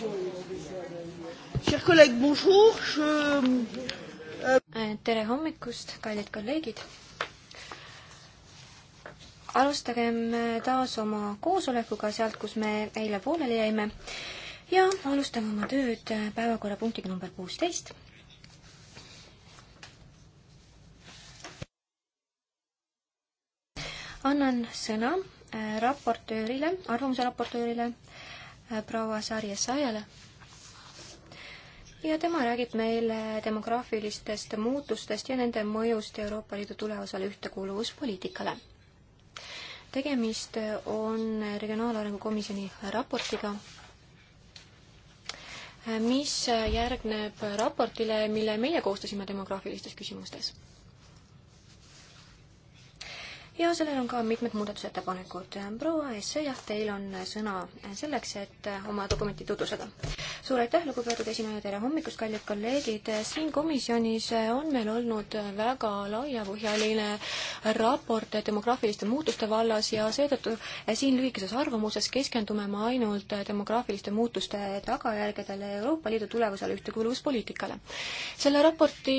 Euh, äh, tere hommikust, kallid kolleegid! alustagem äh, taas oma koosolekuga sealt, kus me eile pooleli jäime ja alustame oma tööd äh, päevakorrapunktiga number kuusteist. annan sõna raportöörile, arvamuse raportöörile Äh, proua Sarje Saiale ja tema räägib meile demograafilistest muutustest ja nende mõjust Euroopa Liidu tulevasele ühtekuuluvuspoliitikale. tegemist on Regionaalarengu Komisjoni raportiga, mis järgneb raportile, mille meie koostasime demograafilistes küsimustes ja sellel on ka mitmed muudatusettepanekud. proua Esse, jah, teil on sõna selleks, et oma dokumenti tutvustada. suur aitäh, lugupeetud esineja, tere hommikust, kallid kolleegid! siin komisjonis on meil olnud väga laiapõhjaline raport demograafiliste muutuste vallas ja seetõttu siin lühikeses arvamuses keskendume me ainult demograafiliste muutuste tagajärgedele Euroopa Liidu tulevasele ühtekuuluvuspoliitikale. selle raporti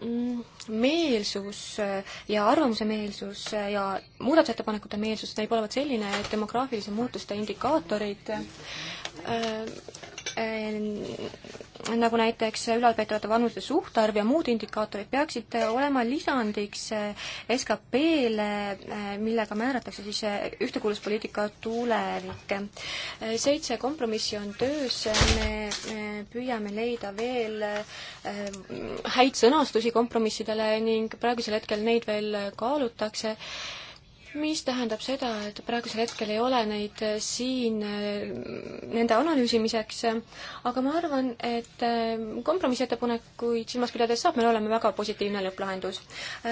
Mm, meelsus äh, ja arvamuse meelsus äh, ja muudatusettepanekute meelsus näib olevat selline, et demograafilise muutuste indikaatorid äh, Äh, nagu näiteks ülalpeetavate vanuste suhtarv ja muud indikaatorid peaksid olema lisandiks äh, SKP-le, äh, millega määratakse siis ühtekuuluvuspoliitika tulevik. seitse kompromissi on töös, me püüame leida veel häid sõnastusi kompromissidele ning praegusel hetkel neid veel kaalutakse mis tähendab seda, et praegusel hetkel ei ole neid äh, siin äh, nende analüüsimiseks, aga ma arvan, et äh, kompromissettepanekuid silmas pidades saab meil olema väga positiivne lõpplahendus.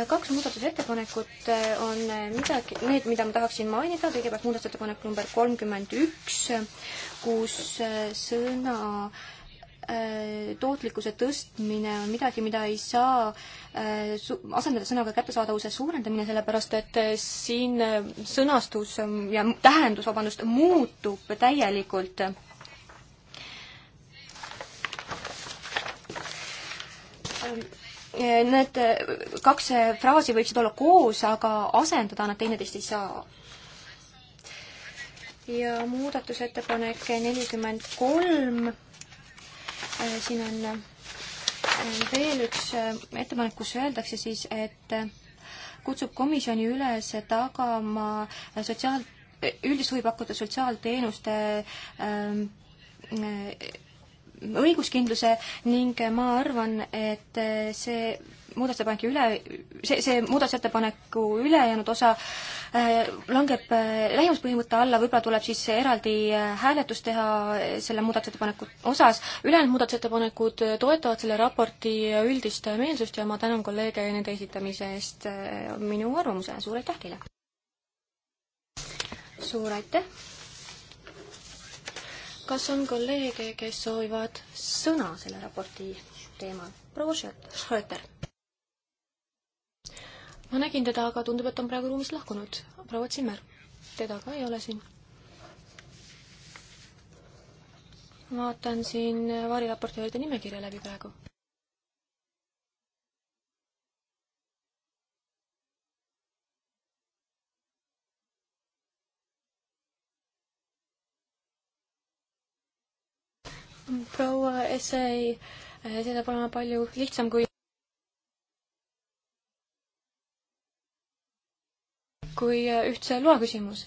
kaks muudatusettepanekut on midagi, need, mida ma tahaksin mainida, kõigepealt muudatusettepanek number kolmkümmend üks, kus sõna äh, Äh, tootlikkuse tõstmine on midagi, mida ei saa äh, asendada sõnaga kättesaadavuse suurendamine, sellepärast et äh, siin sõnastus ähm, ja tähendus, vabandust, muutub täielikult Need kaks fraasi võiksid olla koos, aga asendada nad teineteist ei saa. ja muudatusettepanek nelikümmend kolm Äh, siin on äh, veel üks äh, ettepanek, kus öeldakse siis, et kutsub komisjoni üles tagama sotsiaal, üldist huvi pakkuda sotsiaalteenuste ähm, õiguskindluse ning ma arvan, et see muudatusettepanek üle, see, see muudatusettepaneku ülejäänud osa äh, langeb äh, lähimuspõhimõtte alla, võib-olla tuleb siis eraldi äh, hääletus teha selle muudatusettepaneku osas. ülejäänud muudatusettepanekud toetavad selle raporti üldist meelsust ja ma tänan kolleege nende esitamise eest minu arvamusele, suur aitäh teile! suur aitäh! kas on kolleege, kes soovivad sõna selle raporti teemal? proua Schröter ma nägin teda, aga tundub, et ta on praegu ruumist lahkunud. proua Zimmer, teda ka ei ole siin. vaatan siin variraportööride nimekirja läbi praegu. proua Essay, eh, see saab olema palju lihtsam kui kui äh, ühtse loa küsimus.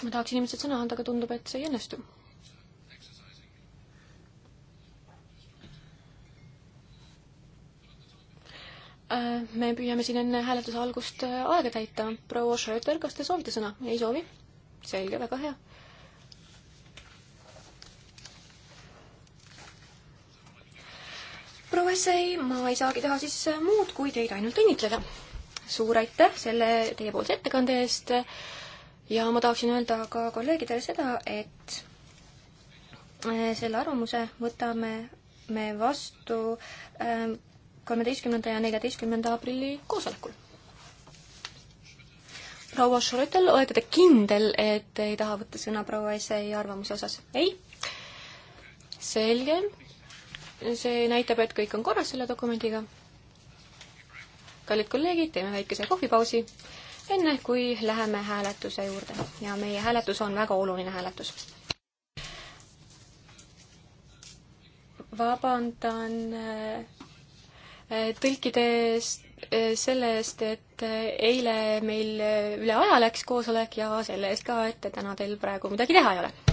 ma tahaksin ilmselt sõna anda, aga tundub, et see ei õnnestu äh, me püüame siin enne hääletuse algust äh, aega täita. proua Schröter, kas te soovite sõna? ei soovi? selge, väga hea. proua Essay, ma ei saagi teha siis äh, muud, kui teid ainult õnnitleda. suur aitäh selle teiepoolse ettekande eest ja ma tahaksin öelda ka kolleegidele seda, et äh, selle arvamuse võtame me vastu ähm, kolmeteistkümnenda ja neljateistkümnenda aprilli koosolekul. proua Schrötel, olete te kindel, et ei taha võtta sõna proua Essay arvamuse osas? ei? selge, see näitab, et kõik on korras selle dokumendiga. kallid kolleegid, teeme väikese kohvipausi, enne kui läheme hääletuse juurde ja meie hääletus on väga oluline hääletus. vabandan äh, tõlkidest äh, selle eest, et äh, eile meil üle aja läks koosolek ja selle eest ka, et täna teil praegu midagi teha ei ole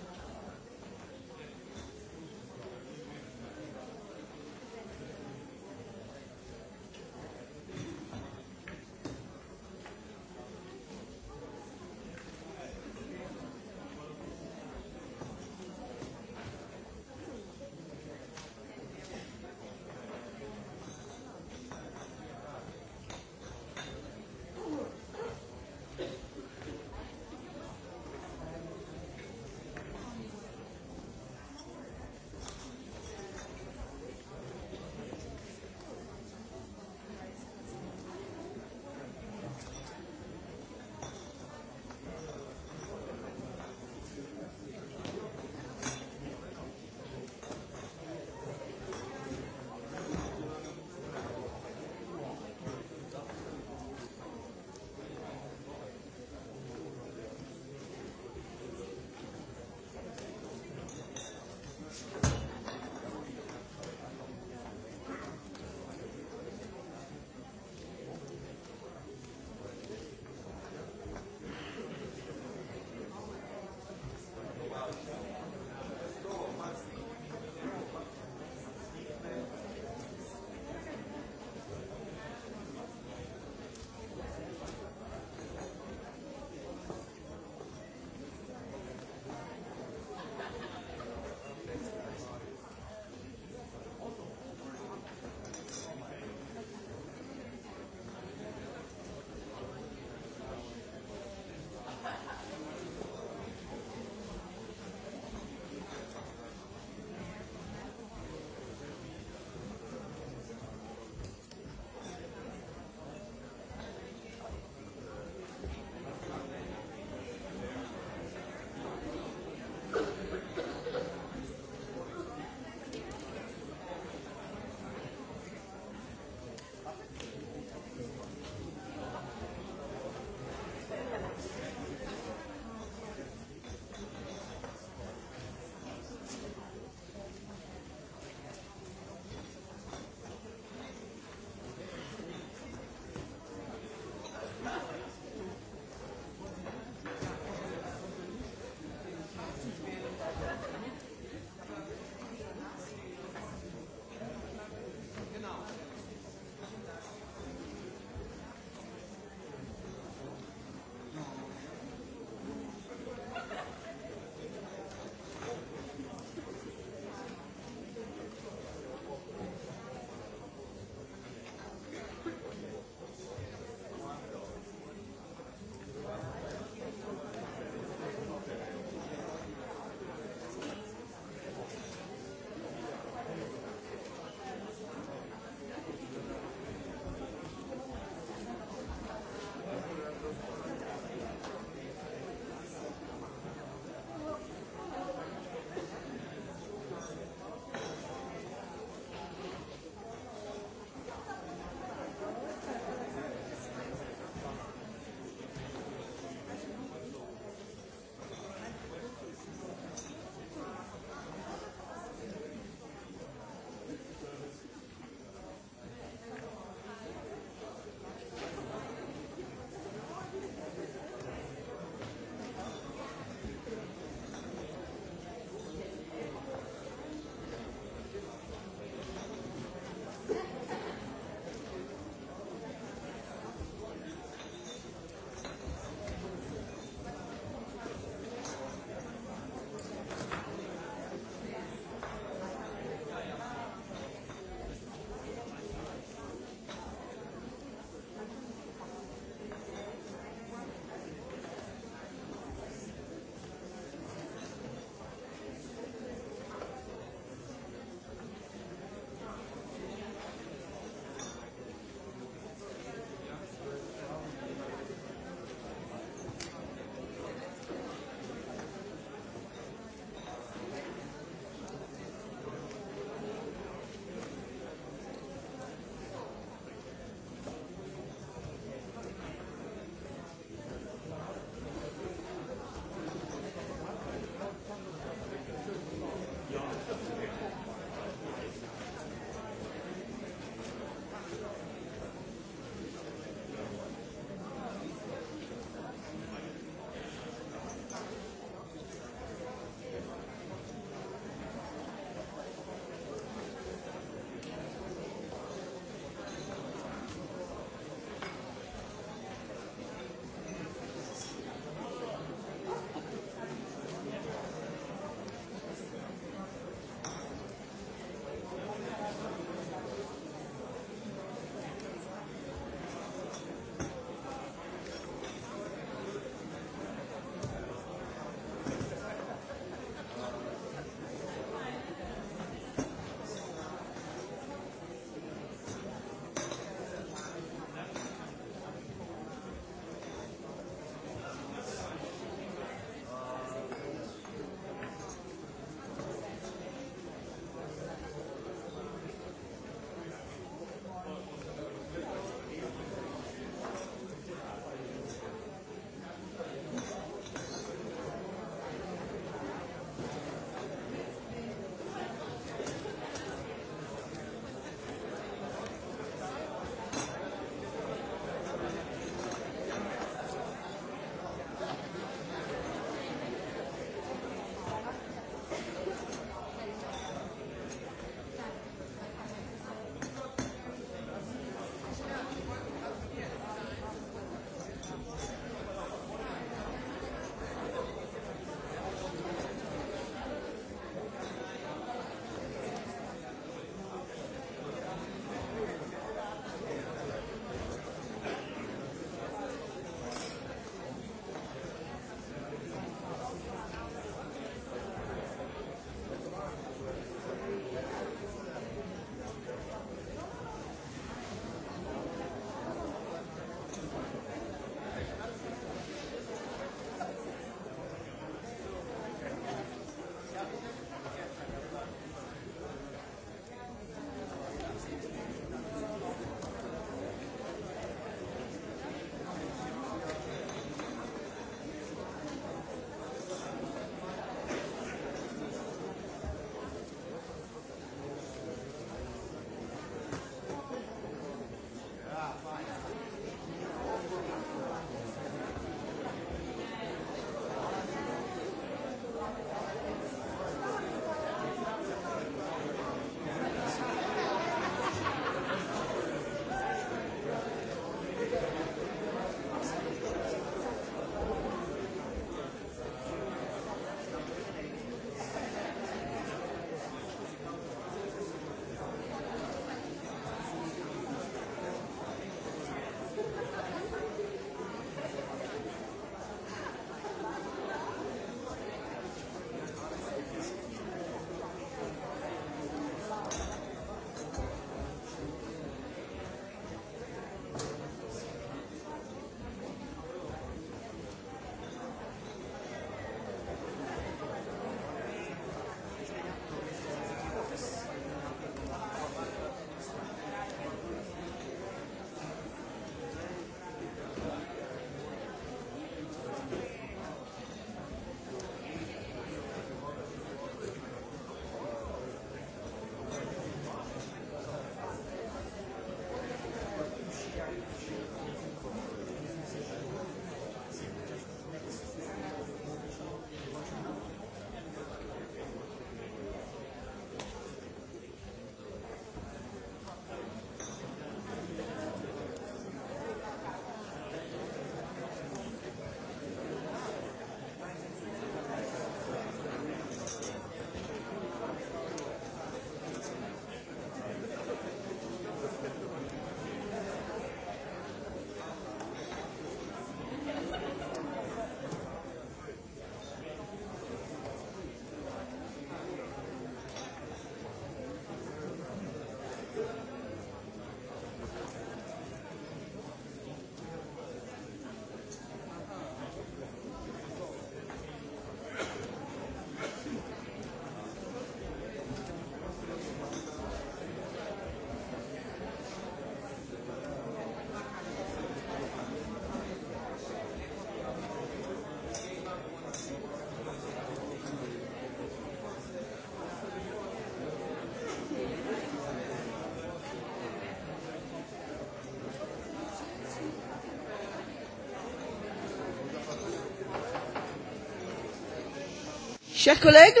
Chers collègues,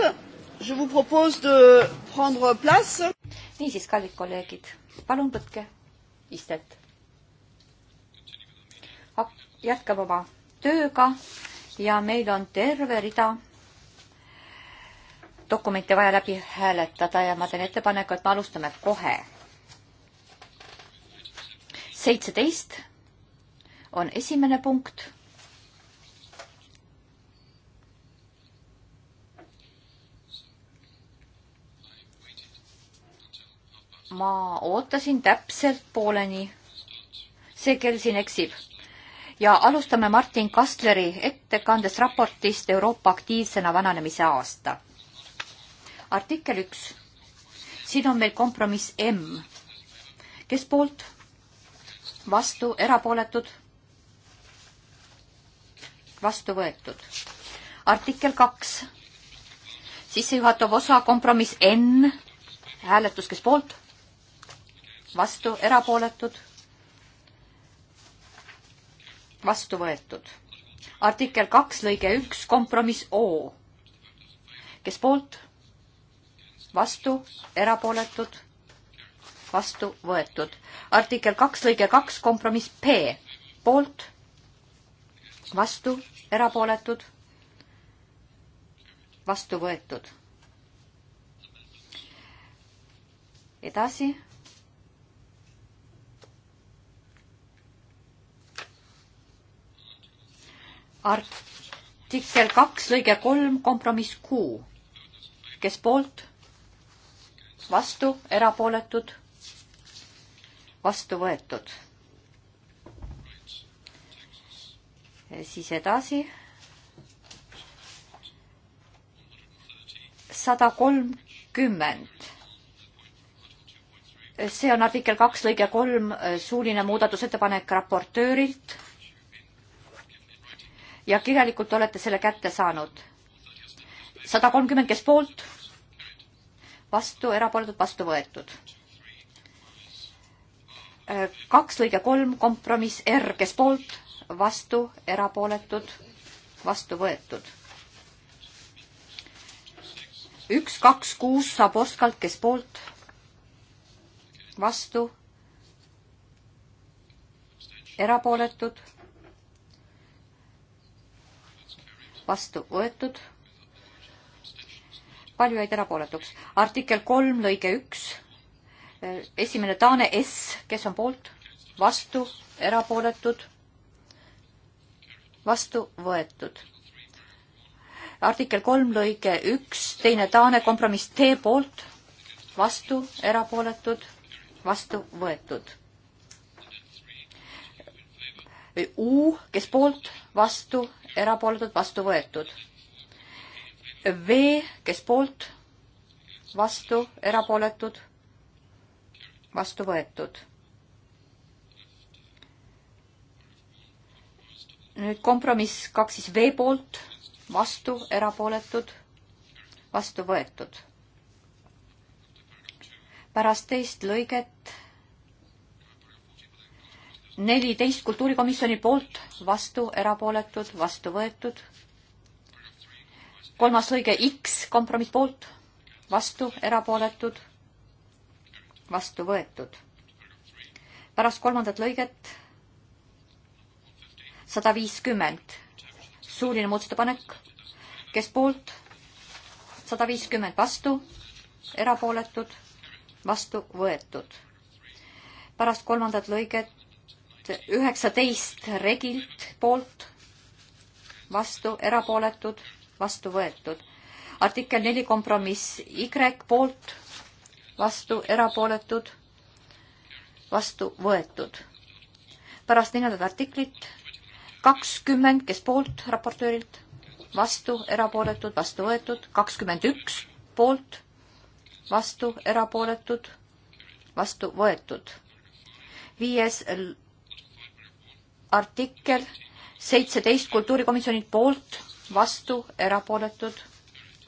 je vous propose de prendre place. niisiis, kallid kolleegid, palun võtke istet. jätkame oma tööga ja meil on terve rida dokumente vaja läbi hääletada ja ma teen ettepaneku, et me alustame kohe. seitseteist on esimene punkt ma ootasin täpselt pooleni. see kell siin eksib. ja alustame Martin Kastleri ettekandest raportist Euroopa aktiivsena vananemise aasta. artikkel üks. siin on meil kompromiss M. kes poolt? vastu, erapooletud? vastu võetud. artikkel kaks. sissejuhatav osa kompromiss N. hääletus, kes poolt? vastu, erapooletud, vastu võetud. artikkel kaks lõige üks, kompromiss O. kes poolt, vastu, erapooletud, vastu võetud. artikkel kaks lõige kaks, kompromiss P, poolt, vastu, erapooletud, vastu võetud. edasi artikkel kaks lõige kolm kompromiss kuu. kes poolt? vastu, erapooletud? vastu võetud. siis edasi. sada kolmkümmend see on artikkel kaks lõige kolm suuline muudatusettepanek raportöörilt ja kirjalikult olete selle kätte saanud. sada kolmkümmend, kes poolt, vastu, erapooletud, vastu võetud. kaks lõige kolm, kompromiss R, kes poolt, vastu, erapooletud, vastu võetud. üks, kaks, kuus saab Oskalt, kes poolt, vastu, erapooletud vastu võetud. palju jäid erapooletuks. artikkel kolm lõige üks, esimene Taane S, kes on poolt, vastu, erapooletud, vastu võetud. artikkel kolm lõige üks, teine Taane kompromiss T poolt, vastu, erapooletud, vastu võetud U, kes poolt, vastu, erapooletud, vastu võetud. V, kes poolt, vastu, erapooletud, vastu võetud. nüüd kompromiss kaks siis V poolt, vastu, erapooletud, vastu võetud. pärast teist lõiget neliteist kultuurikomisjoni poolt, vastu, erapooletud, vastu võetud. kolmas lõige X kompromiss poolt, vastu, erapooletud, vastu võetud. pärast kolmandat lõiget sada viiskümmend, suuline muudatusettepanek, kes poolt, sada viiskümmend vastu, erapooletud, vastu võetud. pärast kolmandat lõiget üheksateist regilt poolt, vastu, erapooletud, vastu võetud. artikkel neli kompromiss Y poolt, vastu, erapooletud, vastu võetud. pärast neljandat artiklit kakskümmend, kes poolt raportöörilt, vastu, erapooletud, vastu võetud, kakskümmend üks poolt, vastu, erapooletud, vastu võetud. viies artikkel seitseteist kultuurikomisjonilt poolt, vastu, erapooletud,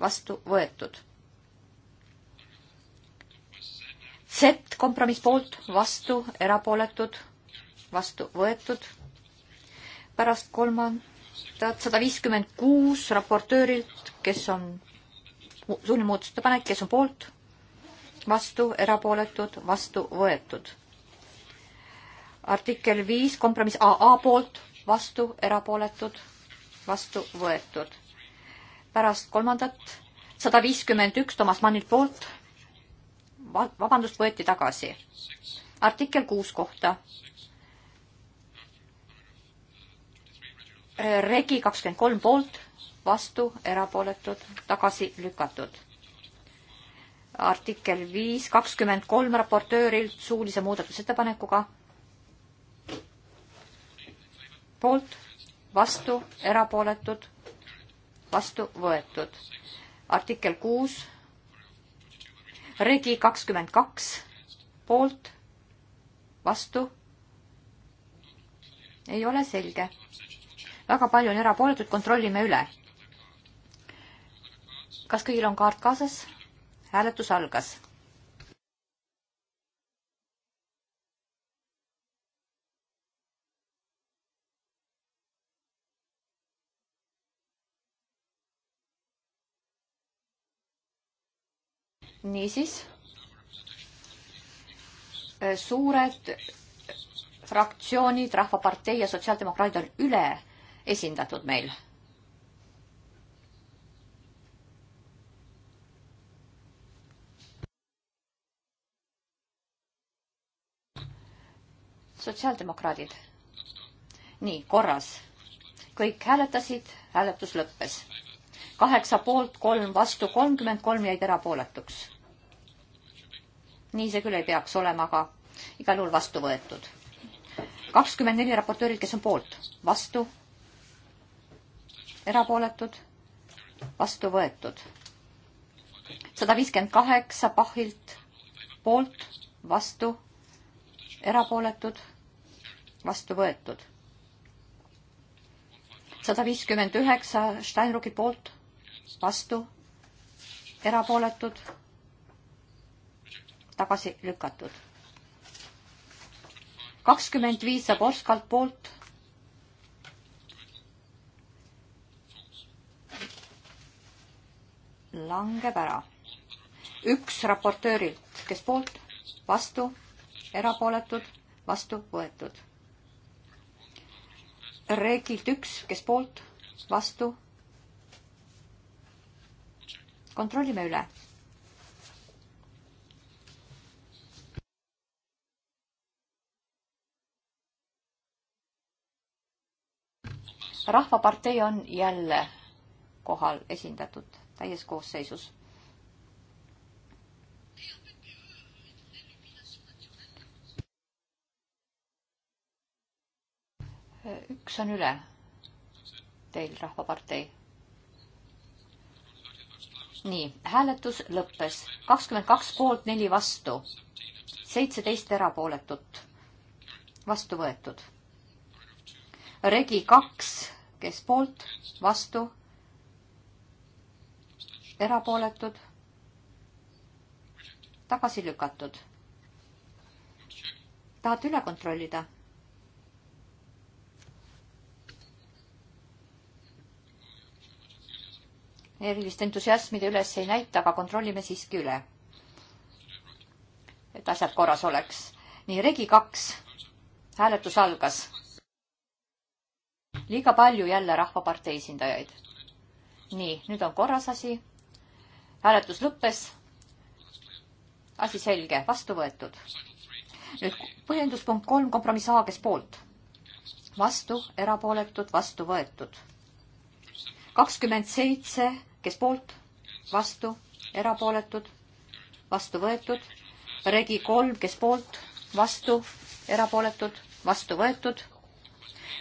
vastu võetud. Z kompromiss poolt, vastu, erapooletud, vastu võetud. pärast kolmandat sada viiskümmend kuus raportöörilt, kes on suuline muudatusettepanek, kes on poolt, vastu, erapooletud, vastu võetud artikkel viis, kompromiss AA poolt, vastu, erapooletud, vastu võetud. pärast kolmandat sada viiskümmend üks Toomas Mannilt poolt, vabandust, võeti tagasi. artikkel kuus kohta. regi kakskümmend kolm poolt, vastu, erapooletud, tagasi lükatud artikkel viis kakskümmend kolm raportöörilt suulise muudatusettepanekuga poolt, vastu, erapooletud, vastu võetud. artikkel kuus, regi kakskümmend kaks, poolt, vastu, ei ole selge. väga palju on erapooletud, kontrollime üle. kas kõigil on kaart kaasas? hääletus algas niisiis, äh, suured fraktsioonid, Rahvapartei ja Sotsiaaldemokraadid on üle esindatud meil sotsiaaldemokraadid. nii, korras. kõik hääletasid, hääletus lõppes. kaheksa poolt, kolm vastu, kolmkümmend kolm jäid erapooletuks nii see küll ei peaks olema, aga igal juhul vastu võetud. kakskümmend neli raportöörid, kes on poolt, vastu, erapooletud, vastu võetud. sada viiskümmend kaheksa pahilt, poolt, vastu, erapooletud, vastu võetud. sada viiskümmend üheksa Steinrucki poolt, vastu, erapooletud tagasi lükatud. kakskümmend viis saab Oskalt poolt. langeb ära. üks raportöörilt, kes poolt, vastu, erapooletud, vastu võetud. reeglilt üks, kes poolt, vastu. kontrollime üle Rahvapartei on jälle kohal esindatud täies koosseisus. üks on üle teil, Rahvapartei. nii, hääletus lõppes. kakskümmend kaks poolt, neli vastu. seitseteist erapooletut. vastu võetud. regi kaks kes poolt, vastu, erapooletud, tagasi lükatud. tahate üle kontrollida? erilist entusiasmi te üles ei näita, aga kontrollime siiski üle. et asjad korras oleks. nii, regi kaks. hääletus algas liiga palju jälle Rahvapartei esindajaid. nii, nüüd on korras asi. hääletus lõppes. asi selge, vastu võetud. nüüd põhjenduspunkt kolm, kompromiss A, kes poolt? vastu, erapooletud, vastu võetud. kakskümmend seitse, kes poolt? vastu, erapooletud, vastu võetud. regi kolm, kes poolt? vastu, erapooletud, vastu võetud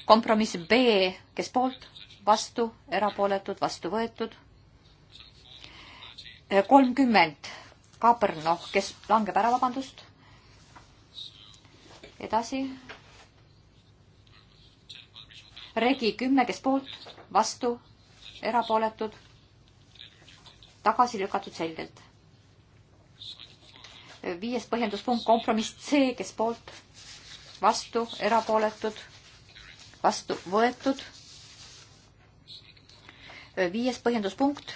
kompromiss B, kes poolt, vastu, erapooletud, vastu võetud. Äh, kolmkümmend, Kabrnoh, kes langeb ära, vabandust. edasi. Regi kümme, kes poolt, vastu, erapooletud, tagasi lükatud selgelt. Äh, viies põhjenduspunkt, kompromiss C, kes poolt, vastu, erapooletud vastu võetud. viies põhjenduspunkt,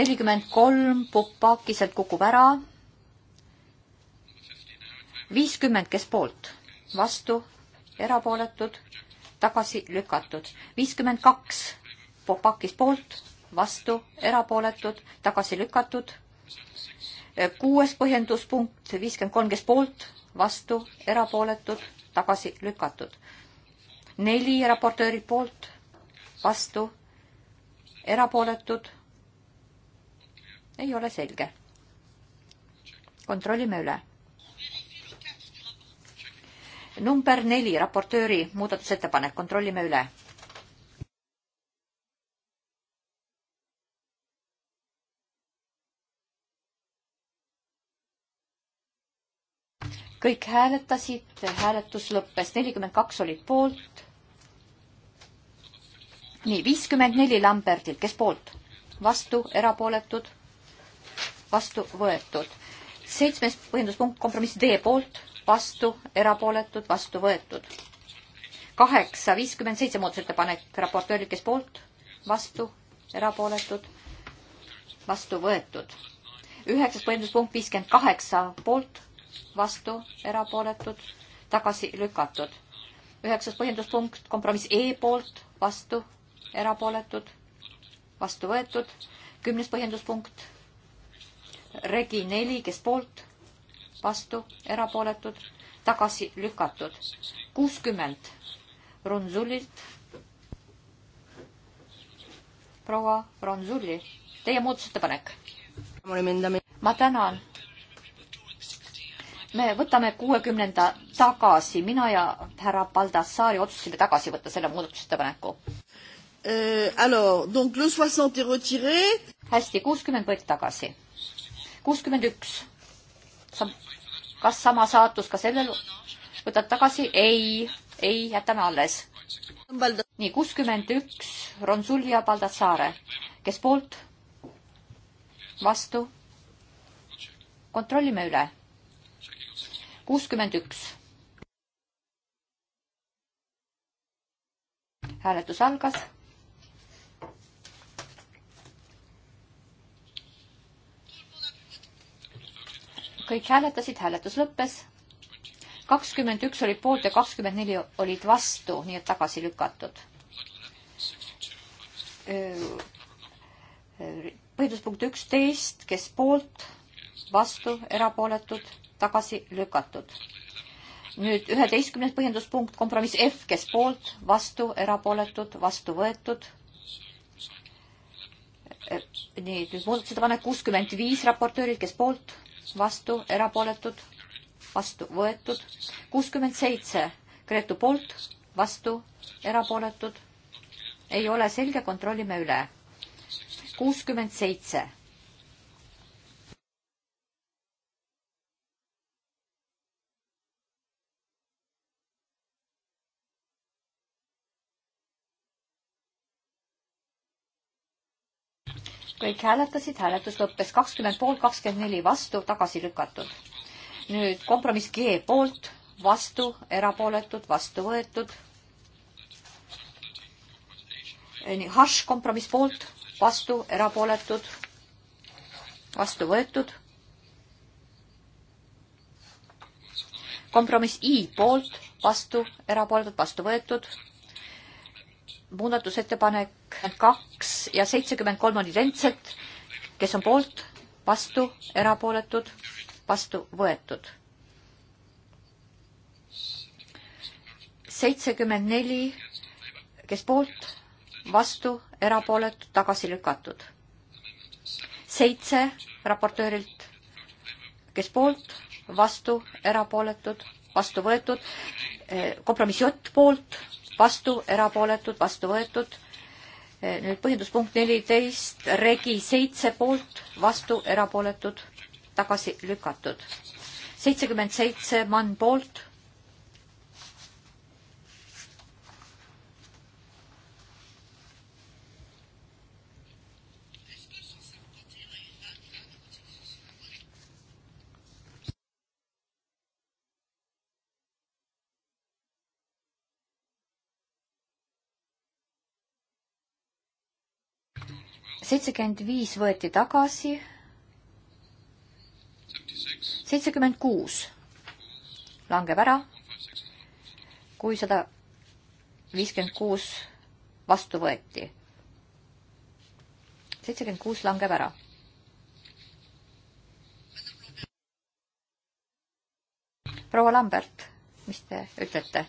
nelikümmend kolm Pupakiselt kukub ära. viiskümmend, kes poolt, vastu, erapooletud, tagasi lükatud. viiskümmend kaks Pupakis poolt, vastu, erapooletud, tagasi lükatud. kuues põhjenduspunkt, viiskümmend kolm, kes poolt, vastu, erapooletud, tagasi lükatud neli raportööri poolt, vastu, erapooletud. ei ole selge. kontrollime üle. number neli raportööri muudatusettepanek, kontrollime üle kõik hääletasid, hääletus lõppes, nelikümmend kaks olid poolt. nii, viiskümmend neli Lambertilt, kes poolt? vastu, erapooletud, vastu võetud. seitsmes põhjenduspunkt, kompromiss D poolt, vastu, erapooletud, vastu võetud. kaheksa, viiskümmend seitse muudatusettepanek, raportöörid, kes poolt? vastu, erapooletud, vastu võetud. üheksas põhjenduspunkt, viiskümmend kaheksa poolt vastu, erapooletud, tagasi lükatud. üheksas põhjenduspunkt, kompromiss E poolt, vastu, erapooletud, vastu võetud. kümnes põhjenduspunkt, regi neli, kes poolt, vastu, erapooletud, tagasi lükatud. kuuskümmend Ronsulilt. proua Ronsuli, teie muudatusettepanek. ma tänan me võtame kuuekümnenda tagasi, mina ja härra Baldassari otsustasime tagasi võtta selle muudatusettepaneku äh,. Alors, donc le soixante est retiré. hästi, kuuskümmend võeti tagasi. kuuskümmend üks. kas sama saatus ka sellel? võtad tagasi? ei, ei, jätame alles. nii, kuuskümmend üks, Ronsulli ja Baldassare. kes poolt? vastu? kontrollime üle kuuskümmend üks. hääletus algas. kõik hääletasid, hääletus lõppes. kakskümmend üks oli poolt ja kakskümmend neli olid vastu, nii et tagasi lükatud. põhjenduspunkt üksteist, kes poolt, vastu, erapooletud tagasi lükatud. nüüd üheteistkümnes põhjenduspunkt, kompromiss F, kes poolt, vastu, erapooletud, vastu võetud. Äh, nii, nüüd muudatusettepanek kuuskümmend viis raportöörilt, kes poolt, vastu, erapooletud, vastu võetud. kuuskümmend seitse Gretu poolt, vastu, erapooletud. ei ole selge, kontrollime üle. kuuskümmend seitse kõik hääletasid, hääletus lõppes kakskümmend poolt, kakskümmend neli vastu, tagasi lükatud. nüüd kompromiss G poolt, vastu, erapooletud, vastu võetud. nii, H kompromiss poolt, vastu, erapooletud, vastu võetud. kompromiss I poolt, vastu, erapooletud, vastu võetud muudatusettepanek kaks ja seitsekümmend kolm on identsed, kes on poolt, vastu, erapooletud, vastu võetud. seitsekümmend neli, kes poolt, vastu, erapooletud, tagasi lükatud. seitse raportöörilt, kes poolt, vastu, erapooletud, vastu võetud, kompromiss J poolt vastu, erapooletud, vastu võetud. Eh, nüüd põhjenduspunkt neliteist, regi seitse poolt, vastu, erapooletud, tagasi lükatud. seitsekümmend seitse mann poolt, seitsekümmend viis võeti tagasi. seitsekümmend kuus langeb ära, kui sada viiskümmend kuus vastu võeti. seitsekümmend kuus langeb ära. proua Lambert, mis te ütlete?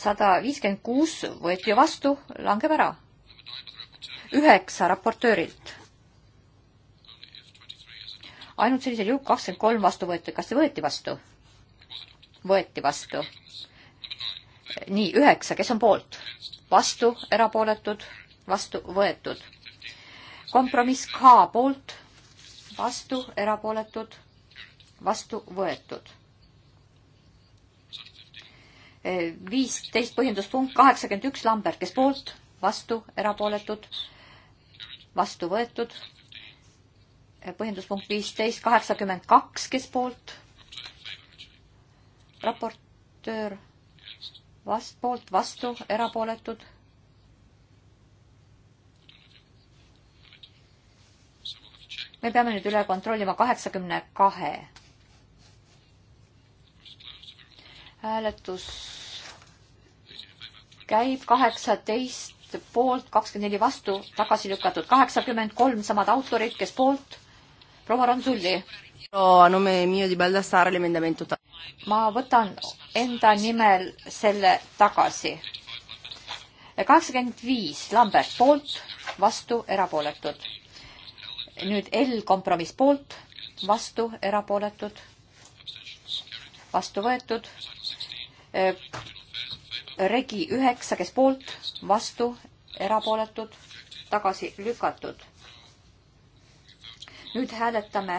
sada viiskümmend kuus võeti ju vastu, langeb ära. üheksa raportöörilt. ainult sellisel juhul kakskümmend kolm vastu võeti, kas see võeti vastu? võeti vastu. nii, üheksa, kes on poolt? vastu, erapooletud, vastu, võetud. kompromiss K poolt, vastu, erapooletud, vastu, võetud viisteist põhjenduspunkt kaheksakümmend üks Lambert, kes poolt, vastu, erapooletud, vastu võetud. põhjenduspunkt viisteist kaheksakümmend kaks, kes poolt, raportöör, vast-, poolt, vastu, erapooletud. me peame nüüd üle kontrollima kaheksakümne kahe hääletus käib kaheksateist poolt, kakskümmend neli vastu, tagasi lükatud kaheksakümmend kolm samad autorid, kes poolt. proua Ronsulli no,. ma võtan enda nimel selle tagasi. kaheksakümmend viis Lambert poolt, vastu, erapooletud. nüüd L kompromiss poolt, vastu, erapooletud, vastu võetud Äh, regi üheksa, kes poolt, vastu, erapooletud, tagasi lükatud. nüüd hääletame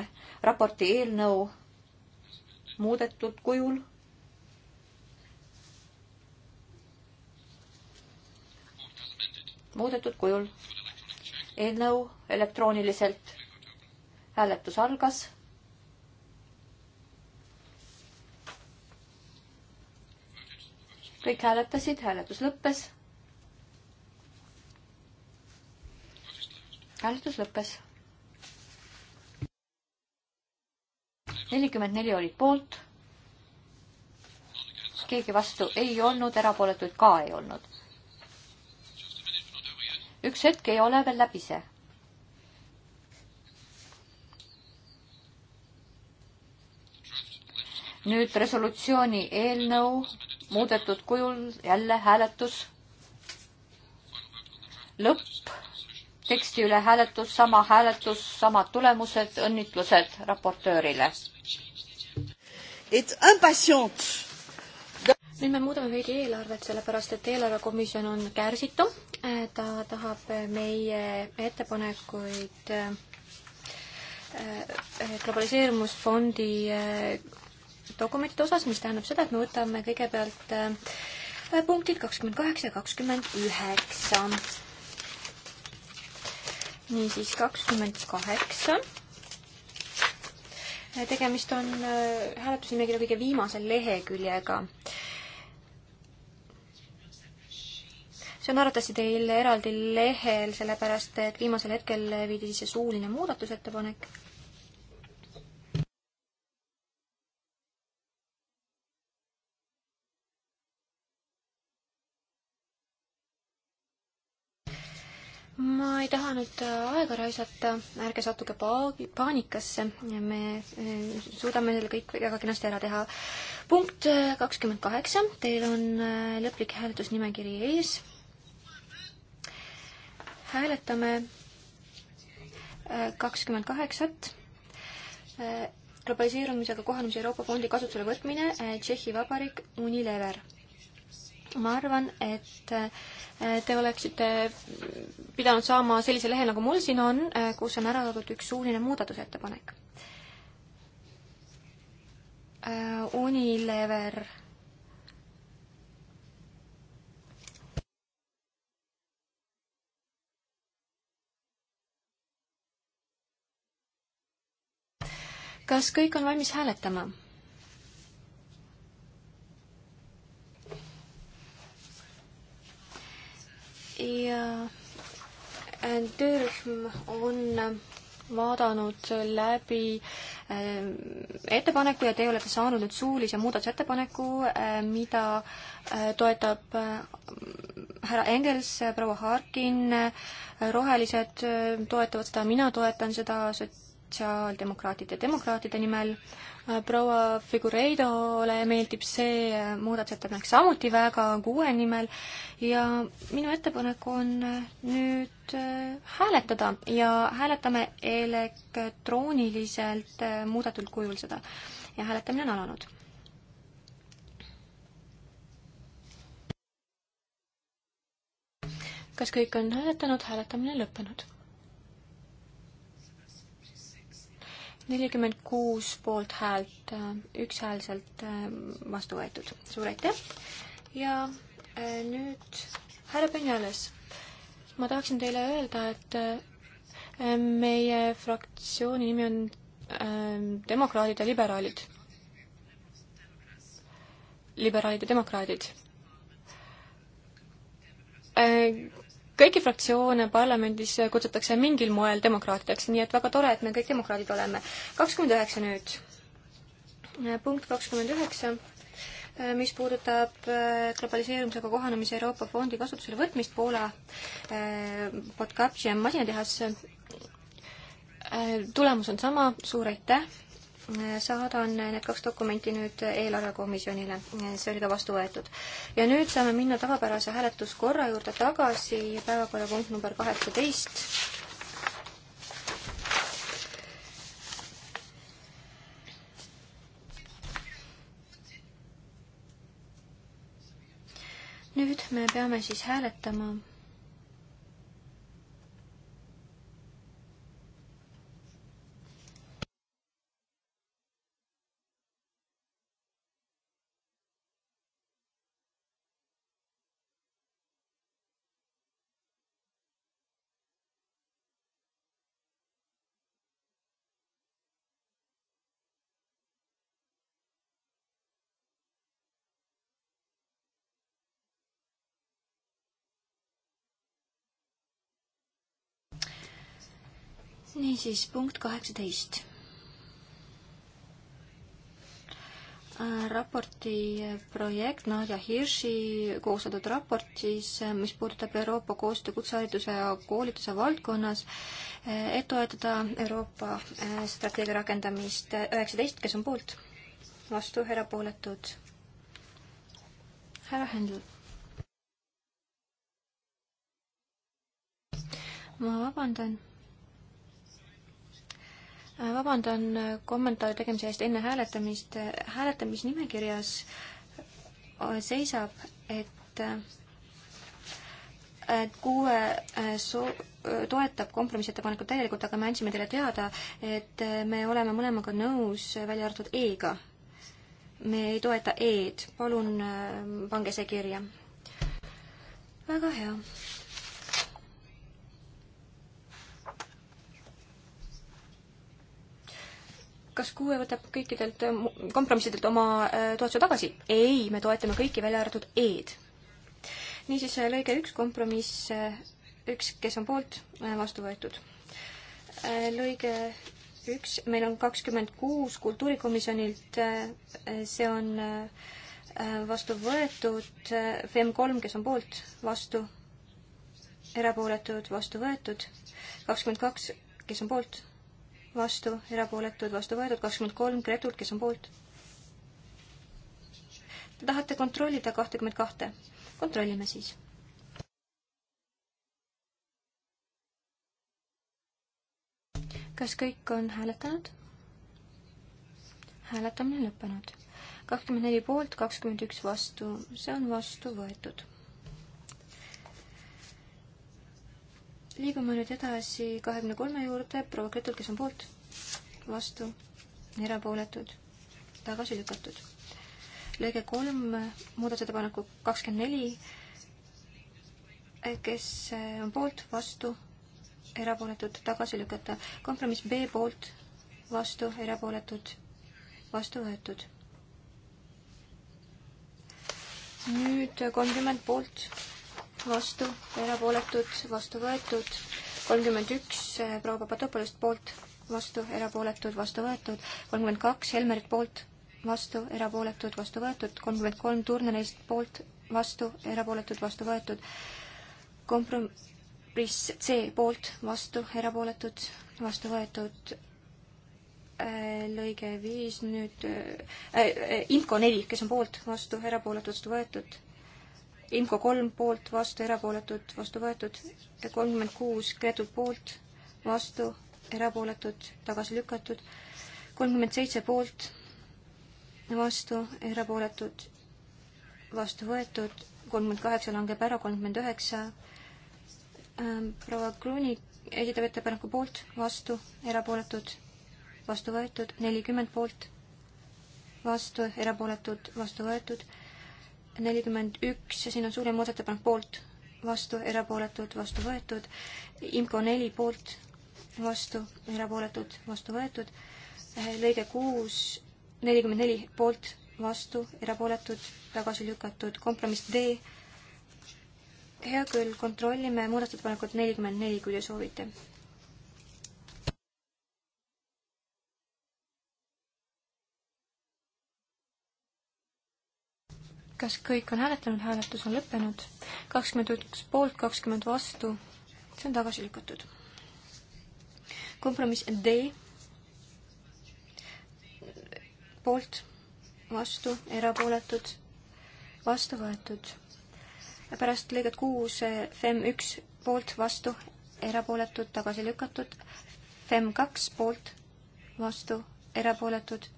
raporti eelnõu muudetud kujul. muudetud kujul. eelnõu elektrooniliselt. hääletus algas kõik hääletasid, hääletus lõppes. hääletus lõppes. nelikümmend neli olid poolt. keegi vastu ei olnud, erapooletuid ka ei olnud. üks hetk ei ole veel läbi see nüüd resolutsiooni eelnõu muudetud kujul jälle hääletus. lõpp, teksti üle hääletus, sama hääletus, samad tulemused, õnnitlused raportöörile. nüüd me muudame veidi eelarvet, sellepärast et eelarvekomisjon on kärsitu. Äh, ta tahab meie ettepanekuid äh, äh, globaliseerumisfondi esitatud dokumentide osas, mis tähendab seda, et me võtame kõigepealt äh, punktid kakskümmend kaheksa ja kakskümmend üheksa. niisiis kakskümmend kaheksa. Äh, tegemist on äh, hääletusnimekirja kõige viimase leheküljega see on arvatavasti teil eraldi lehel, sellepärast et viimasel hetkel viidi sisse suuline muudatusettepanek ma ei taha nüüd äh, aega raisata, ärge sattuge paagi, paanikasse, me äh, suudame selle kõik väga kenasti ära teha. punkt äh, kakskümmend kaheksa, teil on lõplik hääletusnimekiri ees. hääletame kakskümmend kaheksat globaliseerumisega kohanemise Euroopa Fondi kasutusele võtmine, Tšehhi Vabariik, Unilever ma arvan, et äh, te oleksite pidanud saama sellise lehe, nagu mul siin on, äh, kus on ära toodud üks suuline muudatusettepanek. Äh, Unilever. kas kõik on valmis hääletama? ja äh, töörühm on äh, vaadanud läbi äh, ettepaneku ja te olete saanud nüüd suulise muudatusettepaneku, mida toetab härra Engels, proua Harkin, rohelised toetavad seda, mina toetan seda, sot-, sotsiaaldemokraatide ja demokraatide nimel. Äh, proua Figureidole meeldib see äh, muudatusettepanek samuti väga kuue nimel ja minu ettepanek on äh, nüüd hääletada ja hääletame elektrooniliselt muudetud kujul seda ja hääletamine on alanud kas kõik on hääletanud, hääletamine lõppenud. nelikümmend kuus poolthäält ükshäälselt äh, vastu võetud. suur aitäh! ja äh, nüüd härra Penjales, ma tahaksin teile öelda, et äh, meie fraktsiooni nimi on demokraadid ja liberaalid. liberaalid ja demokraadid kõiki fraktsioone parlamendis kutsutakse mingil moel demokraatideks, nii et väga tore, et me kõik demokraadid oleme. kakskümmend üheksa nüüd. punkt kakskümmend üheksa, mis puudutab äh, globaliseerumisega kohanemise Euroopa Fondi kasutusele võtmist Poola äh, Podkapši masinatehasse. Äh, tulemus on sama, suur aitäh saadan need kaks dokumenti nüüd eelarvekomisjonile, see oli ka vastu võetud. ja nüüd saame minna tavapärase hääletuskorra juurde tagasi, päevakorrapunkt number kaheksateist. nüüd me peame siis hääletama niisiis punkt kaheksateist. Äh, raporti projekt Nadja Hirši koostatud raportis, äh, mis puudutab Euroopa koostöö kutsehariduse ja koolituse valdkonnas, äh, et toetada Euroopa strateegia rakendamist üheksateist, kes on poolt, vastu, erapooletud. härra Händel ma vabandan. Äh, vabandan äh, kommentaari tegemise eest enne hääletamist. Äh, hääletamisnimekirjas seisab, et et kuue so-, toetab kompromissettepanekut täielikult, aga me andsime teile teada, et me oleme mõlemaga nõus, välja arvatud E-ga. me ei toeta E-d, palun pange see kirja. väga hea kas kuue võtab kõikidelt kompromissidelt oma äh, toetuse tagasi? ei, me toetame kõiki, välja arvatud E-d. niisiis, äh, lõige üks kompromiss, äh, üks, kes on poolt, vastu võetud. lõige üks, meil on kakskümmend kuus kultuurikomisjonilt, see on vastu võetud, FEM kolm, kes on poolt, vastu, erapooletud, vastu võetud, kakskümmend kaks, kes on poolt vastu, erapooletud, vastu võetud, kakskümmend kolm Gretult, kes on poolt. Te tahate kontrollida kahtekümmet kahte? kontrollime siis. kas kõik on hääletanud? hääletamine lõppenud. kakskümmend neli poolt, kakskümmend üks vastu, see on vastu võetud liigume nüüd edasi kahekümne kolme juurde, proua Gretel, kes on poolt, vastu, erapooletud, tagasi lükatud. lõige kolm, muudatusettepaneku kakskümmend neli, kes on poolt, vastu, erapooletud, tagasi lükata. kompromiss B poolt, vastu, erapooletud, vastu võetud nüüd kolmkümmend poolt, vastu, erapooletud, vastu võetud, kolmkümmend üks eh, proua Papadopolost poolt, vastu, erapooletud, vastu võetud, kolmkümmend kaks Helmerit poolt, vastu, erapooletud, vastu võetud, kolmkümmend kolm Turneneist poolt, vastu, erapooletud, vastu võetud, kompromiss C poolt, vastu, erapooletud, vastu võetud, äh, lõige viis nüüd äh,, äh, äh Inko neli, kes on poolt, vastu, erapooletud, vastu võetud, Inko kolm poolt, vastu, erapooletud, vastu võetud. kolmkümmend kuus Gretu poolt, vastu, erapooletud, tagasi lükatud. kolmkümmend seitse poolt, vastu, erapooletud, vastu võetud. kolmkümmend kaheksa langeb ära, kolmkümmend üheksa. Ähm, proua Kruuni esitab ettepaneku poolt, vastu, erapooletud, vastu võetud, nelikümmend poolt, vastu, erapooletud, vastu võetud nelikümmend üks ja siin on suurem muudatusettepanek poolt, vastu, erapooletud, vastu võetud. IMCO neli poolt, vastu, erapooletud, vastu võetud. lõige kuus, nelikümmend neli poolt, vastu, erapooletud, tagasi lükatud. kompromiss D. hea küll, kontrollime muudatusettepanekut nelikümmend neli, kui te soovite kas kõik on hääletanud, hääletus on lõppenud, kakskümmend üks poolt, kakskümmend vastu, see on tagasi lükatud. kompromiss D poolt, vastu, erapooletud, vastu võetud. pärast lõiget kuus FEM üks poolt, vastu, erapooletud, tagasi lükatud, FEM kaks poolt, vastu, erapooletud,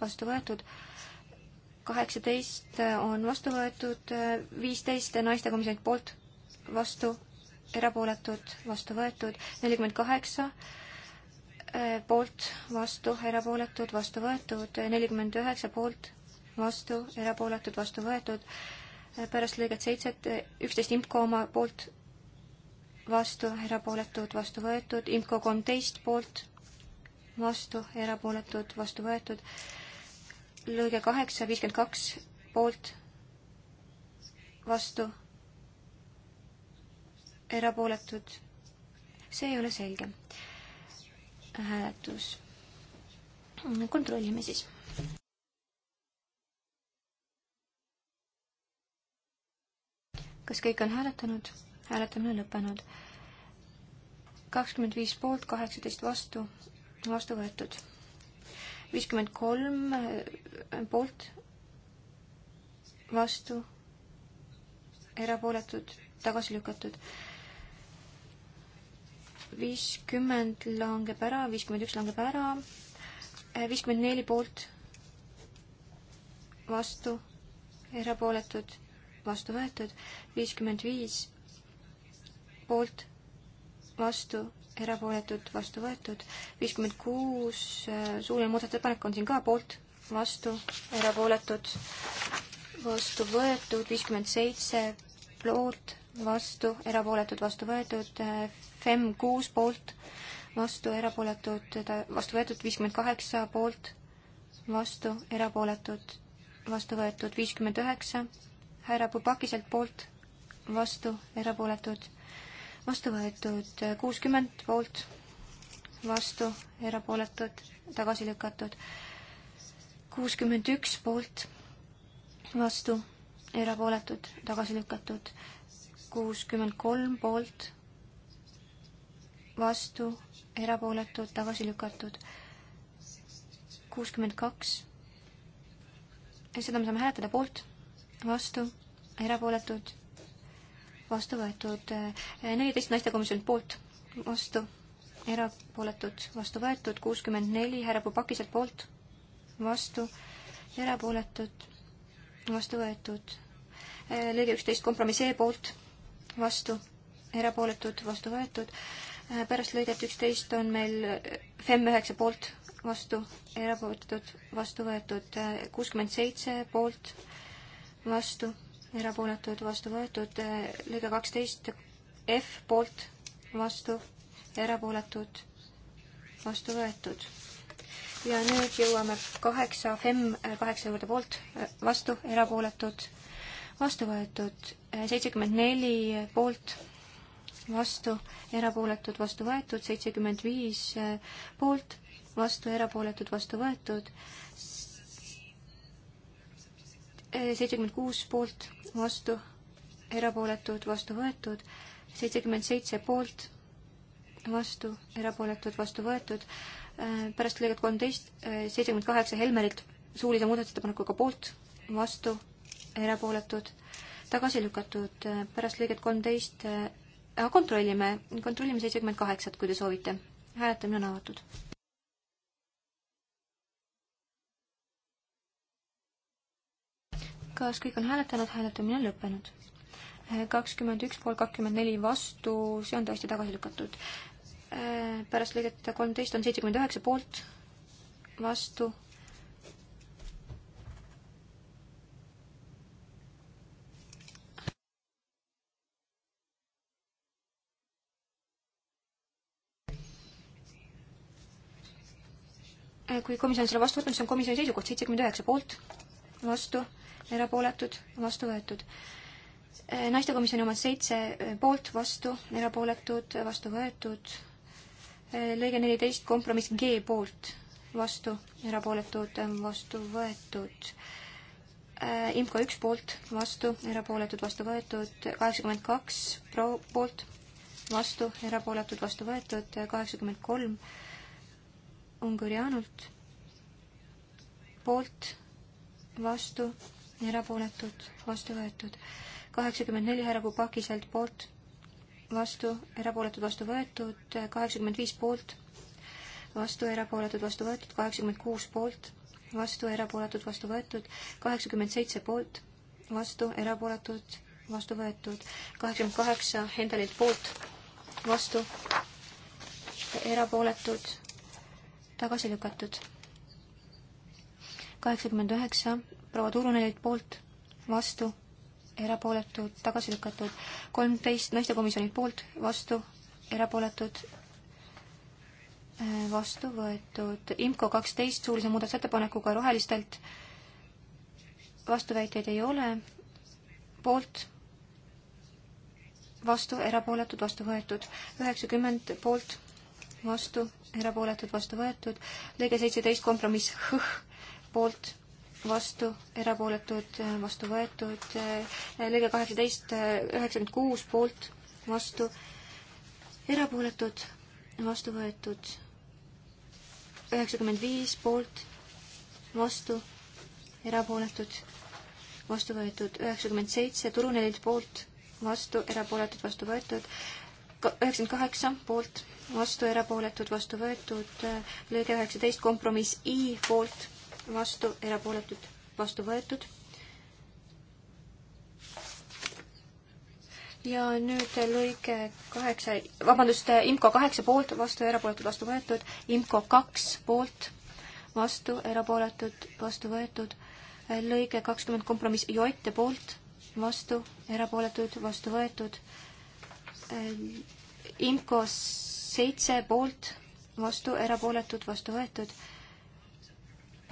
vastu võetud kaheksateist on vastu võetud, viisteist naistekomisjoni poolt vastu, erapooletud, vastu võetud, nelikümmend kaheksa eh, poolt, vastu, erapooletud, vastu võetud, nelikümmend üheksa poolt, vastu, erapooletud, vastu võetud, eh, pärast lõiget seitset, eh, üksteist IMCO oma poolt, vastu, erapooletud, vastu võetud, IMCO kolmteist poolt, vastu, erapooletud, vastu võetud, lõige kaheksa, viiskümmend kaks poolt, vastu, erapooletud. see ei ole selge. hääletus. kontrollime siis. kas kõik on hääletanud? hääletamine lõppenud. kakskümmend viis poolt, kaheksateist vastu, vastu võetud viiskümmend kolm äh, poolt, vastu, erapooletud, tagasi lükatud. viiskümmend langeb ära, viiskümmend üks langeb ära, äh, viiskümmend neli poolt, vastu, erapooletud, vastu võetud, viiskümmend viis poolt, vastu, erapooletud, vastu võetud, viiskümmend kuus, äh, suuline muudatusettepanek on siin ka poolt, vastu, erapooletud, vastu võetud, viiskümmend seitse poolt, vastu, erapooletud, vastu võetud, äh, FEM kuus poolt, vastu, erapooletud, vastu võetud, viiskümmend kaheksa poolt, vastu, erapooletud, vastu võetud, viiskümmend üheksa, härra Pubakiselt poolt, vastu, erapooletud vastu võetud kuuskümmend poolt, vastu, erapooletud, tagasi lükatud. kuuskümmend üks poolt, vastu, erapooletud, tagasi lükatud. kuuskümmend kolm poolt, vastu, erapooletud, tagasi lükatud. kuuskümmend kaks. seda me saame hääletada poolt, vastu, erapooletud vastu võetud neliteist naistekomisjoni poolt, vastu erapooletud, vastu võetud kuuskümmend neli härra Pubakiselt poolt, vastu erapooletud, vastu võetud lõige üksteist kompromissi E poolt, vastu erapooletud, vastu võetud. pärast lõiget üksteist on meil FEM üheksa poolt, vastu erapooletud, vastu võetud kuuskümmend seitse poolt, vastu erapooletud, vastu võetud, lõige kaksteist F poolt, vastu, erapooletud, vastu võetud. ja nüüd jõuame kaheksa FEM kaheksa juurde poolt, vastu, erapooletud, vastu võetud, seitsekümmend neli poolt, vastu, erapooletud, vastu võetud, seitsekümmend viis poolt, vastu, erapooletud, vastu võetud, seitsekümmend kuus poolt, vastu, erapooletud, vastu võetud, seitsekümmend seitse poolt, vastu, erapooletud, vastu võetud, äh, pärast lõiget kolmteist, äh, seitsekümmend kaheksa Helmerilt suulise muudatusettepanekuga poolt, vastu, erapooletud, tagasi lükatud, äh, pärast lõiget kolmteist, kontrollime, kontrollime seitsekümmend kaheksat, kui te soovite. hääletamine on avatud kas kõik on hääletanud, hääletamine on lõppenud. Äh, kakskümmend üks pool kakskümmend neli vastu, see on tõesti tagasi lükatud. Äh, pärast lõiget kolmteist on seitsekümmend üheksa poolt, vastu. Äh, kui komisjon selle vastu võtnud, siis on komisjoni seisukoht seitsekümmend üheksa poolt, vastu erapooletud, vastu võetud. Eh, naistekomisjoni omad seitse eh, poolt, vastu, erapooletud, vastu võetud. Eh, lõige neliteist, kompromiss G poolt, vastu, erapooletud, vastu võetud. IMCO üks poolt, vastu, erapooletud, vastu võetud, kaheksakümmend kaks pro-, poolt, vastu, erapooletud, vastu võetud, kaheksakümmend kolm Ungarianult, poolt, vastu, erapooletud, vastu võetud. kaheksakümmend neli härra Pupakiselt poolt, vastu, erapooletud, vastu võetud, kaheksakümmend viis poolt, vastu, erapooletud, vastu võetud, kaheksakümmend kuus poolt, vastu, erapooletud, vastu võetud, kaheksakümmend seitse poolt, vastu, erapooletud, vastu võetud, kaheksakümmend kaheksa Hendelilt poolt, vastu, erapooletud, tagasi lükatud. kaheksakümmend üheksa proua Turunenilt poolt, vastu, erapooletud, tagasi lükatud. kolmteist naistekomisjonilt poolt, vastu, erapooletud, äh, vastu võetud. IMCO kaksteist suulise muudatusettepanekuga rohelistelt, vastuväiteid ei ole, poolt, vastu, erapooletud, vastu võetud. üheksakümmend poolt, vastu, erapooletud, vastu võetud. lõige seitseteist kompromiss, hõh, poolt vastu, erapooletud, vastu võetud, lõige kaheksateist, üheksakümmend kuus poolt, vastu, erapooletud, vastu võetud, üheksakümmend viis poolt, vastu, erapooletud, vastu võetud, üheksakümmend seitse, turunelilt poolt, vastu, erapooletud, vastu võetud, üheksakümmend kaheksa poolt, vastu, erapooletud, vastu võetud, lõige üheksateist, kompromiss I poolt vastu, erapooletud, vastu võetud. ja nüüd lõige kaheksa, vabandust, IMCO kaheksa poolt, vastu, erapooletud, vastu võetud, IMCO kaks poolt, vastu, erapooletud, vastu võetud, lõige kakskümmend kompromiss Joite poolt, vastu, erapooletud, vastu võetud, IMCO seitse poolt, vastu, erapooletud, vastu võetud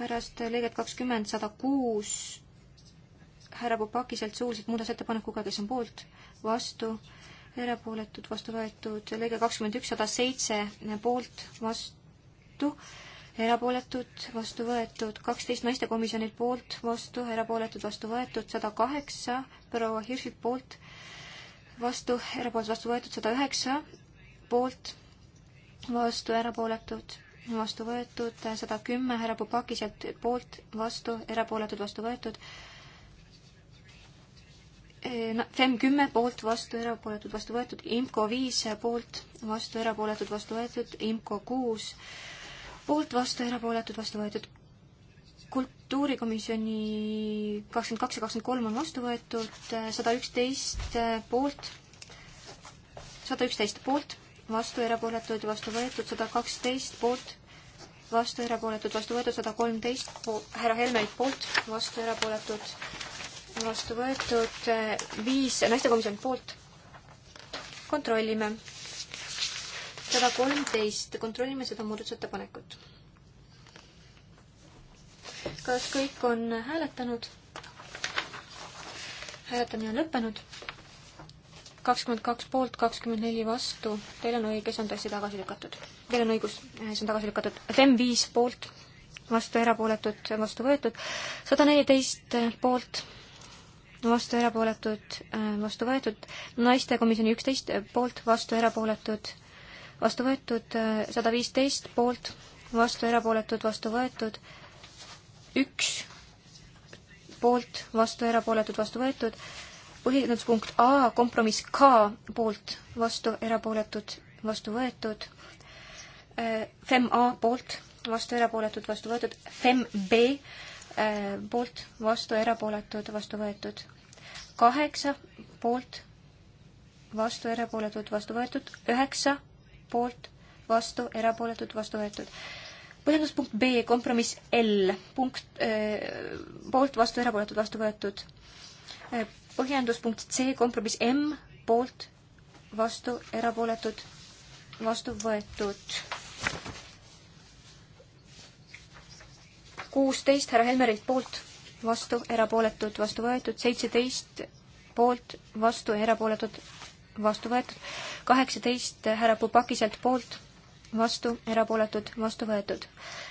pärast lõiget kakskümmend sada kuus härra Popakiselt suuliselt muudatusettepanekuga, kes on poolt, vastu, erapooletud, vastu võetud, lõige kakskümmend üks, sada seitse poolt, vastu, erapooletud, vastu võetud, kaksteist naistekomisjonilt poolt, vastu, erapooletud, vastu võetud, sada kaheksa proua Hirsilt poolt, vastu, erapooletud, vastu võetud, sada üheksa poolt, vastu, erapooletud vastu võetud, sada kümme härra Pupakiselt poolt, vastu, erapooletud, vastu võetud. E, Fem kümme poolt, vastu, erapooletud, vastu võetud, IMCO viis poolt, vastu, erapooletud, vastu võetud, IMCO kuus poolt, vastu, erapooletud, vastu võetud. kultuurikomisjoni kakskümmend kaks ja kakskümmend kolm on vastu võetud, sada üksteist poolt, sada üksteist poolt vastu, erapooletuid vastu võetud, sada kaksteist poolt, vastu, erapooletud, vastu võetud, sada kolmteist härra Helmelt poolt, vastu, erapooletud, vastu võetud, eh, viis naistekomisjoni poolt. kontrollime. sada kolmteist, kontrollime seda muudatusettepanekut. kas kõik on hääletanud? hääletamine on lõppenud kakskümmend kaks poolt, kakskümmend neli vastu. Teil on õige, see on tõesti tagasi lükatud. Teil on õigus, eh, see on tagasi lükatud. FEM viis poolt, vastu erapooletud, vastu võetud. sada neliteist eh, eh, poolt, vastu erapooletud, vastu võetud. naistekomisjoni üksteist poolt, vastu erapooletud, vastu võetud. sada viisteist poolt, vastu erapooletud, vastu võetud. üks poolt, vastu erapooletud, vastu võetud põhjenduspunkt A, kompromiss K poolt, vastu erapooletud, vastu võetud. Äh, FEM A poolt, vastu erapooletud, vastu võetud. FEM B äh, poolt, vastu erapooletud, vastu võetud. kaheksa poolt, vastu erapooletud, vastu võetud. üheksa poolt, vastu erapooletud, vastu võetud põhjenduspunkt B, kompromiss L, punkt äh,, poolt, vastu, erapooletud, vastu võetud äh, põhjenduspunkt C, kompromiss M poolt, vastu, erapooletud, vastu võetud. kuusteist härra Helmerilt poolt, vastu, erapooletud, vastu võetud, seitseteist poolt, vastu, erapooletud, vastu võetud, kaheksateist härra Pupakiselt poolt vastu, erapooletud, vastu võetud.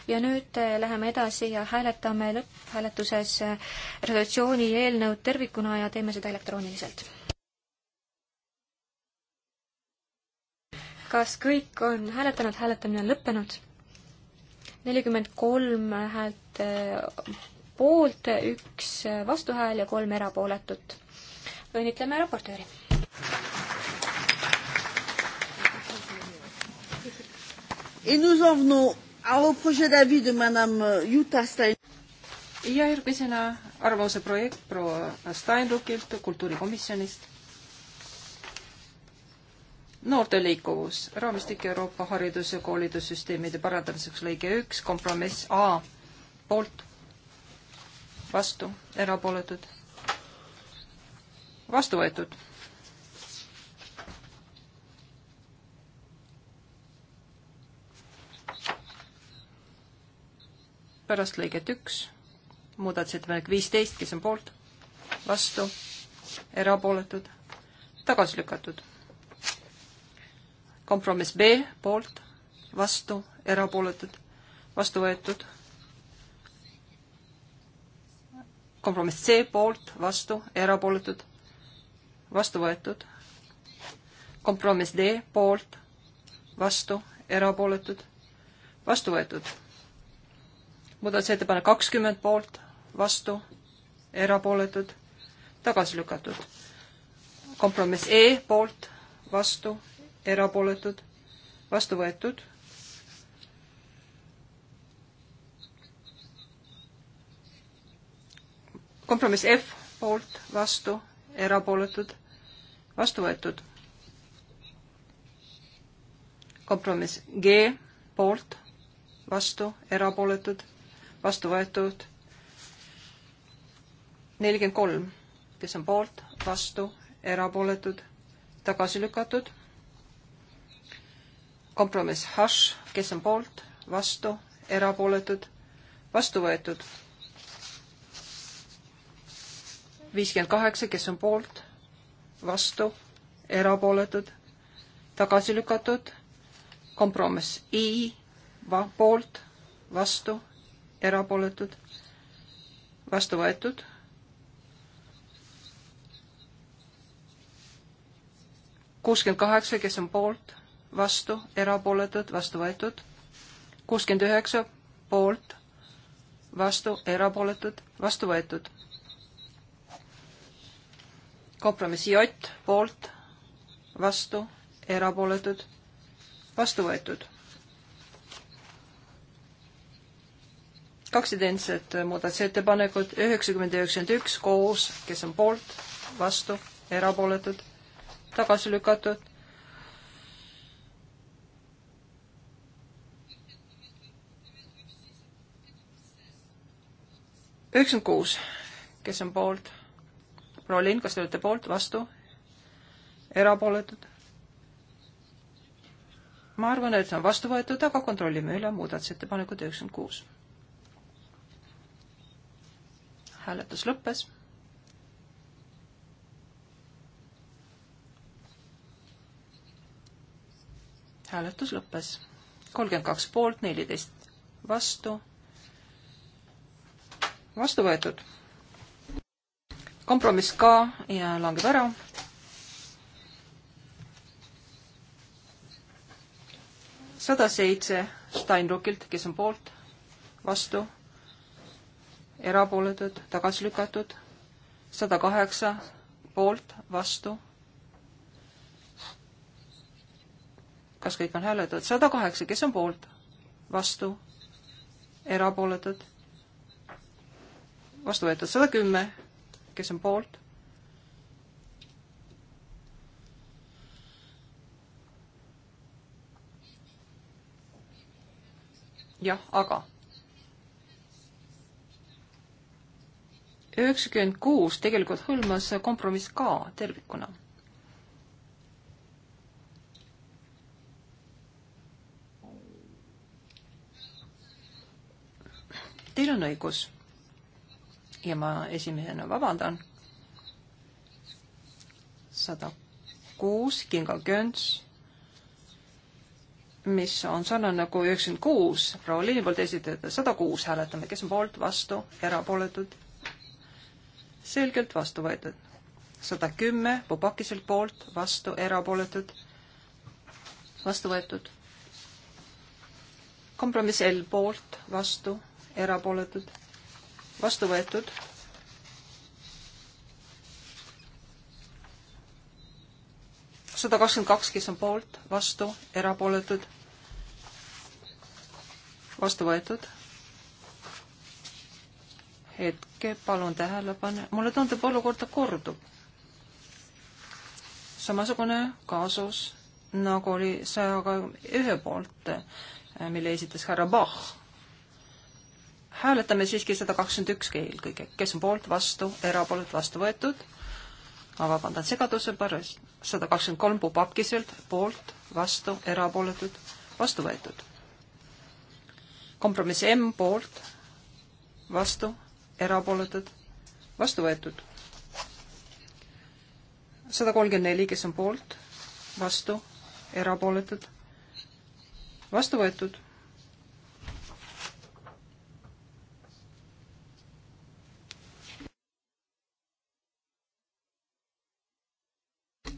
ja nüüd äh, läheme edasi ja hääletame lõpphääletuses äh, resolutsiooni eelnõu tervikuna ja teeme seda elektrooniliselt. kas kõik on hääletanud, hääletamine on lõppenud? nelikümmend kolm häält äh, poolt, üks vastuhääl ja kolm erapooletut. õnnitleme raportööri! Et nous en venons au projet d'avis de Madame euh, Jutta Stein. ja järgmisena arvamuse projekt proua Steinruckilt kultuurikomisjonist. noorte liikuvus, raamistik Euroopa haridus- ja koolitussüsteemide parandamiseks, lõige üks, kompromiss A, poolt, vastu, erapooletud, vastu võetud pärast lõiget üks, muudatusettepanek viisteist, kes on poolt, vastu, erapooletud, tagasi lükatud. kompromiss B poolt, vastu, erapooletud, vastu võetud. kompromiss C poolt, vastu, erapooletud, vastu võetud. kompromiss D poolt, vastu, erapooletud, vastu võetud muudatusettepanek kakskümmend poolt, vastu, erapooletud, tagasi lükatud. kompromiss E poolt, vastu, erapooletud, vastu võetud. kompromiss F poolt, vastu, erapooletud, vastu võetud. kompromiss G poolt, vastu, erapooletud vastu võetud nelikümmend kolm, kes on poolt, vastu, erapooletud, tagasi lükatud. kompromiss hash, kes on poolt, vastu, erapooletud, vastu võetud. viiskümmend kaheksa, kes on poolt, vastu, erapooletud, tagasi lükatud. kompromiss I, poolt, vastu, erapooletud, vastu võetud. kuuskümmend kaheksa, kes on poolt, vastu, erapooletud, vastu võetud. kuuskümmend üheksa, poolt, vastu, erapooletud, vastu võetud. kompromiss J, poolt, vastu, erapooletud, vastu võetud kaks identset muudatusettepanekut, üheksakümmend ja üheksakümmend üks koos, kes on poolt, vastu, erapooletud, tagasi lükatud. üheksakümmend kuus, kes on poolt? proua Lind, kas te olete poolt, vastu, erapooletud? ma arvan, et see on vastu võetud, aga kontrollime üle muudatusettepanekud üheksakümmend kuus hääletus lõppes. hääletus lõppes. kolmkümmend kaks poolt, neliteist vastu. vastu võetud. kompromiss ka ja langeb ära. sada seitse Steinruckilt, kes on poolt, vastu erapooletud, tagasi lükatud, sada kaheksa poolt, vastu. kas kõik on hääletatud? sada kaheksa, kes on poolt, vastu, erapooletud, vastu võetud sada kümme, kes on poolt jah, aga üheksakümmend kuus tegelikult hõlmas kompromiss ka tervikuna. Teil on õigus ja ma esimesena vabandan. sada kuus Kinga Köns, mis on sarnane nagu üheksakümmend kuus, proua Liini poolt esitatud sada kuus hääletame, kes on poolt, vastu, erapooletud selgelt vastu võetud. sada kümme Pubakiselt poolt, vastu erapooletud, vastu võetud. kompromiss L poolt, vastu erapooletud, vastu võetud sada kakskümmend kaks, kes on poolt, vastu, erapooletud, vastu võetud hetke, palun tähelepanu, mulle tundub, olukorda kordub. samasugune kaasus nagu oli sajaga ühe poolt, äh, mille esitas härra Bach. hääletame siiski sada kakskümmend üks eelkõige, kes on poolt, vastu, erapoolt, vastu võetud. ma vabandan segaduse pärast, sada kakskümmend kolm Pupakiselt poolt, vastu, erapooletud, vastu võetud. kompromiss M poolt, vastu erapooletud, vastu võetud. sada kolmkümmend neli, kes on poolt, vastu, erapooletud, vastu võetud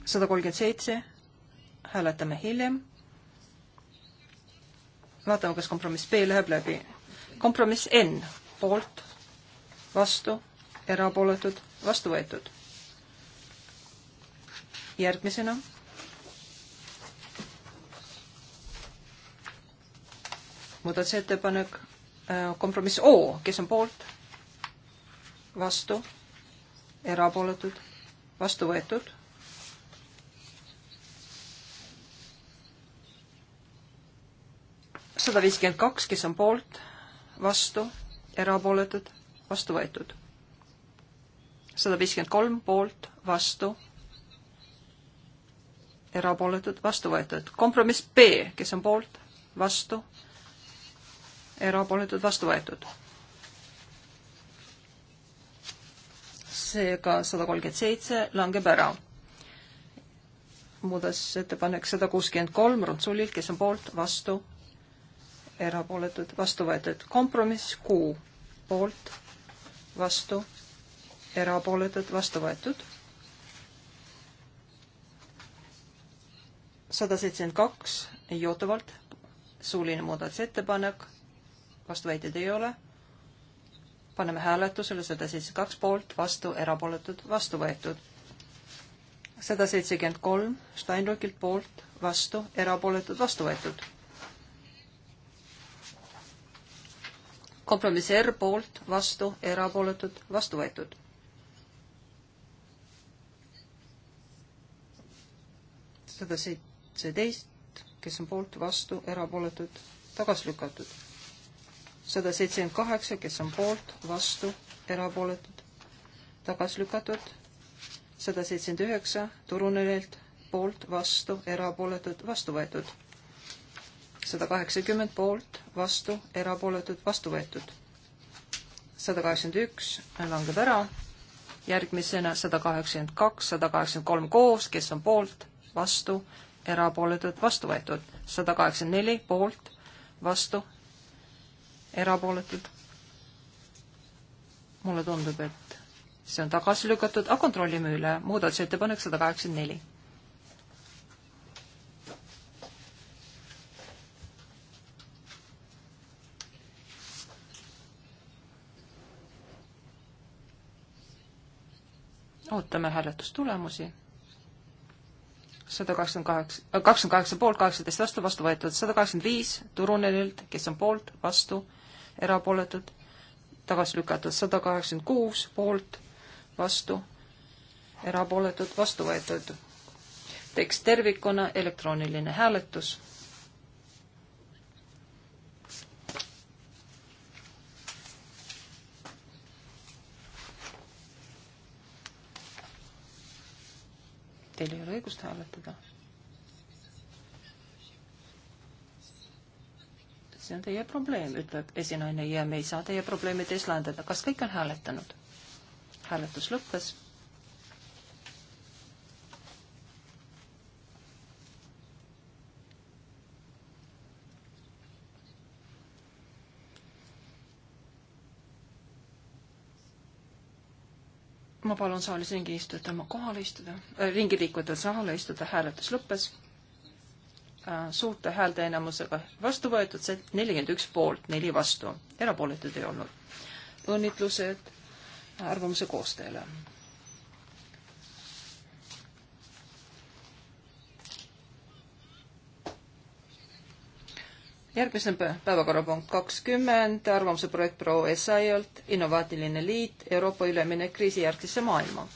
sada kolmkümmend seitse, hääletame hiljem. vaatame, kas kompromiss B läheb läbi. kompromiss N, poolt, vastu, erapooletud, vastu võetud. järgmisena muudatusettepanek äh, kompromiss O, kes on poolt, vastu, erapooletud, vastu võetud. sada viiskümmend kaks, kes on poolt, vastu, erapooletud vastu võetud. sada viiskümmend kolm poolt, vastu, erapooletud, vastu võetud. kompromiss B, kes on poolt, vastu, erapooletud, vastu võetud. seega sada kolmkümmend seitse langeb ära muudatusettepanek sada kuuskümmend kolm Runtsulilt, kes on poolt, vastu, erapooletud, vastu võetud. kompromiss kuu poolt, vastu, erapooletud, vastu võetud. sada seitsekümmend kaks Jotavalt, suuline muudatusettepanek, vastuväiteid ei ole. paneme hääletusele sada seitsekümmend kaks poolt, vastu, erapooletud, vastu võetud. sada seitsekümmend kolm Steinrockilt poolt, vastu, erapooletud, vastu võetud kompromiss R poolt, vastu, erapooletud, vastu võetud. sada seitseteist, kes on poolt, vastu, erapooletud, tagasi lükatud. sada seitsekümmend kaheksa, kes on poolt, vastu, erapooletud, tagasi lükatud. sada seitsekümmend üheksa, Turunenelt, poolt, vastu, erapooletud, vastu võetud sada kaheksakümmend poolt, vastu, erapooletud, vastu võetud. sada kaheksakümmend üks langeb ära, järgmisena sada kaheksakümmend kaks, sada kaheksakümmend kolm koos, kes on poolt, vastu, erapooletud, vastu võetud. sada kaheksakümmend neli poolt, vastu, erapooletud. mulle tundub, et see on tagasi lükatud, aga kontrollime üle. muudatusettepanek sada kaheksakümmend neli ootame hääletustulemusi. sada kakskümmend kaheksa, äh, kakskümmend kaheksa poolt, kaheksateist vastu, vastu võetud sada kakskümmend viis Turunenilt, kes on poolt, vastu, erapooletud, tagasi lükatud sada kaheksakümmend kuus poolt, vastu, erapooletud, vastu võetud. tekst tervikuna, elektrooniline hääletus Teil ei ole õigust hääletada. see on teie probleem, ütleb esinaine ja me ei saa teie probleemide ees lahendada. kas kõik on hääletanud? hääletus lõppes ma palun saalis ringi istuda, oma kohale istuda äh,, ringi liikuda, saale istuda, hääletus lõppes äh,. suurte häälteenamusega vastu võetud, see nelikümmend üks poolt, neli vastu, erapooletuid ei olnud. õnnitlused arvamuse koostajale järgmisena päevakorrapunkt kakskümmend, arvamuse projekt proua Essayalt, Innovaatiline Liit, Euroopa üleminek kriisijärgsesse maailma.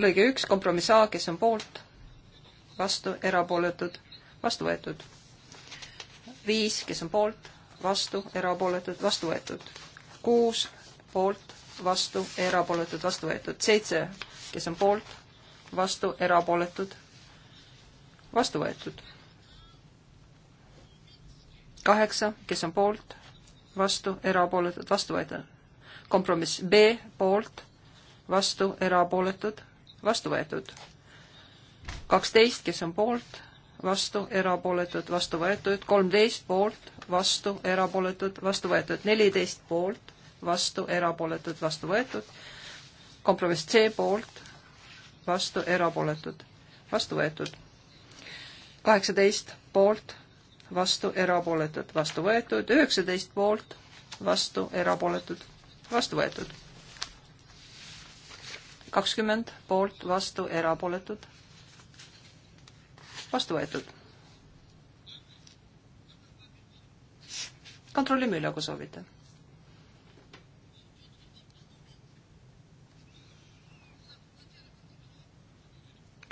lõige üks, kompromiss A, kes on poolt, vastu, erapooletud, vastu võetud. viis, kes on poolt, vastu, erapooletud, vastu võetud. kuus poolt, vastu, erapooletud, vastu võetud. seitse, kes on poolt, vastu, erapooletud, vastu võetud. kaheksa, kes on poolt, vastu, erapooletud, vastu võetud. kompromiss B poolt, vastu, erapooletud, vastu võetud. kaksteist, kes on poolt, vastu, erapooletud, vastu võetud, kolmteist poolt, vastu, erapooletud, vastu võetud, neliteist poolt, vastu, erapooletud, vastu võetud. kompromiss C poolt, vastu, erapooletud, vastu võetud. kaheksateist poolt, vastu, erapooletud, vastu võetud. üheksateist poolt, vastu, erapooletud, vastu võetud. kakskümmend poolt, vastu, erapooletud, vastu võetud kontrollime üle, kui soovite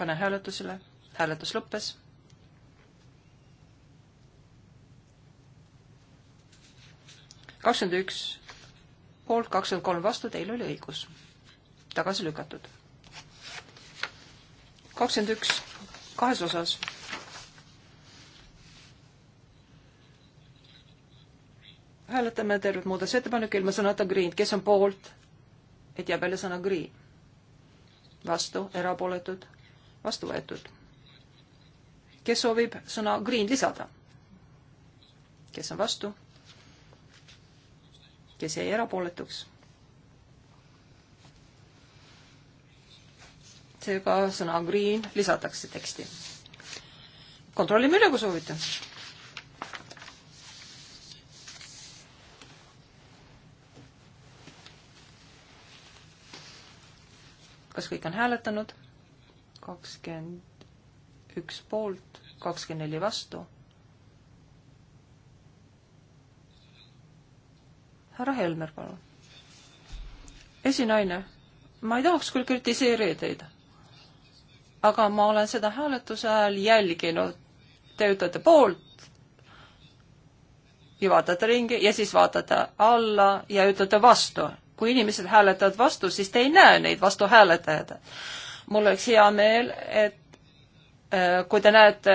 panen hääletusele. hääletus lõppes. kakskümmend üks poolt, kakskümmend kolm vastu, teil oli õigus. tagasi lükatud. kakskümmend üks kahes osas. hääletame tervet muudatusettepanek ilma sõnata green, kes on poolt, et jääb jälle sõna green. vastu, erapooletud, vastu võetud. kes soovib sõna green lisada? kes on vastu? kes jäi erapooletuks? seega sõna green lisatakse teksti. kontrollime üle, kui soovite. kas kõik on hääletanud? kakskümmend üks poolt, kakskümmend neli vastu. härra Helmer, palun. esinaine, ma ei tahaks küll kritiseerida teid, aga ma olen seda hääletuse ajal jälginud. Te ütlete poolt ja vaatate ringi ja siis vaatate alla ja ütlete vastu kui inimesed hääletavad vastu, siis te ei näe neid vastuhääletajad mul oleks hea meel, et äh, kui te näete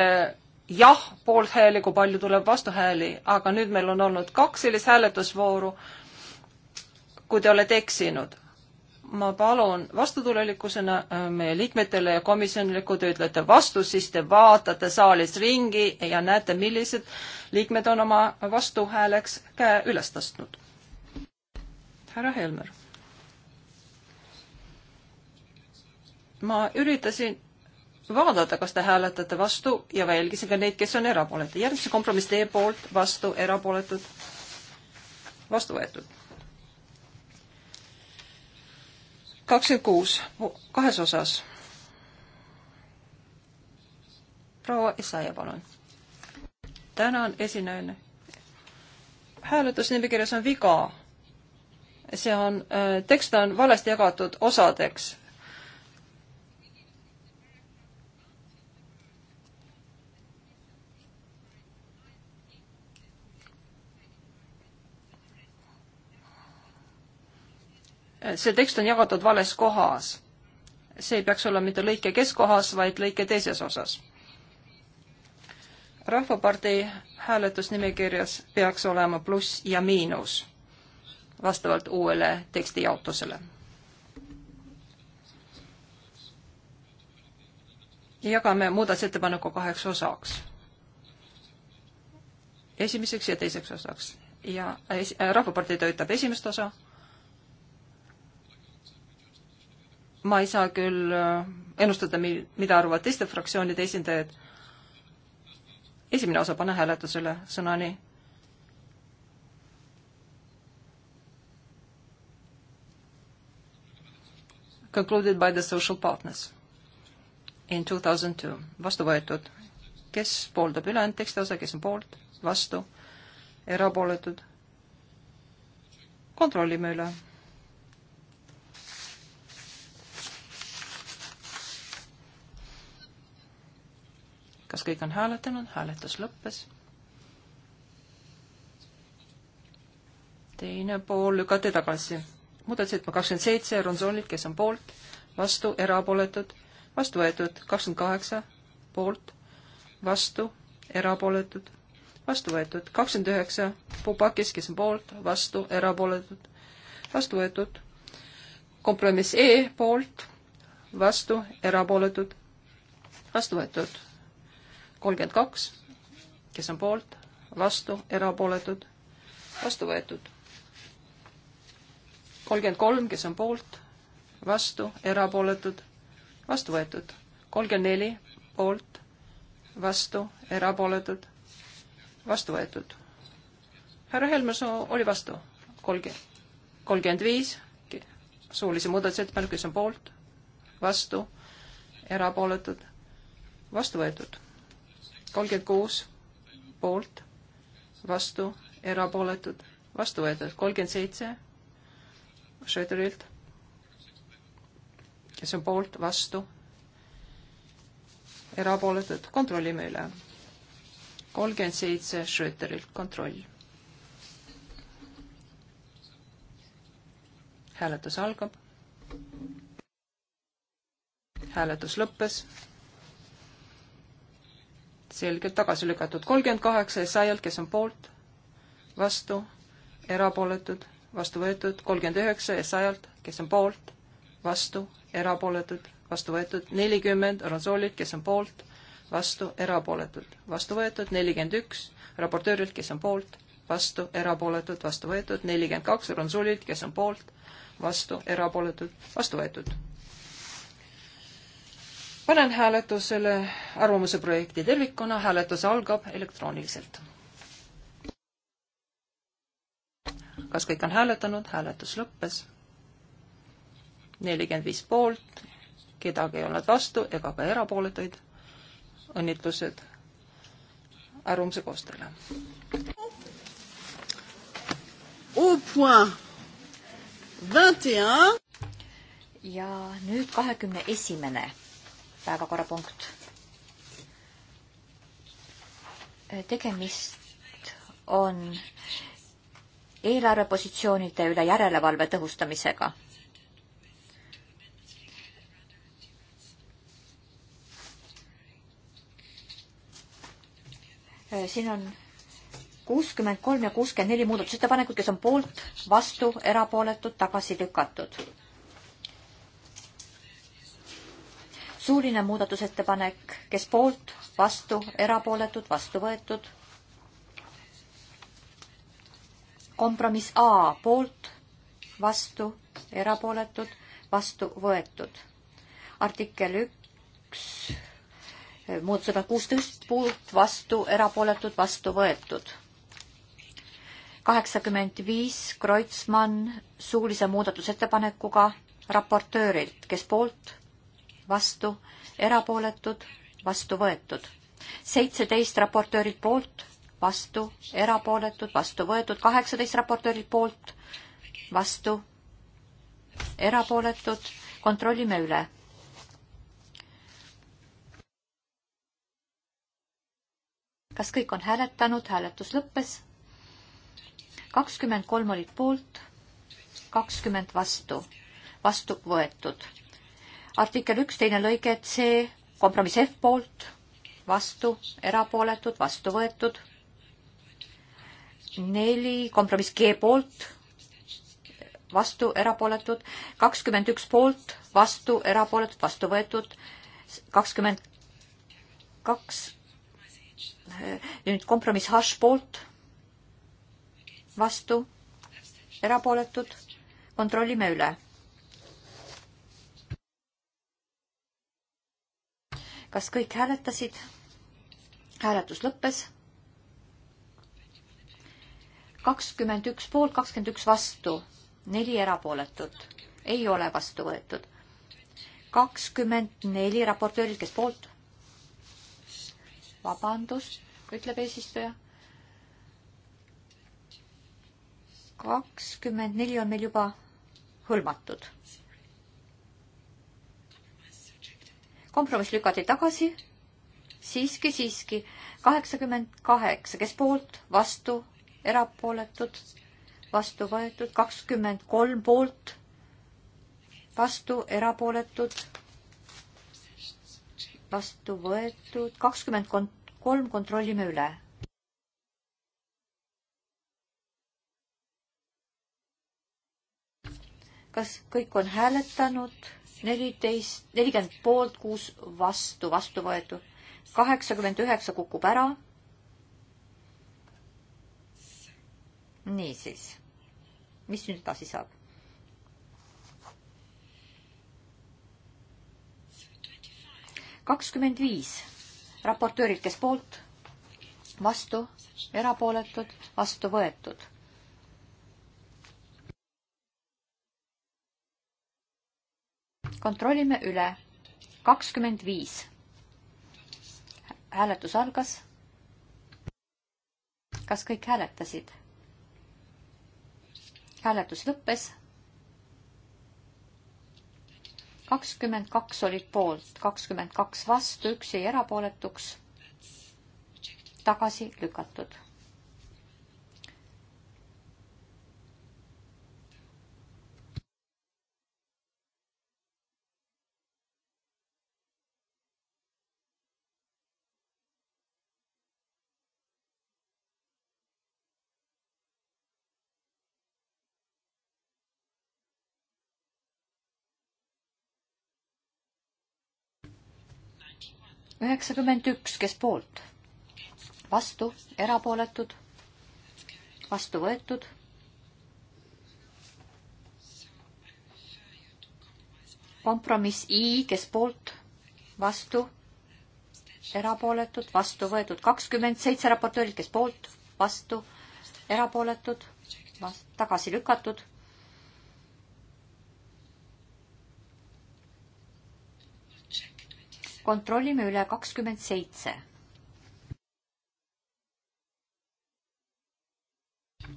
jah poolthääli, kui palju tuleb vastuhääli, aga nüüd meil on olnud kaks sellist hääletusvooru, kui te olete eksinud. ma palun vastutulelikkusena äh, meie liikmetele ja komisjonile, kui te ütlete vastu, siis te vaatate saalis ringi ja näete, millised liikmed on oma vastuhääleks käe üles tõstnud. härra Helmer ma üritasin vaadata, kas te hääletate vastu ja ma jälgisin ka neid, kes on erapooletud. järgmise kompromiss teie poolt, vastu, erapooletud, vastu võetud. kakskümmend kuus, kahes osas. proua Essaia, palun. tänan, esinejana. hääletusnimekirjas on viga. see on, äh, tekst on valesti jagatud osadeks see tekst on jagatud vales kohas. see ei peaks olema mitte lõike keskkohas, vaid lõike teises osas. rahvapartei hääletusnimekirjas peaks olema pluss ja miinus vastavalt uuele tekstijaotusele. jagame muudatusettepaneku kaheks osaks. esimeseks ja teiseks osaks ja äh, Rahvapartei töötab esimest osa ma ei saa küll äh, ennustada, mida arvavad teiste fraktsioonide esindajad. esimene osa pane hääletusele sõnani. Concluded by the social partners in two thousand two, vastu võetud. kes pooldab ülejäänud teksti osa, kes on poolt, vastu, erapooletud? kontrollime üle kas kõik on hääletanud, hääletus lõppes. teine pool lükati tagasi. muudatusettepanek kakskümmend seitse, Ronsolid, kes on poolt, vastu, erapooletud, vastu võetud, kakskümmend kaheksa, poolt, vastu, erapooletud, vastu võetud, kakskümmend üheksa, Pupakis, kes on poolt, vastu, erapooletud, vastu võetud, kompromiss E poolt, vastu, erapooletud, vastu võetud kolmkümmend kaks, kes on poolt, vastu, erapooletud, vastu võetud. kolmkümmend kolm, kes on poolt, vastu, erapooletud, vastu võetud. kolmkümmend neli, poolt, vastu, erapooletud, vastu võetud. härra Helme oli vastu, kolmkümmend, kolmkümmend viis, suulise muudatusettepaneku, kes on poolt, vastu, erapooletud, vastu võetud kolmkümmend kuus poolt, vastu, erapooletud, vastu võetud, kolmkümmend seitse Schröderilt, kes on poolt, vastu, erapooletud, kontrollime üle. kolmkümmend seitse Schröderilt kontroll. hääletus algab. hääletus lõppes selgelt tagasi lükatud. kolmkümmend kaheksa sajalt, kes on poolt, vastu, erapooletud, vastu võetud. kolmkümmend üheksa sajalt, kes on poolt, vastu, erapooletud, vastu võetud. nelikümmend Ronsoolilt, kes on poolt, vastu, erapooletud, vastu võetud. nelikümmend üks raportöörilt, kes on poolt, vastu, erapooletud, vastu võetud. nelikümmend kaks Ronsoolilt, kes on poolt, vastu, erapooletud, vastu võetud panen hääletusele arvamuse projekti tervikuna, hääletus algab elektrooniliselt. kas kõik on hääletanud, hääletus lõppes. nelikümmend viis poolt, kedagi ei olnud vastu ega ka erapooletuid. õnnitlused arvamuse koostajale. ja nüüd kahekümne esimene päevakorrapunkt. tegemist on eelarvepositsioonide üle järelevalve tõhustamisega. siin on kuuskümmend kolm ja kuuskümmend neli muudatusettepanekut, kes on poolt, vastu, erapooletud, tagasi lükatud suuline muudatusettepanek, kes poolt, vastu, erapooletud, vastu võetud. kompromiss A poolt, vastu, erapooletud, vastu võetud. artikkel üks, muudatused on kuusteist poolt, vastu, erapooletud, vastu võetud kaheksakümmend viis Kreutzmann suulise muudatusettepanekuga raportöörilt, kes poolt, vastu, erapooletud, vastu võetud. seitseteist raportöörilt poolt, vastu, erapooletud, vastu võetud, kaheksateist raportöörilt poolt, vastu, erapooletud, kontrollime üle. kas kõik on hääletanud, hääletus lõppes? kakskümmend kolm olid poolt, kakskümmend vastu, vastu võetud artikkel üks, teine lõige C, kompromiss F poolt, vastu, erapooletud, vastu võetud. neli, kompromiss G poolt, vastu, erapooletud, kakskümmend üks poolt, vastu, erapooletud, vastu võetud, kakskümmend kaks, nüüd kompromiss H poolt, vastu, erapooletud, kontrollime üle kas kõik hääletasid? hääletus lõppes. kakskümmend üks poolt, kakskümmend üks vastu, neli erapooletut, ei ole vastu võetud. kakskümmend neli raportöörid, kes poolt? vabandust, ütleb eesistuja. kakskümmend neli on meil juba hõlmatud kompromiss lükati tagasi. siiski, siiski kaheksakümmend kaheksa, kes poolt, vastu, erapooletud, vastu võetud, kakskümmend kolm poolt, vastu, erapooletud, vastu võetud, kakskümmend kolm kontrollime üle kas kõik on hääletanud? neliteist, nelikümmend poolt, kuus vastu, vastu võetud. kaheksakümmend üheksa kukub ära. niisiis, mis nüüd edasi saab? kakskümmend viis raportöörid, kes poolt, vastu, erapooletud, vastu võetud kontrollime üle. kakskümmend viis. hääletus algas. kas kõik hääletasid? hääletus lõppes. kakskümmend kaks olid poolt, kakskümmend kaks vastu, üks jäi erapooletuks. tagasi lükatud üheksakümmend üks, kes poolt? vastu, erapooletud, vastu võetud. kompromiss I, kes poolt, vastu, erapooletud, vastu võetud, kakskümmend seitse raportöörid, kes poolt, vastu, erapooletud, tagasi lükatud kontrollime üle kakskümmend seitse.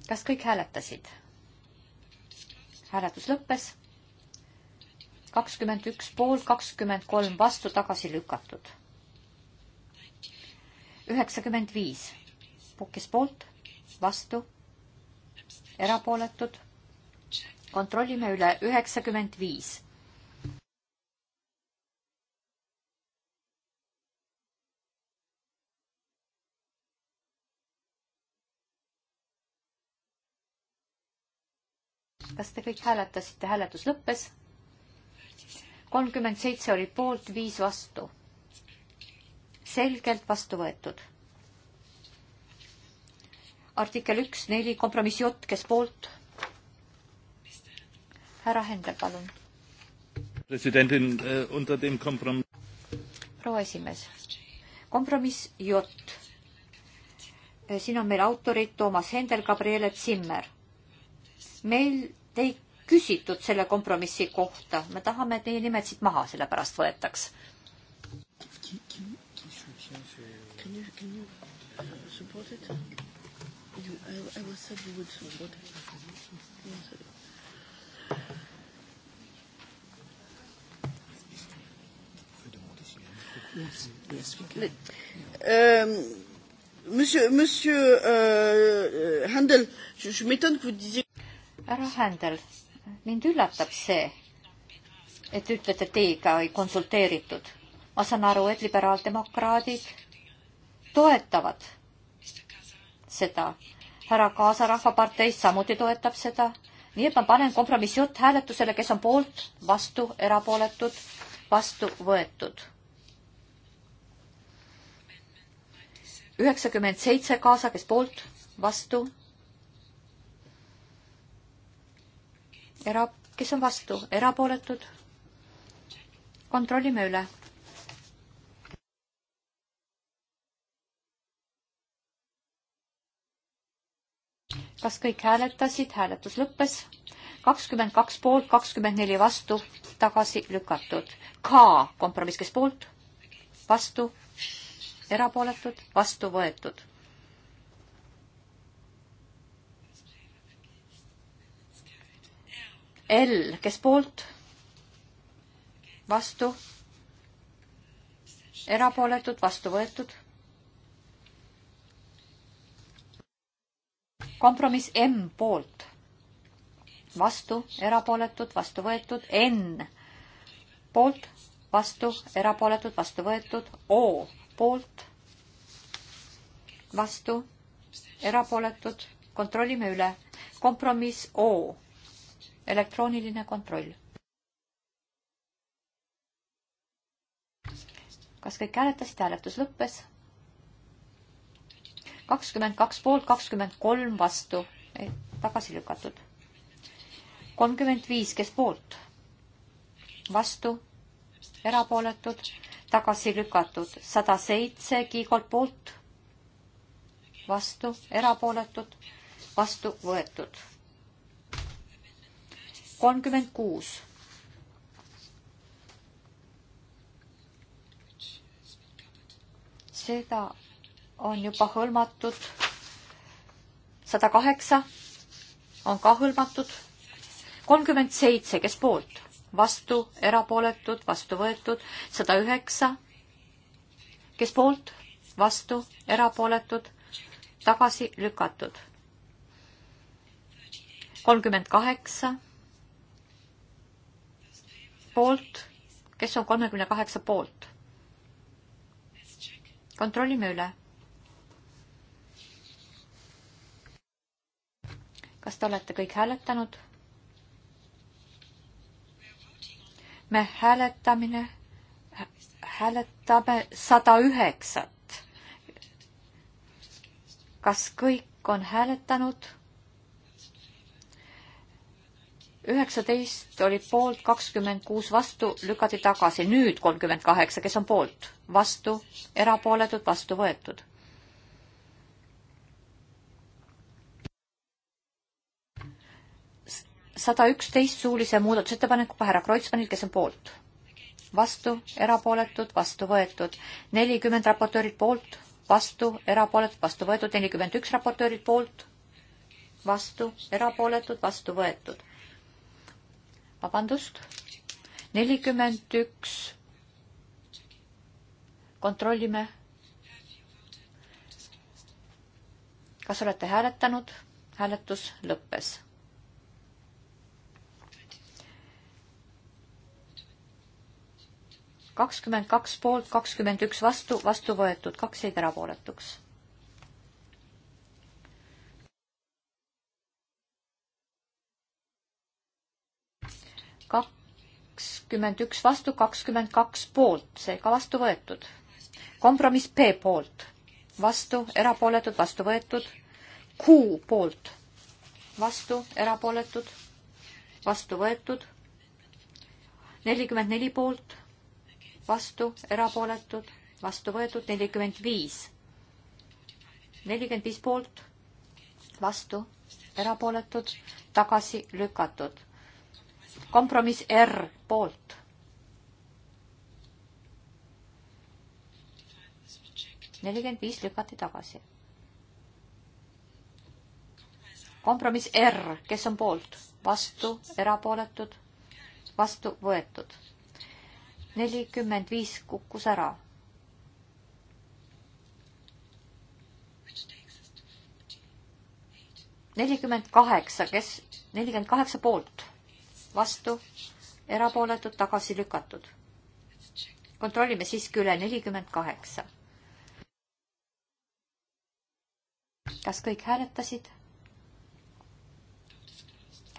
kas kõik hääletasid? hääletus lõppes. kakskümmend üks poolt, kakskümmend kolm vastu, tagasi lükatud. üheksakümmend viis, pukkis poolt, vastu, erapooletud. kontrollime üle, üheksakümmend viis kas te kõik hääletasite, hääletus lõppes? kolmkümmend seitse oli poolt, viis vastu. selgelt vastu võetud. artikkel üks, neli, kompromissi Ott, kes poolt? härra Hendel, palun. presidentin, äh, unter dem kompromiss. proua esimees, kompromiss J. Äh, siin on meil autorid Toomas Hendel, Gabriele Zimmer. meil ei küsitud selle kompromissi kohta, me tahame, et teie nimed siit maha sellepärast võetaks. Can you, can you support it? You, I, I was said you would support it. Yes. Yes, yes, we can. Euh, monsieur monsieur euh, Handel, je, je m'étonne que vous disiez härra Händel, mind üllatab see, et te ütlete, teiega ei konsulteeritud. ma saan aru, et liberaaldemokraadid toetavad seda. härra Kaasa Rahvaparteist samuti toetab seda. nii et ma panen kompromissjutt hääletusele, kes on poolt, vastu, erapooletud, vastu võetud. üheksakümmend seitse kaasa, kes poolt, vastu era-, kes on vastu, erapooletud. kontrollime üle. kas kõik hääletasid, hääletus lõppes kakskümmend kaks poolt, kakskümmend neli vastu, tagasi lükatud. K kompromiss, kes poolt, vastu, erapooletud, vastu võetud L, kes poolt, vastu, erapooletud, vastu võetud. kompromiss M poolt, vastu, erapooletud, vastu võetud, N poolt, vastu, erapooletud, vastu võetud, O poolt, vastu, erapooletud, kontrollime üle, kompromiss O elektrooniline kontroll. kas kõik hääletasid, hääletus lõppes? kakskümmend kaks poolt, kakskümmend kolm vastu, tagasi lükatud. kolmkümmend viis, kes poolt? vastu, erapooletud, tagasi lükatud, sada seitse kiigolt poolt, vastu, erapooletud, vastu võetud kolmkümmend kuus. seda on juba hõlmatud. sada kaheksa on ka hõlmatud. kolmkümmend seitse, kes poolt? vastu, erapooletud, vastu võetud. sada üheksa, kes poolt? vastu, erapooletud, tagasi lükatud. kolmkümmend kaheksa poolt, kes on kolmekümne kaheksa poolt? kontrollime üle. kas te olete kõik hääletanud? me hääletamine, hääletame sada üheksat. kas kõik on hääletanud? üheksateist oli poolt, kakskümmend kuus vastu, lükati tagasi, nüüd kolmkümmend kaheksa, kes on poolt, vastu, erapooletud, vastu võetud. sada üksteist suulise muudatusettepanekuga härra Kreutzmannilt, kes on poolt, vastu, erapooletud, vastu võetud, nelikümmend raportöörid poolt, vastu, erapooletud, vastu võetud, nelikümmend üks raportöörid poolt, vastu, erapooletud, vastu võetud vabandust, nelikümmend üks. kontrollime. kas olete hääletanud? hääletus lõppes. kakskümmend kaks poolt, kakskümmend üks vastu, vastu võetud, kaks jäid erapooletuks kakskümmend üks vastu, kakskümmend kaks poolt, seega vastu võetud. kompromiss B poolt, vastu, erapooletud, vastu võetud. Q poolt, vastu, erapooletud, vastu võetud. nelikümmend neli poolt, vastu, erapooletud, vastu võetud, nelikümmend viis. nelikümmend viis poolt, vastu, erapooletud, tagasi lükatud kompromiss R poolt. nelikümmend viis lükati tagasi. kompromiss R, kes on poolt, vastu, erapooletud, vastu võetud. nelikümmend viis kukkus ära nelikümmend kaheksa, kes, nelikümmend kaheksa poolt vastu, erapooletud, tagasi lükatud. kontrollime siiski üle, nelikümmend kaheksa. kas kõik hääletasid?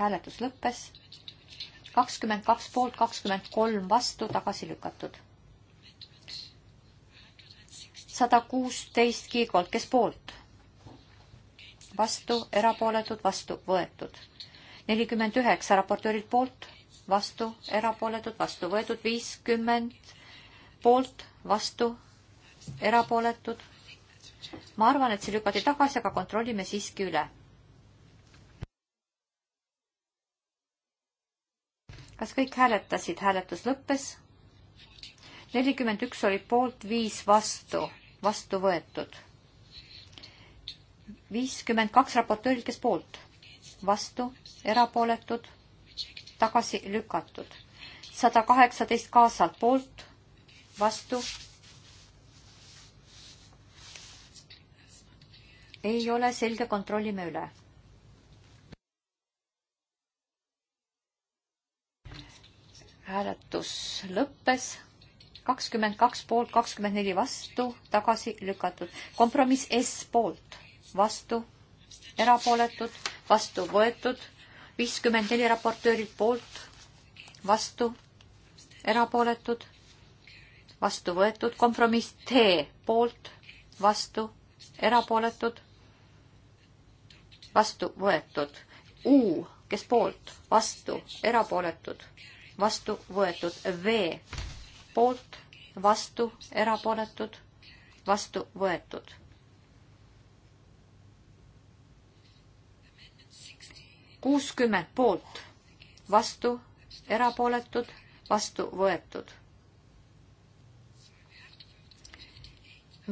hääletus lõppes. kakskümmend kaks poolt, kakskümmend kolm vastu, tagasi lükatud. sada kuusteist kiigolt, kes poolt? vastu, erapooletud, vastu võetud nelikümmend üheksa raportöörilt poolt, vastu, erapooletud, vastu võetud, viiskümmend poolt, vastu, erapooletud. ma arvan, et see lükati tagasi, aga kontrollime siiski üle. kas kõik hääletasid, hääletus lõppes? nelikümmend üks oli poolt, viis vastu, vastu võetud. viiskümmend kaks raportööri, kes poolt vastu, erapooletud, tagasi lükatud. sada kaheksateist kaasalt poolt, vastu. ei ole selge, kontrollime üle. hääletus lõppes kakskümmend kaks poolt, kakskümmend neli vastu, tagasi lükatud. kompromiss S poolt, vastu erapooletud, vastu võetud, viiskümmend neli raportöörid poolt, vastu, erapooletud, vastu võetud, kompromiss T poolt, vastu, erapooletud, vastu võetud, U, kes poolt, vastu, erapooletud, vastu võetud, V poolt, vastu, erapooletud, vastu võetud kuuskümmend poolt, vastu, erapooletud, vastu võetud.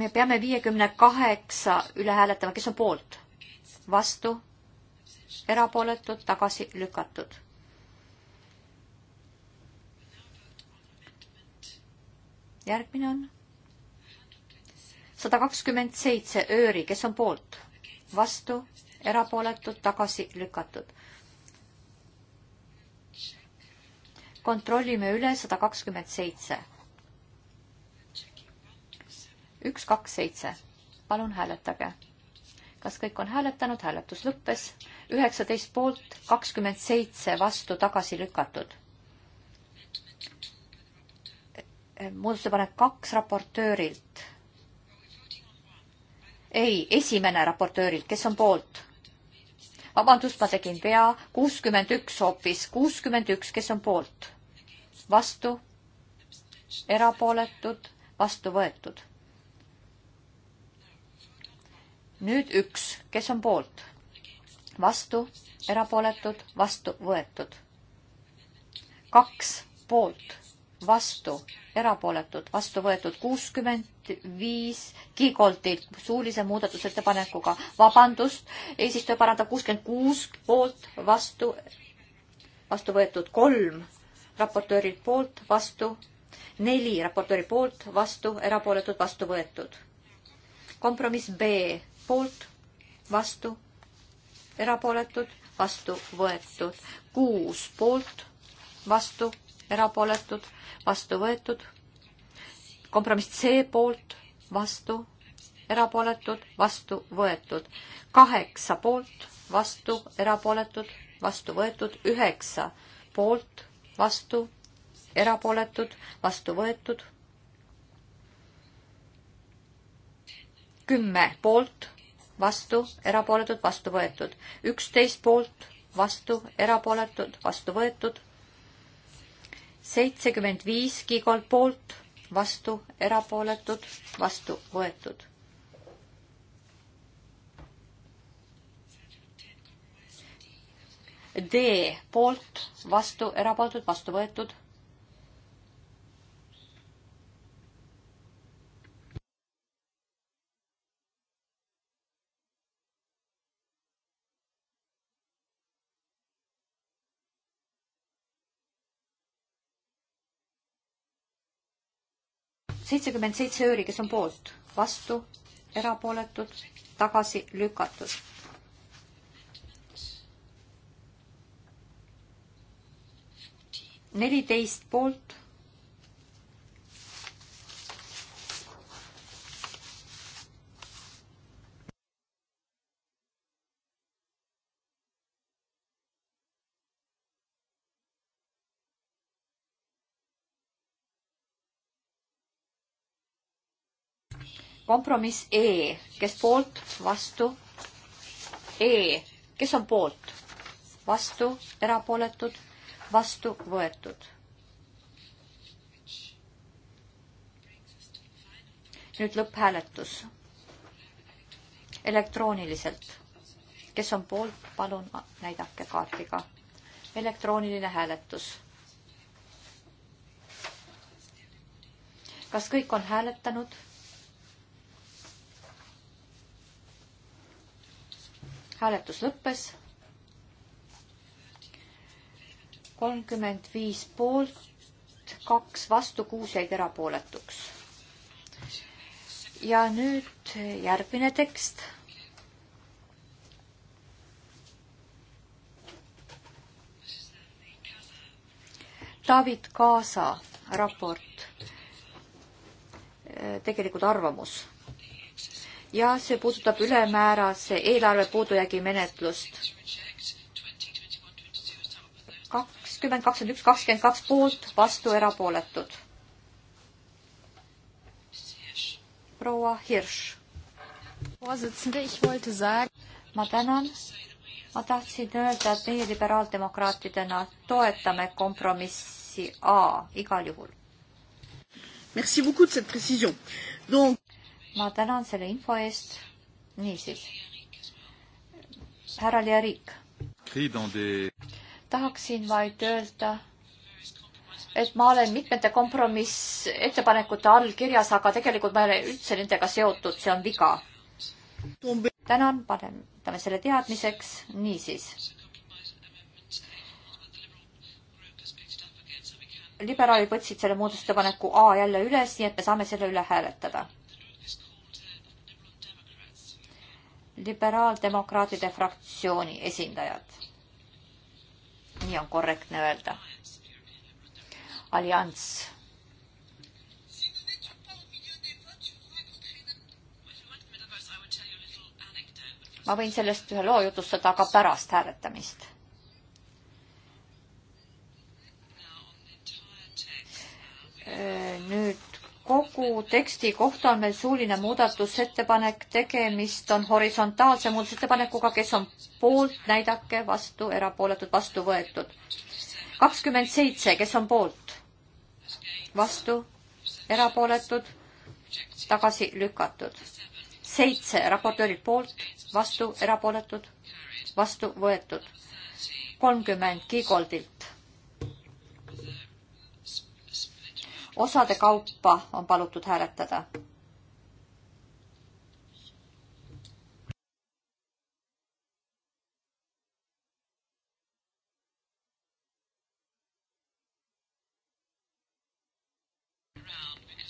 me peame viiekümne kaheksa üle hääletama, kes on poolt, vastu, erapooletud, tagasi lükatud järgmine on sada kakskümmend seitse ööri, kes on poolt, vastu, erapooletud, tagasi lükatud. kontrollime üle sada kakskümmend seitse. üks, kaks, seitse. palun hääletage. kas kõik on hääletanud, hääletus lõppes, üheksateist poolt, kakskümmend seitse vastu, tagasi lükatud muudatusepanek kaks raportöörilt. ei, esimene raportöörilt, kes on poolt? vabandust, ma tegin vea, kuuskümmend üks hoopis, kuuskümmend üks, kes on poolt? vastu, erapooletud, vastu võetud. nüüd üks, kes on poolt? vastu, erapooletud, vastu võetud. kaks poolt vastu, erapooletud, vastu võetud kuuskümmend viis Gigoldilt suulise muudatusettepanekuga. vabandust, eesistuja parandab kuuskümmend kuus poolt, vastu, vastu võetud kolm raportöörilt poolt, vastu neli raportööri poolt, vastu, erapooletud, vastu võetud. kompromiss B poolt, vastu, erapooletud, vastu võetud. kuus poolt, vastu erapooletud, vastu võetud. kompromiss C poolt, vastu, erapooletud, vastu võetud. kaheksa poolt, vastu, erapooletud, vastu võetud. üheksa poolt, vastu, erapooletud, vastu võetud. kümme poolt, vastu, erapooletud, vastu võetud. üksteist poolt, vastu, erapooletud, vastu võetud seitsekümmend viis gigolt poolt, vastu erapooletud, vastu võetud. D poolt, vastu erapooletud, vastu võetud seitsekümmend seitse ööri, kes on poolt, vastu, erapooletud, tagasi lükatud. neliteist poolt kompromiss E, kes poolt, vastu, E, kes on poolt, vastu, erapooletud, vastu võetud. nüüd lõpphääletus elektrooniliselt. kes on poolt, palun näidake kaardiga. elektrooniline hääletus. kas kõik on hääletanud? hääletus lõppes. kolmkümmend viis poolt, kaks vastu, kuus jäid erapooletuks. ja nüüd järgmine tekst David Kaasa raport, äh, tegelikult arvamus ja see puudutab ülemäärase eelarve puudujäägi menetlust. kakskümmend, kakskümmend üks, kakskümmend kaks poolt, vastu erapooletud. proua Hirš. ma tänan ma tahtsin öelda, et meie liberaaldemokraatidena toetame kompromissi A igal juhul. Merci beaucoup de cette précision. Donc ma tänan selle info eest. niisiis, härra Ljerik. tahaksin vaid öelda, et ma olen mitmete kompromissettepanekute all kirjas, aga tegelikult ma ei ole üldse nendega seotud, see on viga. tänan, paneme selle teadmiseks, niisiis. liberaalid võtsid selle muudatusettepaneku A jälle üles, nii et me saame selle üle hääletada liberaaldemokraatide fraktsiooni esindajad. nii on korrektne öelda. allianss. ma võin sellest ühe loo jutustada, aga pärast hääletamist nüüd kogu teksti kohta on meil suuline muudatusettepanek, tegemist on horisontaalse muudatusettepanekuga, kes on poolt, näidake, vastu, erapooletud, vastu võetud. kakskümmend seitse, kes on poolt, vastu, erapooletud, tagasi lükatud. seitse, raportöörid poolt, vastu, erapooletud, vastu võetud. kolmkümmend, Kiigoldilt osade kaupa on palutud hääletada.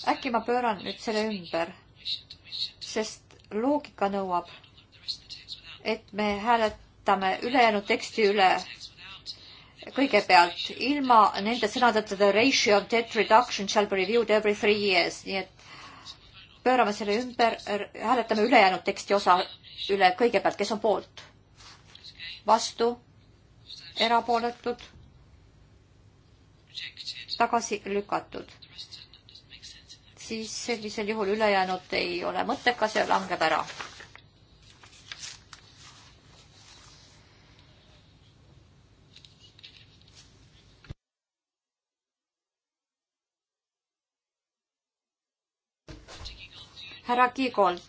äkki ma pööran nüüd selle ümber, sest loogika nõuab, et me hääletame ülejäänud teksti üle kõigepealt ilma nende sõnadeta the ratio of debt reduction shall be reviewed every three years, nii et pöörame selle ümber, hääletame ülejäänud teksti osa üle kõigepealt, kes on poolt? vastu? erapooletud? tagasi lükatud? siis sellisel juhul ülejäänud ei ole mõttekas ja langeb ära härra Kiigold,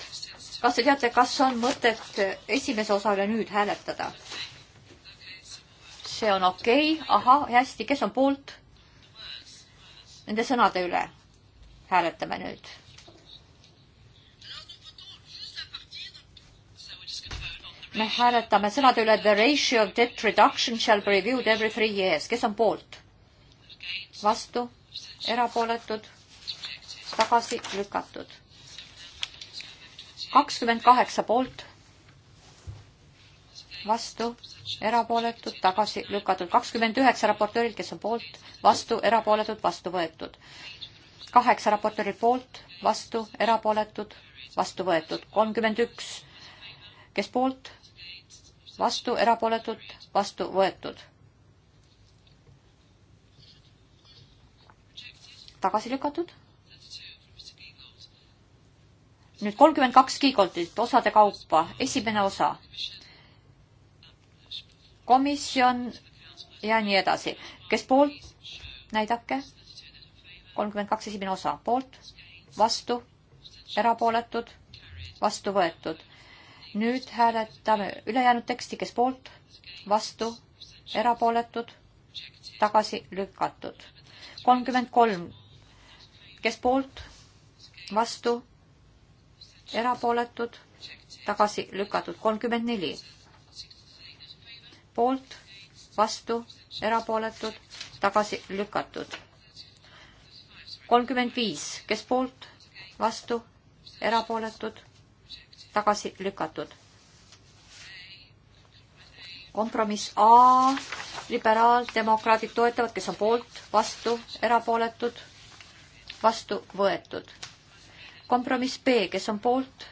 kas te teate, kas on mõtet esimese osa üle nüüd hääletada? see on okei okay., ahah, hästi, kes on poolt? Nende sõnade üle hääletame nüüd. me hääletame sõnade üle the ratio of debt reduction shall be reviewed every three years. kes on poolt? vastu? erapooletud? tagasi lükatud kakskümmend kaheksa poolt, vastu, erapooletud, tagasi lükatud. kakskümmend üheksa raportööril, kes on poolt, vastu, erapooletud, vastu võetud. kaheksa raportööri poolt, vastu, erapooletud, vastu võetud. kolmkümmend üks, kes poolt, vastu, erapooletud, vastu võetud. tagasi lükatud nüüd kolmkümmend kaks kiigoldit osade kaupa, esimene osa. komisjon ja nii edasi, kes poolt, näidake. kolmkümmend kaks esimene osa, poolt, vastu, erapooletud, vastu võetud. nüüd hääletame ülejäänud teksti, kes poolt, vastu, erapooletud, tagasi lükatud. kolmkümmend kolm, kes poolt, vastu erapooletud, tagasi lükatud kolmkümmend neli. poolt, vastu, erapooletud, tagasi lükatud. kolmkümmend viis, kes poolt, vastu, erapooletud, tagasi lükatud. kompromiss A, liberaaldemokraadid toetavad, kes on poolt, vastu, erapooletud, vastu võetud kompromiss B, kes on poolt,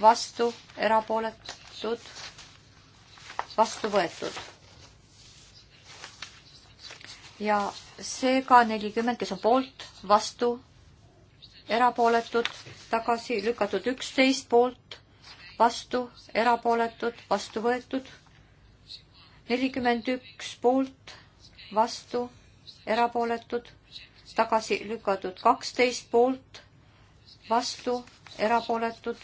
vastu, erapooletud, vastu võetud. ja seega nelikümmend, kes on poolt, vastu, erapooletud, tagasi lükatud üksteist poolt, vastu, erapooletud, vastu võetud, nelikümmend üks poolt, vastu, erapooletud, tagasi lükatud kaksteist poolt vastu, erapooletud,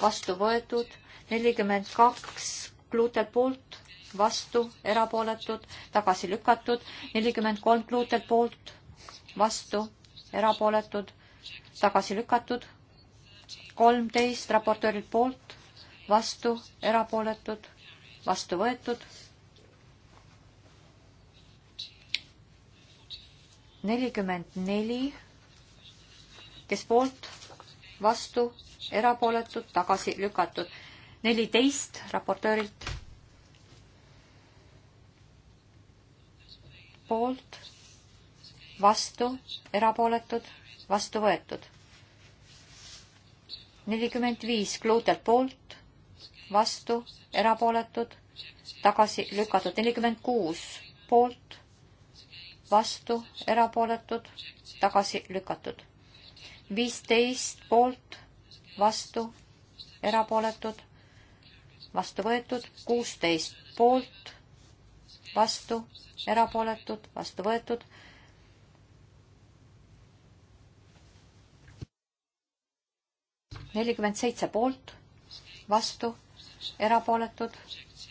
vastu võetud, nelikümmend kaks gluutelt poolt, vastu, erapooletud, tagasi lükatud, nelikümmend kolm gluutelt poolt, vastu, erapooletud, tagasi lükatud, kolmteist raportöörilt poolt, vastu, erapooletud, vastu võetud nelikümmend neli kes poolt, vastu, erapooletud, tagasi lükatud. neliteist raportöörilt. poolt, vastu, erapooletud, vastu võetud. nelikümmend viis Kluutelt poolt, vastu, erapooletud, tagasi lükatud. nelikümmend kuus poolt, vastu, erapooletud, tagasi lükatud viisteist poolt, vastu, erapooletud, vastu võetud, kuusteist poolt, vastu, erapooletud, vastu võetud. nelikümmend seitse poolt, vastu, erapooletud,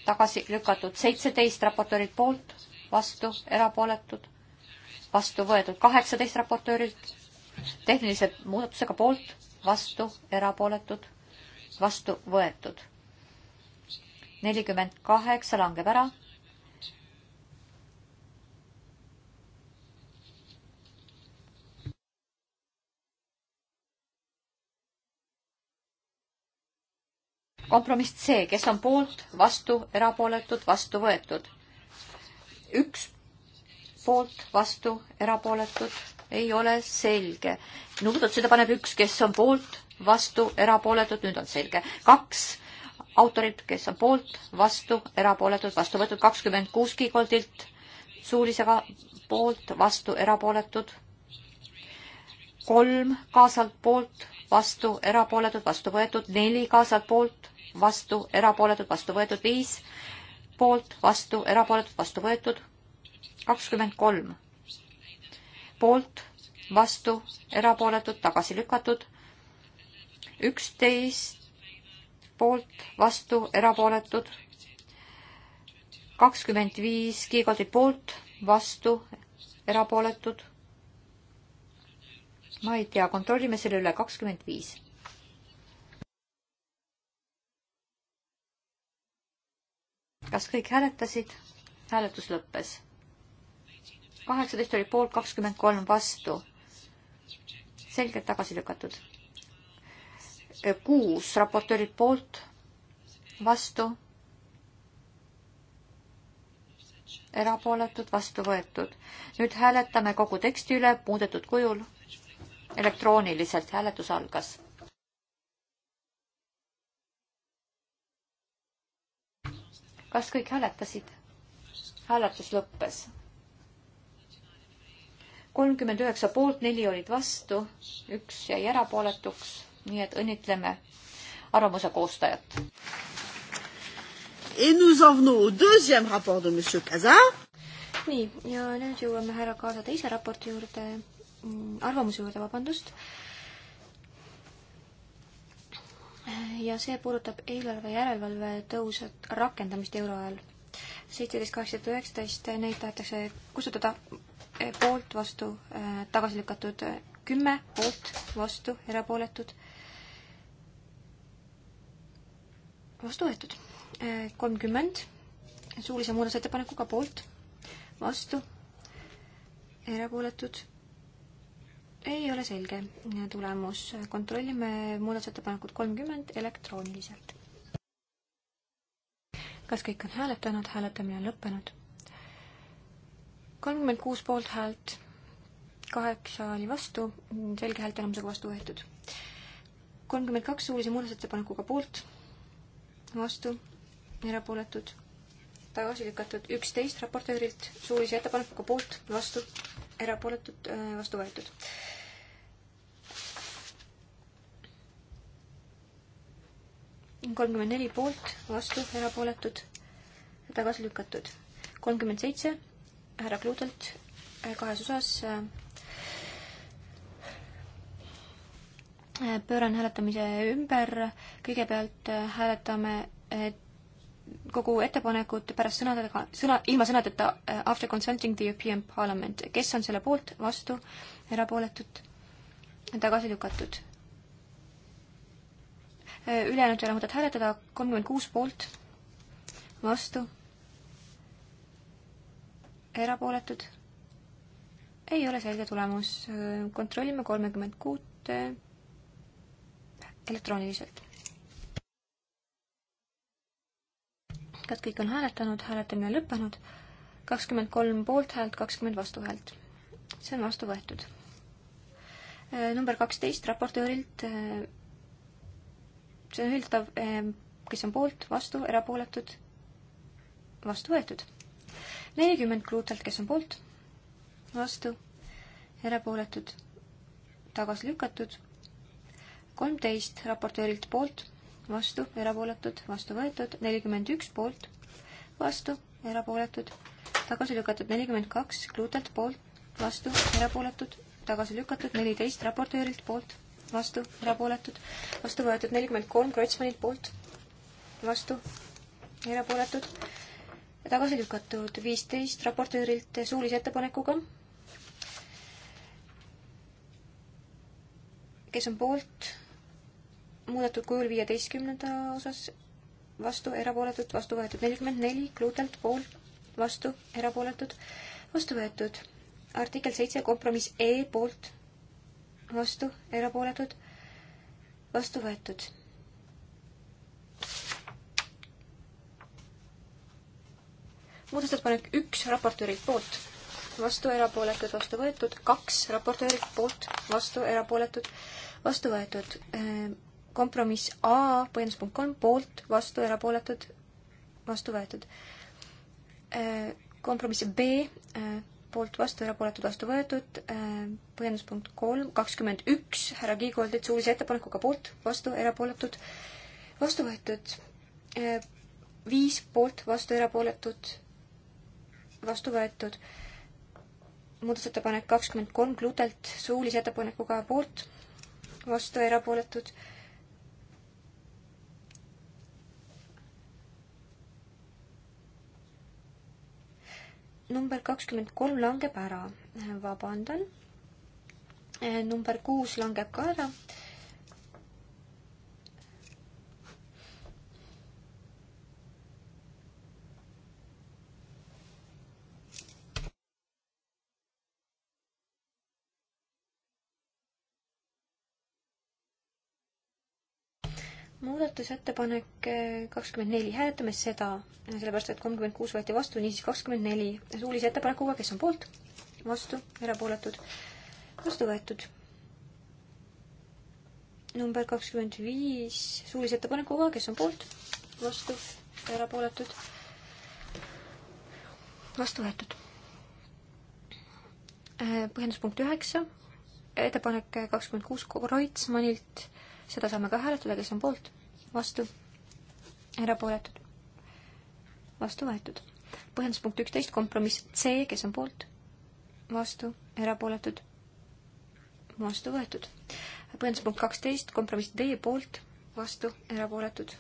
tagasi lükatud, seitseteist raportöörilt poolt, vastu, erapooletud, vastu võetud, kaheksateist raportöörilt tehnilise muudatusega poolt, vastu, erapooletud, vastu võetud. nelikümmend kaheksa langeb ära. kompromiss C, kes on poolt, vastu, erapooletud, vastu võetud. üks poolt, vastu, erapooletud ei ole selge. muudatusettepanek üks, kes on poolt, vastu, erapooletud, nüüd on selge. kaks autorit, kes on poolt, vastu, erapooletud, vastu võetud kakskümmend kuus kiigoldilt, suulisega poolt, vastu, erapooletud. kolm kaasalt poolt, vastu, erapooletud, vastu võetud, neli kaasalt poolt, vastu, erapooletud, vastu võetud, viis poolt, vastu, erapooletud, vastu võetud, kakskümmend kolm poolt, vastu, erapooletud, tagasi lükatud. üksteist poolt, vastu, erapooletud. kakskümmend viis kiigaldi poolt, vastu, erapooletud. ma ei tea, kontrollime selle üle, kakskümmend viis. kas kõik hääletasid? hääletus lõppes kaheksateist oli poolt, kakskümmend kolm vastu. selgelt tagasi lükatud. kuus raportöörid poolt, vastu, erapooletud, vastu võetud. nüüd hääletame kogu teksti üle muudetud kujul. elektrooniliselt hääletus algas kas kõik hääletasid? hääletus lõppes kolmkümmend üheksa poolt, neli olid vastu, üks jäi erapooletuks, nii et õnnitleme arvamuse koostajat. Et nous en venons au deuxième rapport de Monsieur Casa. nii, ja nüüd jõuame härra Kaasa teise raporti juurde, mm, arvamuse juurde, vabandust. ja see puudutab eelarve järelevalve tõusvat rakendamist euroajal. seitseteist, kaheksateist, üheksateist, neid tahetakse kustutada poolt, vastu, äh, tagasi lükatud kümme, poolt, vastu, erapooletud. vastu võetud äh, kolmkümmend, suulise muudatusettepanekuga poolt, vastu, erapooletud. ei ole selge tulemus, kontrollime muudatusettepanekut kolmkümmend elektrooniliselt. kas kõik on hääletanud, hääletamine on lõppenud kolmkümmend kuus poolthäält, kaheksa oli vastu, selge häälteenamusega vastu võetud. kolmkümmend kaks suulise muudatusettepanekuga poolt, vastu, erapooletud, tagasi lükatud, üksteist raportöörilt suulise ettepanekuga poolt, vastu, erapooletud, äh, vastu võetud. kolmkümmend neli poolt, vastu, erapooletud, tagasi lükatud. kolmkümmend seitse härra Kludelt äh, kahes osas. Äh, äh, pööran hääletamise ümber, kõigepealt hääletame et kogu ettepanekut pärast sõnadega, sõna, ilma sõnadeta after consulting the European Parliament. kes on selle poolt, vastu, erapooletud, tagasi lükatud? ülejäänud ei ole mõtet hääletada, kolmkümmend kuus poolt, vastu erapooletud? ei ole selge tulemus. kontrollime kolmekümmend kuut elektrooniliselt. kas kõik on hääletanud, hääletamine lõppenud? kakskümmend kolm poolthäält, kakskümmend vastuhäält. see on vastu võetud. number kaksteist raportöörilt. see on üllatav, eh, kes on poolt, vastu, erapooletud, vastu võetud nelikümmend Kruutelt, kes on poolt, vastu, erapooletud, tagasi lükatud. kolmteist raportöörilt poolt, vastu, erapooletud, vastu võetud, nelikümmend üks poolt, vastu, erapooletud, tagasi lükatud, nelikümmend kaks Kruutelt poolt, vastu, erapooletud, tagasi lükatud, neliteist raportöörilt poolt vastu, erapooletud, vastu võetud nelikümmend kolm Kreutzmannilt poolt, vastu, erapooletud, tagasi lükatud. viisteist raportöörilt suulise ettepanekuga. kes on poolt muudetud kujul viieteistkümnenda osas, vastu, erapooletud, vastu võetud. nelikümmend neli Klutelt poolt, vastu, erapooletud, vastu võetud. artikkel seitse, kompromiss E poolt, vastu, erapooletud, vastu võetud muudatusettepanek üks raportöörilt poolt, vastu erapooletud, vastu võetud, kaks raportöörilt poolt, vastu erapooletud, vastu võetud. Ehm, kompromiss A, põhjendus punkt kolm, poolt, vastu erapooletud, vastu võetud. Ehm, kompromiss B, ehm, poolt vastu, erapooletud vastu võetud. põhjenduspunkt kolm, kakskümmend üks, härra Kiigoldilt suulise ettepanekuga poolt, vastu, erapooletud, vastu võetud. viis poolt, vastu, erapooletud, vastu võetud. muudatusettepanek kakskümmend kolm Klutelt suulise ettepanekuga poolt, vastu erapooletud. number kakskümmend kolm langeb ära, vabandan. number kuus langeb ka ära muudatusettepanek eh, kakskümmend neli, hääletame seda, eh, sellepärast et kolmkümmend kuus võeti vastu, niisiis kakskümmend neli suulise ettepanekuga, kes on poolt, vastu, erapooletud, vastu võetud. number kakskümmend viis suulise ettepanekuga, kes on poolt, vastu, erapooletud, vastu võetud. Eh, põhjenduspunkt üheksa, ettepanek kakskümmend kuus Kreutzmannilt seda saame ka hääletada, kes on poolt, vastu, erapooletud, vastu võetud. põhjendus punkt üksteist, kompromiss C, kes on poolt, vastu, erapooletud, vastu võetud. põhjendus punkt kaksteist, kompromiss D poolt, vastu, erapooletud,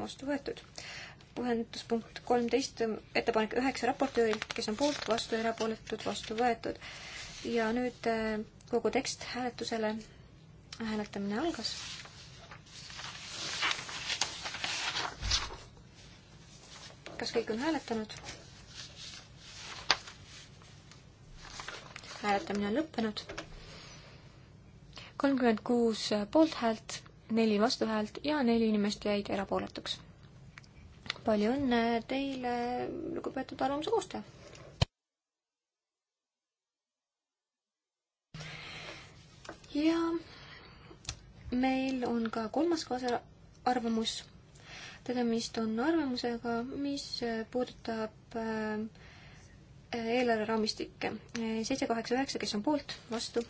vastu võetud. põhjendus punkt kolmteist, ettepanek üheksa raportöörilt, kes on poolt, vastu, erapooletud, vastu võetud. ja nüüd äh, kogu tekst hääletusele hääletamine algas. kas kõik on hääletanud? hääletamine on lõppenud. kolmkümmend kuus poolthäält, neli vastuhäält ja neli inimest jäid erapooletuks. palju õnne teile, lugupeetud arvamuse koostaja! ja meil on ka kolmas kaasarvamus. tegemist on arvamusega, mis puudutab äh, eelarveraamistikke. seitse, kaheksa, üheksa, kes on poolt, vastu,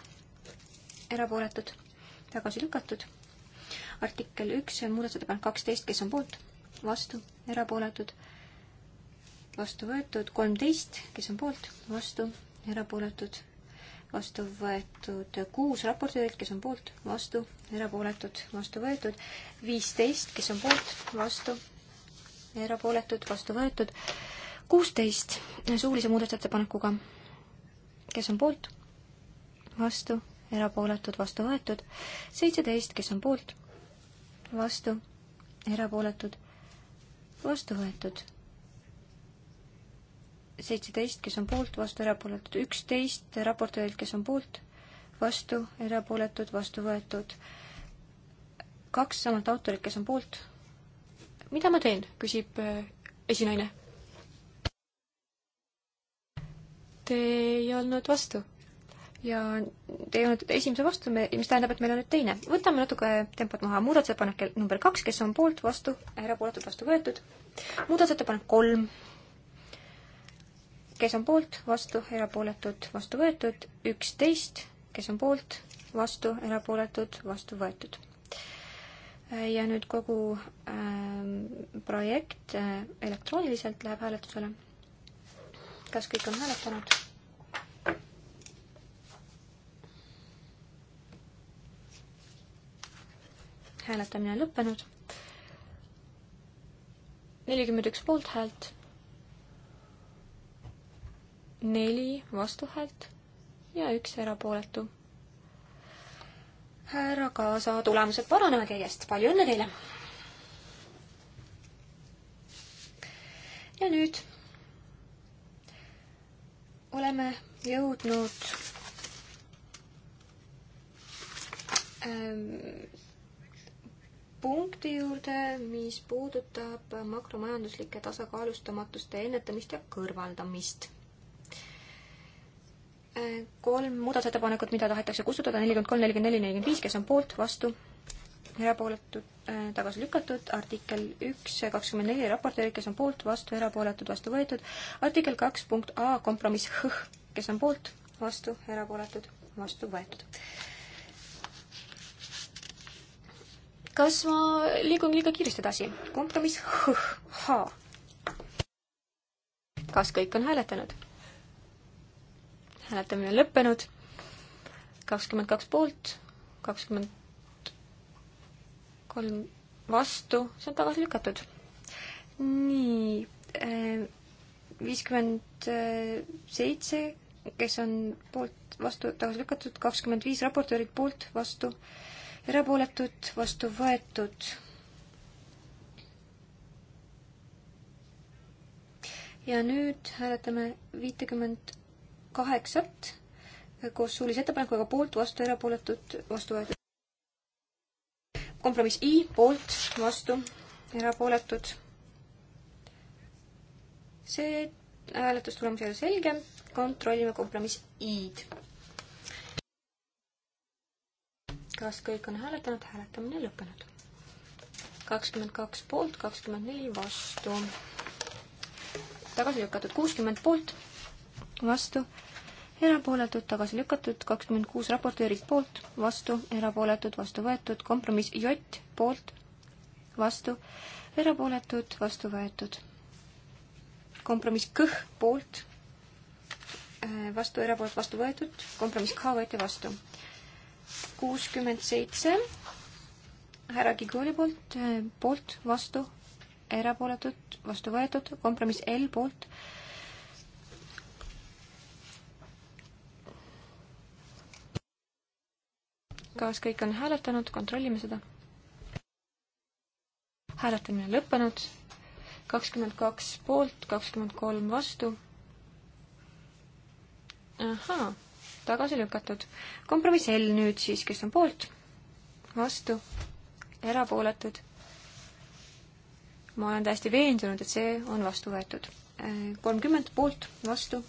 erapooletud, tagasi lükatud. artikkel üks, muudatusettepanek kaksteist, kes on poolt, vastu, erapooletud, vastu võetud, kolmteist, kes on poolt, vastu, erapooletud, vastu võetud kuus raportöörilt, kes on poolt, vastu, erapooletud, vastu võetud, viisteist, kes on poolt, vastu, erapooletud, vastu võetud, kuusteist suulise muudatusettepanekuga, kes on poolt, vastu, erapooletud, vastu võetud, seitseteist, kes on poolt, vastu, erapooletud, vastu võetud seitseteist, kes on poolt, vastu erapooletud, üksteist raportöörilt, kes on poolt, vastu erapooletud, vastu võetud kaks samalt autorit, kes on poolt. mida ma teen, küsib äh, esinaine. Te ei olnud vastu ja te ei olnud esimese vastu, mis tähendab, et meil on nüüd teine. võtame natuke tempot maha, muudatusettepanek number kaks, kes on poolt, vastu, erapooletud, vastu võetud. muudatusettepanek kolm, kes on poolt, vastu, erapooletud, vastu võetud, üksteist, kes on poolt, vastu, erapooletud, vastu võetud Äh, ja nüüd kogu ähm, projekt äh, elektrooniliselt läheb hääletusele. kas kõik on hääletanud? hääletamine on lõppenud. nelikümmend üks poolthäält. neli vastuhäält ja üks erapooletu härra Kaasa tulemused paranevad järjest, palju õnne teile! ja nüüd oleme jõudnud ähm, punkti juurde, mis puudutab makromajanduslike tasakaalustamatuste ennetamist ja kõrvaldamist kolm muudatusettepanekut, mida tahetakse kustutada, nelikümmend kolm, nelikümmend neli, nelikümmend viis, kes on poolt, vastu, erapooletud, äh, tagasi lükatud, artikkel üks, kakskümmend neli, raportöör, kes on poolt, vastu, erapooletud, vastu võetud, artikkel kaks punkt A, kompromiss H, kes on poolt, vastu, erapooletud, vastu võetud. kas ma liigun liiga kiiresti edasi? kompromiss H, H. kas kõik on hääletanud? hääletamine on lõppenud. kakskümmend kaks poolt, kakskümmend kolm vastu, see on tagasi lükatud. nii, eh, viiskümmend seitse, kes on poolt, vastu, tagasi lükatud, kakskümmend viis raportöörid poolt, vastu, erapooletud, vastu võetud. ja nüüd hääletame viitekümmend kaheksat koos suulise ettepanekuga poolt, vastu, erapooletud, vastu võetud. kompromiss I poolt, vastu, erapooletud. see hääletustulemus ei ole selge, kontrollime kompromiss I-d. kas kõik on hääletanud, hääletamine lõppenud. kakskümmend kaks poolt, kakskümmend neli vastu. tagasi lükatud kuuskümmend poolt vastu, erapooletud, tagasi lükatud, kakskümmend kuus raportöörilt poolt, vastu, erapooletud, vastu võetud, kompromiss J poolt, vastu, erapooletud, vastu võetud. kompromiss K poolt, äh, vastu, erapoolt, vastu võetud, kompromiss K võeti vastu. kuuskümmend seitse härra Gigoli poolt, äh, poolt, vastu, erapooletud, vastu võetud, kompromiss L poolt, kas kõik on hääletanud, kontrollime seda. hääletamine on lõppenud, kakskümmend kaks poolt, kakskümmend kolm vastu. ahaa, tagasi lükatud. kompromiss L nüüd siis, kes on poolt, vastu, erapooletud. ma olen täiesti veendunud, et see on vastu võetud. kolmkümmend poolt, vastu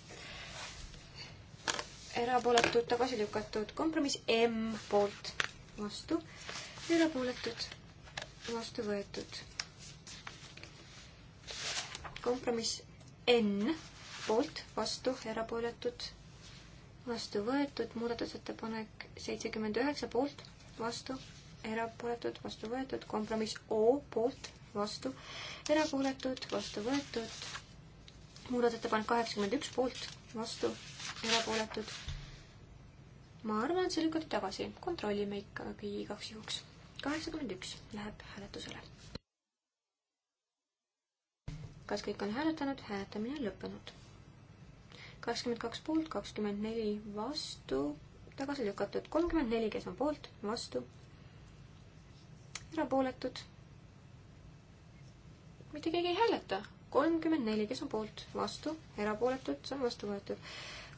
erapooletud, tagasi lükatud. kompromiss M poolt, vastu, erapooletud, vastu võetud. kompromiss N poolt, vastu, erapooletud, vastu võetud. muudatusettepanek seitsekümmend üheksa poolt, vastu, erapooletud, vastu võetud. kompromiss O poolt, vastu, erapooletud, vastu võetud. muudatusettepanek kaheksakümmend üks poolt vastu, erapooletud. ma arvan, et see lükati tagasi, kontrollime ikkagi igaks juhuks. kaheksakümmend üks läheb hääletusele. kas kõik on hääletanud? hääletamine on lõppenud. kakskümmend kaks poolt, kakskümmend neli vastu, tagasi lükatud, kolmkümmend neli, kes on poolt, vastu, erapooletud. mitte keegi ei hääleta kolmkümmend neli, kes on poolt, vastu, erapooletud, see on vastu võetud.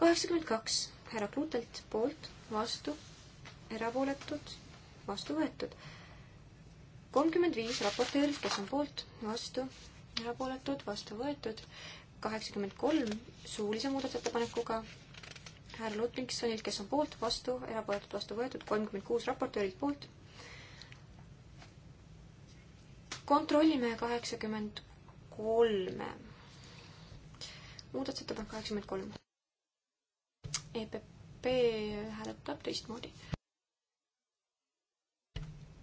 kaheksakümmend kaks härra Kruutelt poolt, vastu, erapooletud, vastu võetud. kolmkümmend viis raportöörilt, kes on poolt, vastu, erapooletud, vastu võetud. kaheksakümmend kolm suulise muudatusettepanekuga härra Ludvigsonilt, kes on poolt, vastu, erapooletud, vastu võetud, kolmkümmend kuus raportöörilt poolt. kontrollime kaheksakümmend kolme. muudatusettepanek kaheksakümmend kolm. EPP hääletab teistmoodi.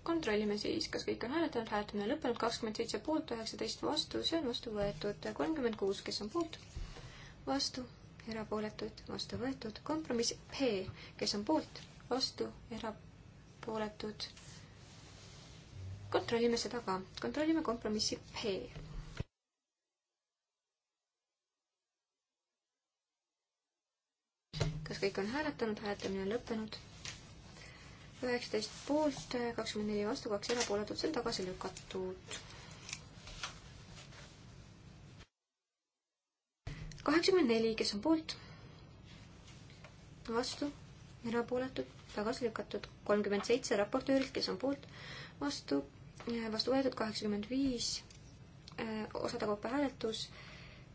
kontrollime siis, kas kõik on hääletanud, hääletamine lõppenud, kakskümmend seitse poolt, üheksateist vastu, see on vastu võetud, kolmkümmend kuus, kes on poolt, vastu, erapooletud, vastu võetud, kompromiss P, kes on poolt, vastu, erapooletud kontrollime seda ka. kontrollime kompromissi P. kõik on hääletanud, hääletamine on lõppenud. üheksateist poolt, kakskümmend neli vastu, kaks erapooletut, see on tagasi lükatud. kaheksakümmend neli, kes on poolt? vastu, erapooletud, tagasi lükatud. kolmkümmend seitse raportöörilt, kes on poolt, vastu, vastu võetud kaheksakümmend viis, osade kaupa hääletus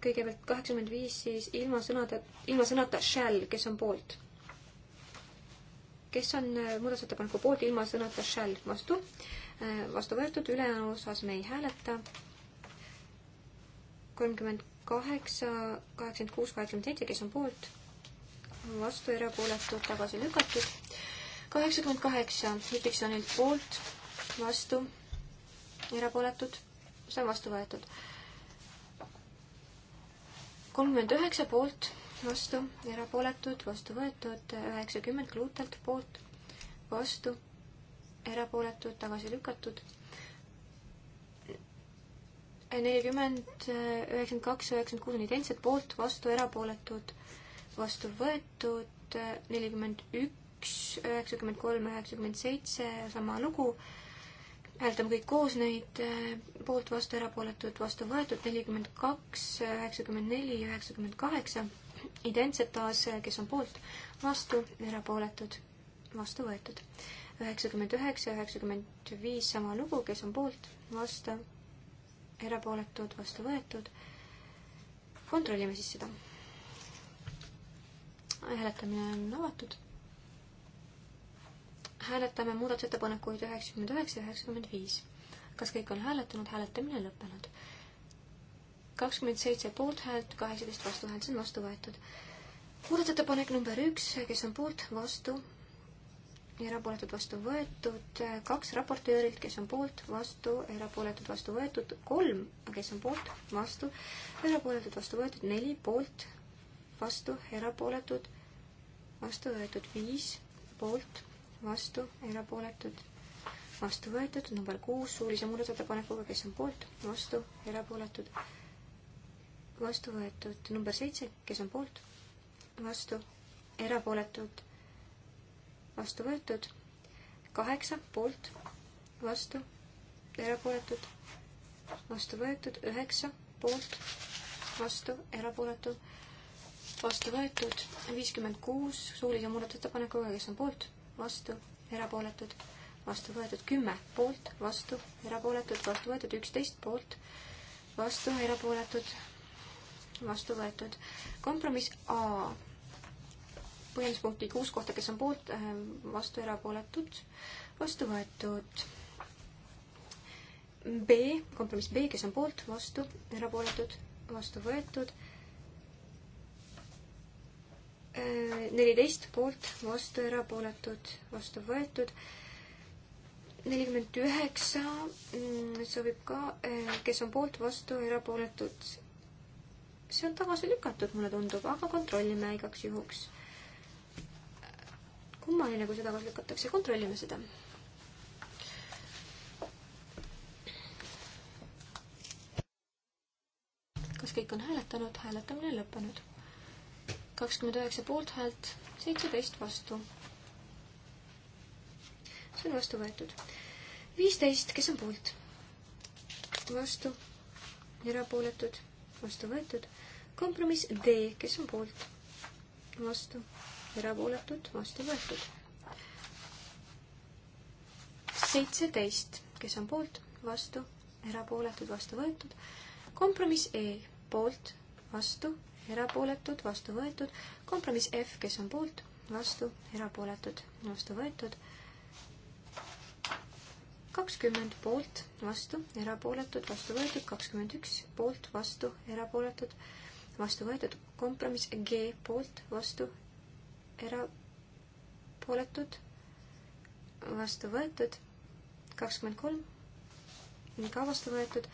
kõigepealt kaheksakümmend viis, siis ilma sõnade, ilma sõnata shall, kes on poolt? kes on äh, muudatusettepaneku poolt ilma sõnata shall vastu? Äh, vastu võetud, ülejäänu osas me ei hääleta. kolmkümmend kaheksa, kaheksakümmend kuus, kaheksakümmend seitse, kes on poolt? vastu, erapooletud, tagasi lükatud. kaheksakümmend kaheksa, Ludvigsonilt poolt, vastu, erapooletud, see on vastu võetud kolmkümmend üheksa poolt, vastu, erapooletud, vastu võetud, üheksakümmend Gluutelt poolt, vastu, erapooletud, tagasi lükatud. nelikümmend, üheksakümmend kaks, üheksakümmend kuus on identsed, poolt, vastu, erapooletud, vastu võetud, nelikümmend üks, üheksakümmend kolm, üheksakümmend seitse, sama lugu hääletame kõik koos neid äh, poolt, vastu, erapooletud, vastu võetud, nelikümmend kaks, üheksakümmend neli ja üheksakümmend kaheksa. identsed taas, äh, kes on poolt, vastu, erapooletud, vastu võetud. üheksakümmend üheksa, üheksakümmend viis, sama lugu, kes on poolt, vastu, erapooletud, vastu võetud. kontrollime siis seda. hääletamine on avatud hääletame muudatusettepanekuid üheksakümmend üheksa ja üheksakümmend viis. kas kõik on hääletanud, hääletamine lõppenud. kakskümmend seitse poolthäält, kaheksateist vastuhäält, see on vastu võetud. muudatusettepanek number üks, kes on poolt, vastu, erapooletud, vastu võetud, kaks raportöörilt, kes on poolt, vastu, erapooletud, vastu võetud, kolm, kes on poolt, vastu, erapooletud, vastu võetud, neli poolt, vastu, erapooletud, vastu võetud, viis poolt vastu, erapooletud, vastu võetud, number kuus suulise muudatusettepanekuga, kes on poolt, vastu, erapooletud, vastu võetud, number seitse, kes on poolt, vastu, erapooletud, vastu võetud, kaheksa poolt, vastu, erapooletud, vastu võetud, üheksa poolt, vastu, erapooletu, vastu võetud, viiskümmend kuus suulise muudatusettepanekuga, kes on poolt vastu, erapooletud, vastu võetud kümme poolt, vastu, erapooletud, vastu võetud üksteist poolt, vastu, erapooletud, vastu võetud. kompromiss A. põhjenduspunkti kuus kohta, kes on poolt, äh, vastu, erapooletud, vastu võetud. B, kompromiss B, kes on poolt, vastu, erapooletud, vastu võetud neliteist poolt, vastu erapooletud, vastu võetud. nelikümmend üheksa mm, sobib ka, eh, kes on poolt, vastu erapooletud. see on tagasi lükatud, mulle tundub, aga kontrollime igaks juhuks. kummaline, kui see tagasi lükatakse, kontrollime seda kas kõik on hääletanud, hääletamine lõppenud kakskümmend üheksa poolthäält, seitseteist vastu. see on vastu võetud. viisteist, kes on poolt? vastu, erapooletud, vastu võetud. kompromiss D, kes on poolt? vastu, erapooletud, vastu võetud. seitseteist, kes on poolt, vastu, erapooletud, vastu võetud. kompromiss E, poolt, vastu, erapooletud, vastu võetud. kompromiss F, kes on poolt, vastu, erapooletud, vastu võetud. kakskümmend poolt, vastu, erapooletud, vastu võetud. kakskümmend üks poolt, vastu, erapooletud, vastu võetud. kompromiss G poolt, vastu, erapooletud, vastu võetud. kakskümmend kolm, ka vastu võetud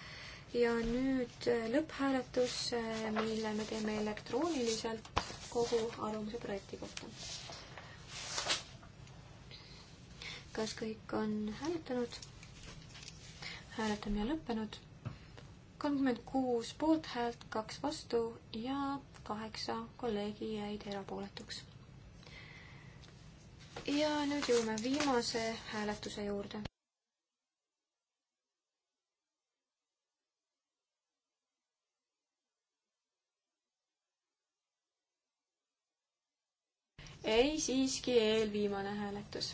ja nüüd äh, lõpphääletus, äh, mille me teeme elektrooniliselt kogu arvamuse projekti kohta. kas kõik on hääletanud? hääletamine lõppenud. kolmkümmend kuus poolthäält, kaks vastu ja kaheksa kolleegi jäid erapooletuks. ja nüüd jõuame viimase hääletuse juurde. ei, siiski eelviimane hääletus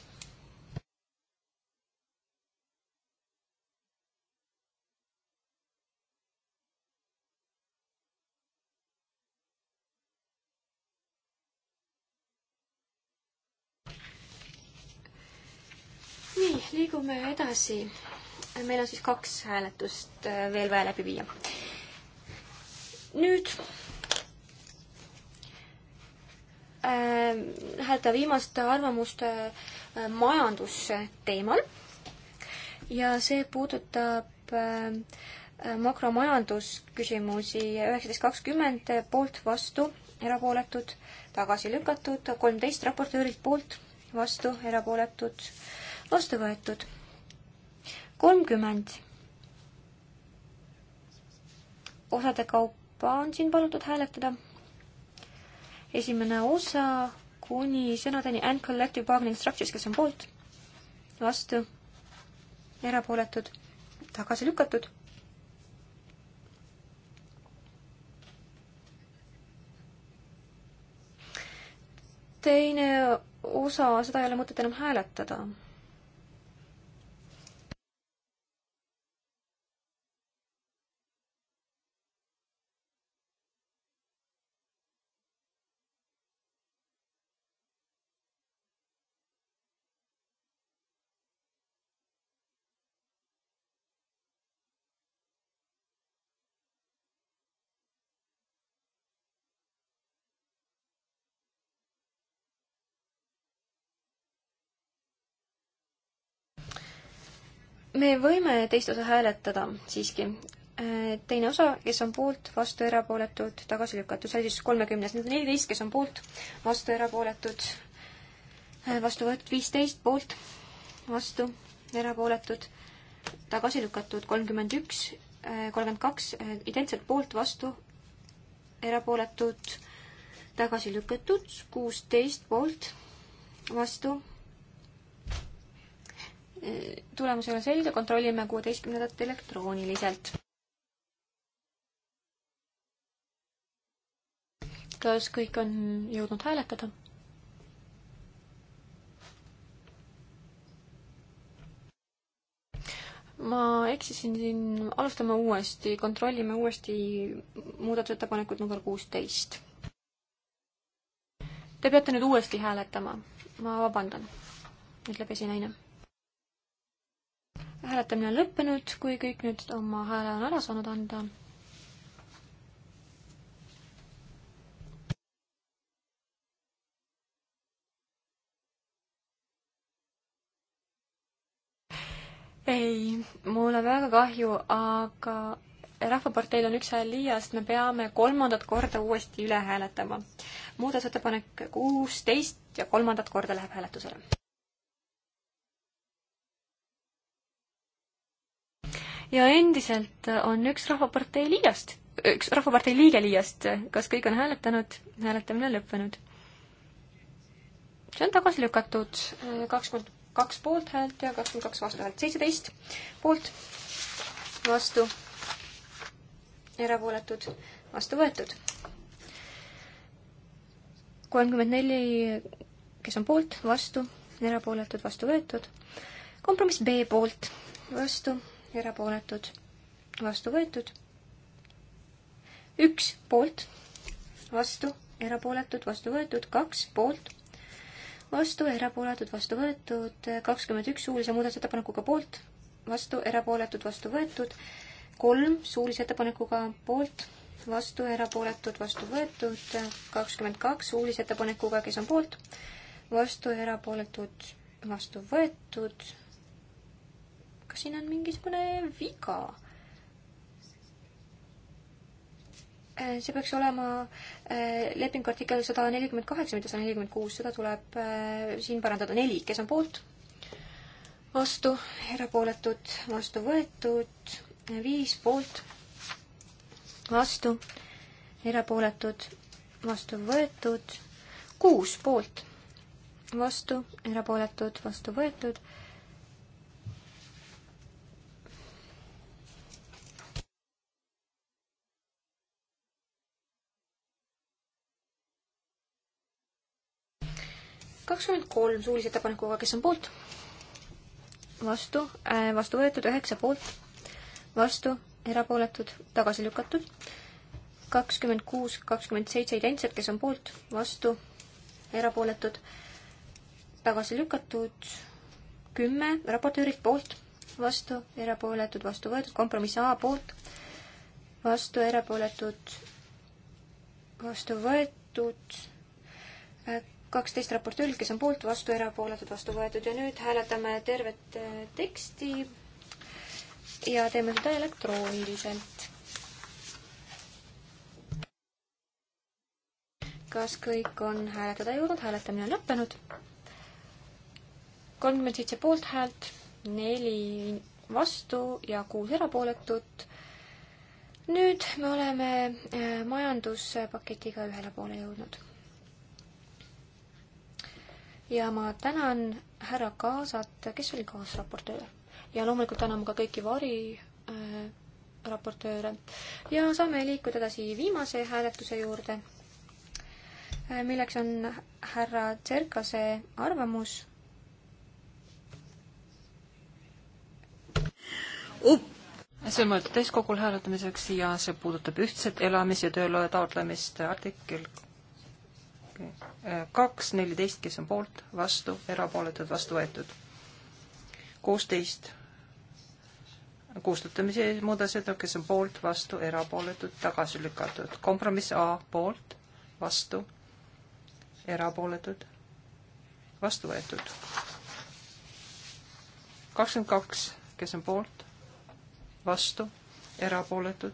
nii, liigume edasi. meil on siis kaks hääletust äh, veel vaja läbi viia. nüüd Ähm, häälte viimast arvamust äh, majandusteemal ja see puudutab ähm, äh, makromajandusküsimusi üheksateist kakskümmend äh, poolt vastu, erapooletud, tagasi lükatud, kolmteist raportöörilt poolt vastu, erapooletud, vastu võetud. kolmkümmend. osade kaupa on siin palutud hääletada esimene osa kuni sõnadeni and collective bargaining structures, kes on poolt, vastu, erapooletud, tagasi lükatud. teine osa, seda ei ole mõtet enam hääletada me võime teist osa hääletada siiski. Äh, teine osa, kes on poolt, vastu, erapooletud, tagasi lükatud, see oli siis kolmekümnes, nüüd neliteist, kes on poolt, vastu, erapooletud, äh, vastu võetud viisteist, poolt, vastu, erapooletud, tagasi lükatud, kolmkümmend üks, äh, kolmkümmend kaks, identselt poolt, vastu, erapooletud, tagasi lükatud, kuusteist poolt, vastu tulemus ei ole selge, kontrollime kuueteistkümnendat elektrooniliselt. kas kõik on jõudnud hääletada? ma eksisin siin, alustame uuesti, kontrollime uuesti muudatusettepanekut number kuusteist. Te peate nüüd uuesti hääletama, ma vabandan, ütleb esinaine hääletamine on lõppenud, kui kõik nüüd oma hääle on ära saanud anda. ei, mul on väga kahju, aga Rahvaparteil on üks hääl liiast, me peame kolmandat korda uuesti üle hääletama. muudatusettepanek kuusteist ja kolmandat korda läheb hääletusele. ja endiselt on üks Rahvapartei liiast, üks Rahvapartei liige liiast. kas kõik on hääletanud? hääletamine on lõppenud. see on tagasi lükatud, kakskümmend kaks poolthäält ja kakskümmend kaks vastuhäält, seitseteist poolt, vastu, erapooletud, vastu võetud. kolmkümmend neli, kes on poolt, vastu, erapooletud, vastu võetud. kompromiss B poolt, vastu erapooletud, vastu võetud. üks poolt, vastu, erapooletud, vastu võetud, kaks poolt, vastu, erapooletud, vastu võetud, kakskümmend üks suulise muudatusettepanekuga poolt, vastu, erapooletud, vastu võetud, kolm suulise ettepanekuga poolt, vastu, erapooletud, vastu võetud, kakskümmend kaks suulise ettepanekuga, kes on poolt, vastu, erapooletud, vastu võetud kas siin on mingisugune viga? Äh, see peaks olema äh, lepingu artikkel sada nelikümmend kaheksa, mitte sada nelikümmend kuus, seda tuleb äh, siin parandada. neli, kes on poolt? vastu, erapooletud, vastu võetud, viis poolt, vastu, erapooletud, vastu võetud, kuus poolt, vastu, erapooletud, vastu võetud kakskümmend kolm suulise ettepanekuga, kes on poolt? vastu äh,, vastu võetud üheksa poolt, vastu, erapooletud, tagasi lükatud. kakskümmend kuus, kakskümmend seitse identsed, kes on poolt, vastu, erapooletud, tagasi lükatud. kümme raportöörilt poolt, vastu, erapooletud, vastu võetud, kompromiss A poolt, vastu, erapooletud, vastu võetud äh, kaksteist raportööril, kes on poolt, vastu, erapooletud, vastu võetud ja nüüd hääletame tervet äh, teksti ja teeme seda elektrooniliselt. kas kõik on hääletada jõudnud, hääletamine on lõppenud. kolmkümmend seitse poolthäält, neli vastu ja kuus erapooletut. nüüd me oleme äh, majanduspaketiga ühele poole jõudnud ja ma tänan härra Kaasat, kes oli kaasraportöör ja loomulikult täname ka kõiki vari äh, raportööre ja saame liikuda edasi viimase hääletuse juurde, äh, milleks on härra Tserkase arvamus uh.. see on mõeldud täiskogul hääletamiseks ja see puudutab ühtset elamis- ja tööloa taotlemist artikkel kaks, neliteist, kes on poolt, vastu, erapooletud, vastu võetud. kuusteist, kustutamise muudased, kes on poolt, vastu, erapooletud, tagasi lükatud. kompromiss A poolt, vastu, erapooletud, vastu võetud. kakskümmend kaks, kes on poolt, vastu, erapooletud,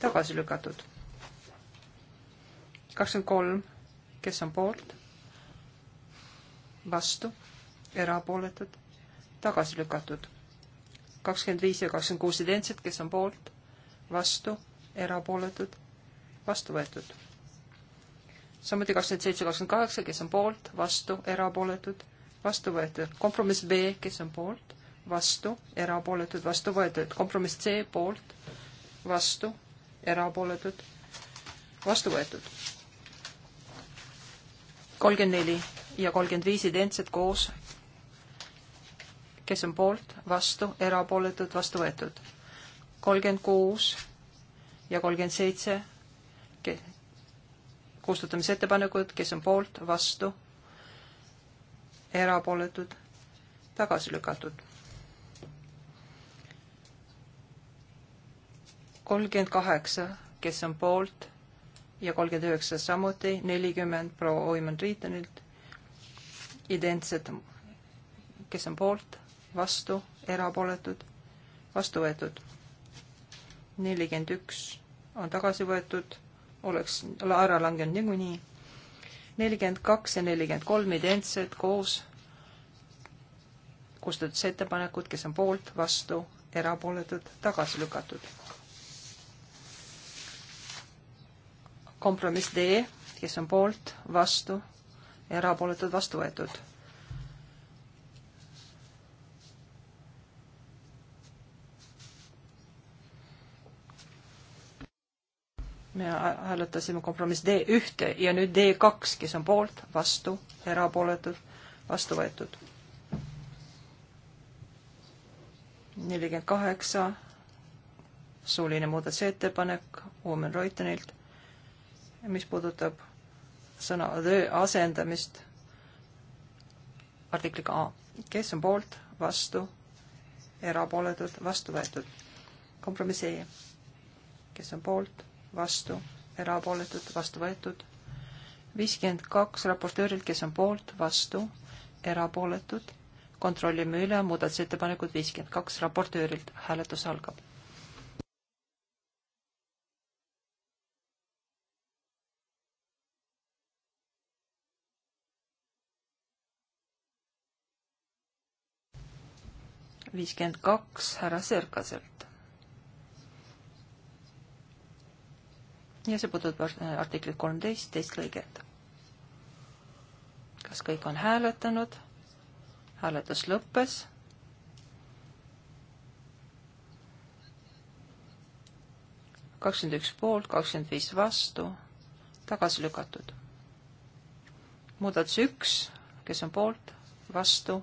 tagasi lükatud. kakskümmend kolm kes on poolt, vastu, erapooletud, tagasi lükatud. kakskümmend viis ja kakskümmend kuus identsed, kes on poolt, vastu, erapooletud, vastu võetud. samuti kakskümmend seitse, kakskümmend kaheksa, kes on poolt, vastu, erapooletud, vastu võetud. kompromiss B, kes on poolt, vastu, erapooletud, vastu võetud. kompromiss C poolt, vastu, erapooletud, vastu võetud kolmkümmend neli ja kolmkümmend viis identsed koos, kes on poolt, vastu, erapooletud, vastu võetud. kolmkümmend kuus ja kolmkümmend seitse, kustutamisettepanekud, kes on poolt, vastu, erapooletud, tagasi lükatud. kolmkümmend kaheksa, kes on poolt ja kolmkümmend üheksa samuti, nelikümmend proua Oimond Riitanilt, identsed, kes on poolt, vastu, erapooletud, vastu võetud. nelikümmend üks on tagasi võetud, oleks ära langenud niikuinii. nelikümmend kaks ja nelikümmend kolm identsed koos kustutatud ettepanekud, kes on poolt, vastu, erapooletud, tagasi lükatud kompromiss D, kes on poolt, vastu, erapooletud, vastu võetud. me hääletasime kompromiss D ühte ja nüüd D kaks, kes on poolt, vastu, erapooletud, vastu võetud. nelikümmend kaheksa, suuline muudatusettepanek Omen Reutenilt mis puudutab sõna the asendamist artikliga A. kes on poolt, vastu, erapooletud, vastu võetud. kompromiss E. kes on poolt, vastu, erapooletud, vastu võetud. viiskümmend kaks raportöörilt, kes on poolt, vastu, erapooletud. kontrollime üle muudatusettepanekud viiskümmend kaks raportöörilt. hääletus algab. viiskümmend kaks härra Serkaselt. ja see puudutab äh, artiklit kolmteist, teist lõiget. kas kõik on hääletanud? hääletus lõppes kakskümmend üks poolt, kakskümmend viis vastu, tagasi lükatud. muudatus üks, kes on poolt, vastu,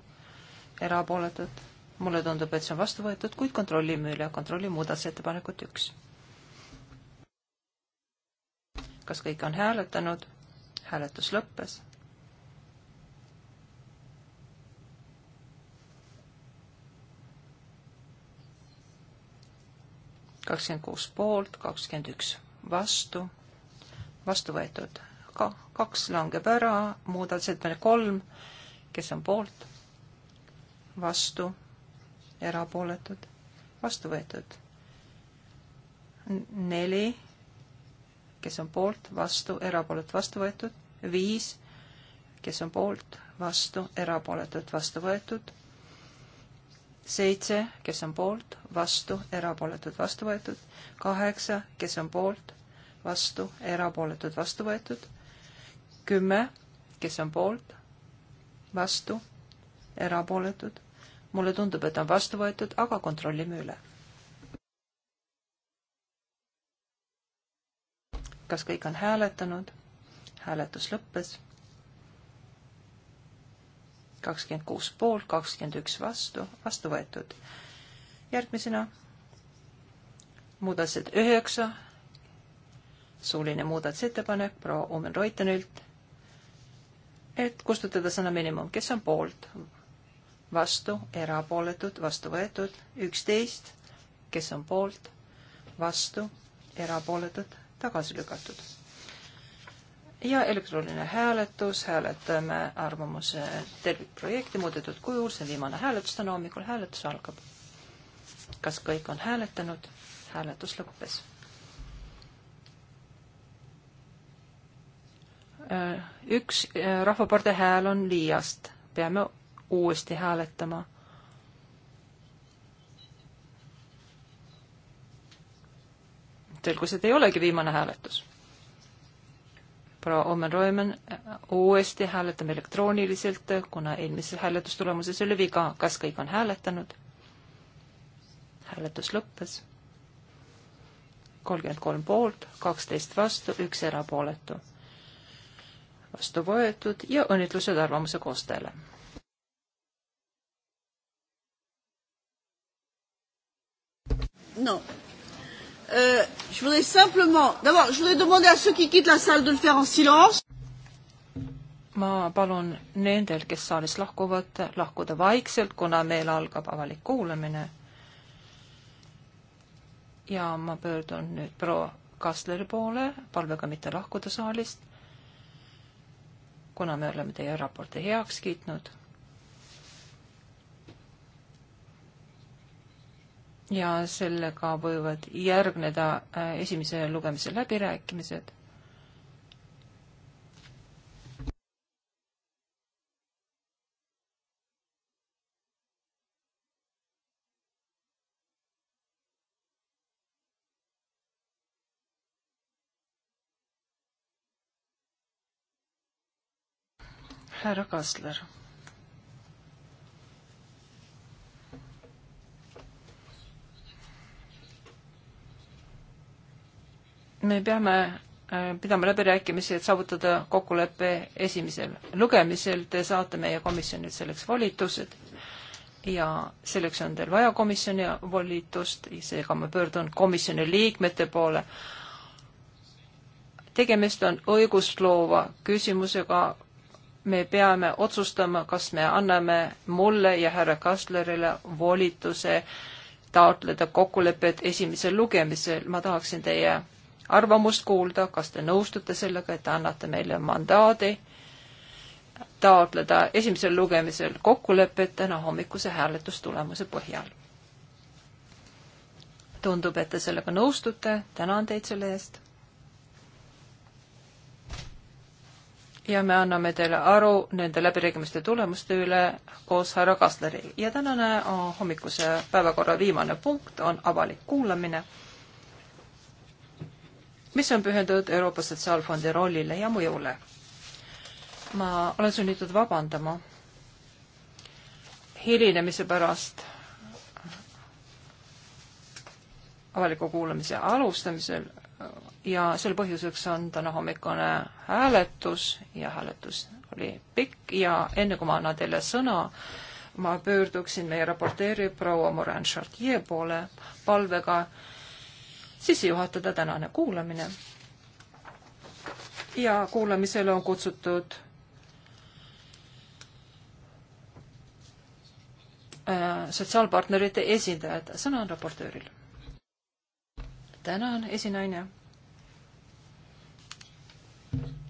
erapooletud, mulle tundub, et see on vastu võetud, kuid kontrollime üle, kontrolli muudatusettepanekut üks. kas kõik on hääletanud? hääletus lõppes. kakskümmend kuus poolt, kakskümmend üks vastu, vastu võetud ka kaks langeb ära, muudatusettepanek kolm, kes on poolt, vastu erapooletud, vastu võetud. neli, kes on poolt, vastu, erapooletud, vastu võetud, viis, kes on poolt, vastu, erapooletud, vastu võetud, seitse, kes on poolt, vastu, erapooletud, vastu võetud, kaheksa, kes on poolt, vastu, erapooletud, vastu võetud, kümme, kes on poolt, vastu, erapooletud, mulle tundub, et on vastu võetud, aga kontrollime üle. kas kõik on hääletanud? hääletus lõppes. kakskümmend kuus poolt, kakskümmend üks vastu, vastu võetud. järgmisena muudatused üheksa, suuline muudatusettepanek proua Omen Reutenilt, et kustutada sõna miinimum, kes on poolt, vastu, erapooletud, vastu võetud, üksteist, kes on poolt, vastu, erapooletud, tagasi lükatud. ja elektrooniline hääletus, hääletame arvamuse tervikprojekti muudetud kujul, see on viimane hääletus, täna hommikul hääletus algab. kas kõik on hääletanud? hääletus lõppes äh, üks äh, Rahvapartei hääl on liiast, peame uuesti hääletama. selgus, et ei olegi viimane hääletus. proua Omen-Roimann, uuesti hääletame elektrooniliselt, kuna eelmises hääletustulemuses oli viga, kas kõik on hääletanud. hääletus lõppes. kolmkümmend kolm poolt, kaksteist vastu, üks erapooletu vastu võetud ja õnnitlused arvamuse koostajale. Non. Euh, je voudrais simplement, d'abord, je voudrais demander à ceux qui quittent la salle de le faire en silence. ma palun nendel, kes saalist lahkuvad, lahkuda vaikselt, kuna meil algab avalik kuulamine. ja ma pöördun nüüd proua Kassleri poole palvega mitte lahkuda saalist, kuna me oleme teie raporti heaks kiitnud ja sellega võivad järgneda äh, esimese lugemise läbirääkimised. härra Kassler me peame äh, pidama läbirääkimisi, et saavutada kokkulepe esimesel lugemisel. Te saate meie komisjonilt selleks volitused ja selleks on teil vaja komisjoni volitust, seega ma pöördun komisjoni liikmete poole. tegemist on õigustloova küsimusega. me peame otsustama, kas me anname mulle ja härra Kastlerile volituse taotleda kokkulepet esimesel lugemisel. ma tahaksin teie arvamust kuulda, kas te nõustute sellega, et annate meile mandaadi taotleda esimesel lugemisel kokkulepet täna hommikuse hääletustulemuse põhjal. tundub, et te sellega nõustute, tänan teid selle eest. ja me anname teile aru nende läbirääkimiste tulemuste üle koos härra Kasleriga ja tänane hommikuse päevakorra viimane punkt on avalik kuulamine mis on pühendatud Euroopa Sotsiaalfondi rollile ja mõjule. ma olen sunnitud vabandama hilinemise pärast avaliku kuulamise alustamisel ja selle põhjuseks on täna hommikune hääletus ja hääletus oli pikk ja enne kui ma annan teile sõna, ma pöörduksin meie raporteeri proua Morin Chartier poole palvega äh, sisse juhatada tänane kuulamine. ja kuulamisele on kutsutud äh, sotsiaalpartnerite esindajad. sõna on raportööril. tänan, esinaine.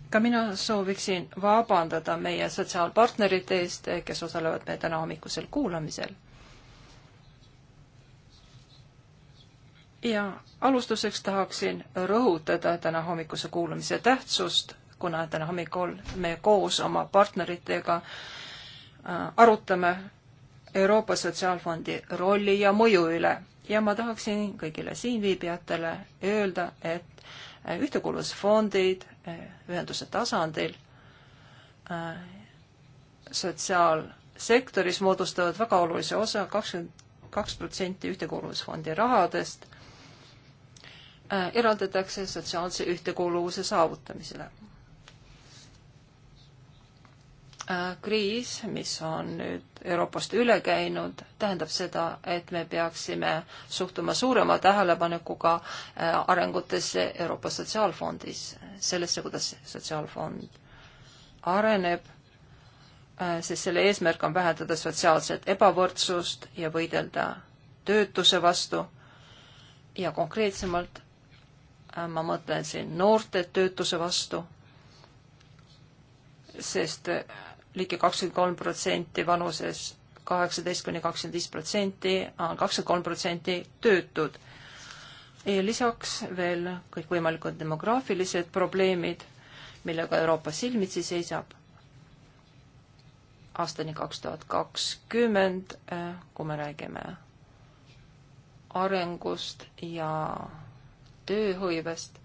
ka mina sooviksin vabandada meie sotsiaalpartnerite eest, kes osalevad meie tänahommikusel kuulamisel ja alustuseks tahaksin rõhutada täna hommikuse kuulamise tähtsust, kuna täna hommikul me koos oma partneritega äh, arutame Euroopa Sotsiaalfondi rolli ja mõju üle ja ma tahaksin kõigile siinviibijatele öelda, et äh, ühtekuuluvusfondid äh, ühenduse tasandil sotsiaalsektoris moodustavad väga olulise osa, kakskümmend kaks protsenti ühtekuuluvusfondi rahadest Äh, eraldatakse sotsiaalse ühtekuuluvuse saavutamisele. Äh, kriis, mis on nüüd Euroopast üle käinud, tähendab seda, et me peaksime suhtuma suurema tähelepanekuga äh, arengutesse Euroopa Sotsiaalfondis, sellesse, kuidas sotsiaalfond areneb, sest selle eesmärk on vähendada sotsiaalset ebavõrdsust ja võidelda töötuse vastu ja konkreetsemalt ma mõtlen siin noorte töötuse vastu, sest ligi kakskümmend kolm protsenti vanuses kaheksateist kuni kakskümmend viis protsenti on kakskümmend kolm protsenti töötud. ja lisaks veel kõikvõimalikud demograafilised probleemid, millega Euroopa silmitsi seisab. aastani kaks tuhat kakskümmend, kui me räägime arengust ja tööhõivest.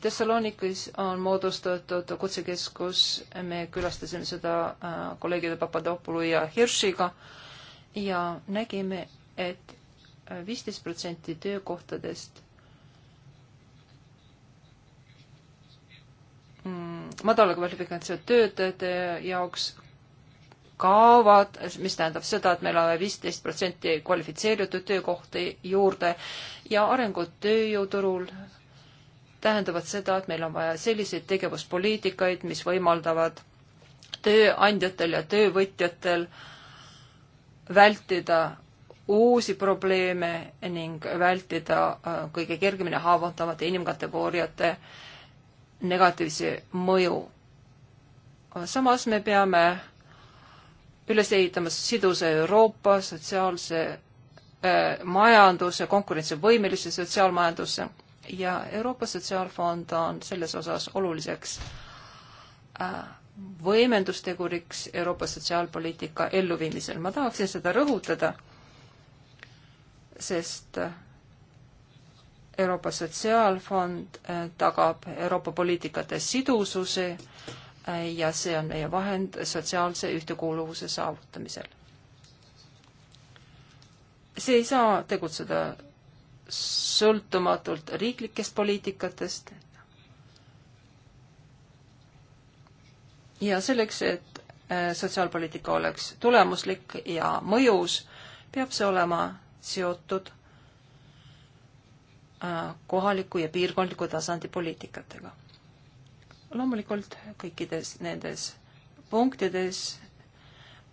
Thessalonikis on moodustatud kutsekeskus, me külastasime seda äh, kolleegide Papadopoulou ja Hirschiga ja nägime, et viisteist protsenti töökohtadest mm, madala kvalifikatsiooni töötajate jaoks kaovad, mis tähendab seda, et meil on viisteist protsenti kvalifitseeritud töökohti juurde ja arengud tööjõuturul tähendavad seda, et meil on vaja selliseid tegevuspoliitikaid, mis võimaldavad tööandjatel ja töövõtjatel vältida uusi probleeme ning vältida äh, kõige kergemini haavatavate inimkategooriate negatiivse mõju. samas me peame üles ehitamas sidusa Euroopa sotsiaalse äh, majanduse, konkurentsivõimelise sotsiaalmajanduse ja Euroopa Sotsiaalfond on selles osas oluliseks äh, võimendusteguriks Euroopa sotsiaalpoliitika elluviimisel. ma tahaksin seda rõhutada, sest äh, Euroopa Sotsiaalfond äh, tagab Euroopa poliitikate sidususe äh, ja see on meie vahend sotsiaalse ühtekuuluvuse saavutamisel. see ei saa tegutseda sõltumatult riiklikest poliitikatest. ja selleks, et äh, sotsiaalpoliitika oleks tulemuslik ja mõjus, peab see olema seotud äh, kohaliku ja piirkondliku tasandi poliitikatega loomulikult kõikides nendes punktides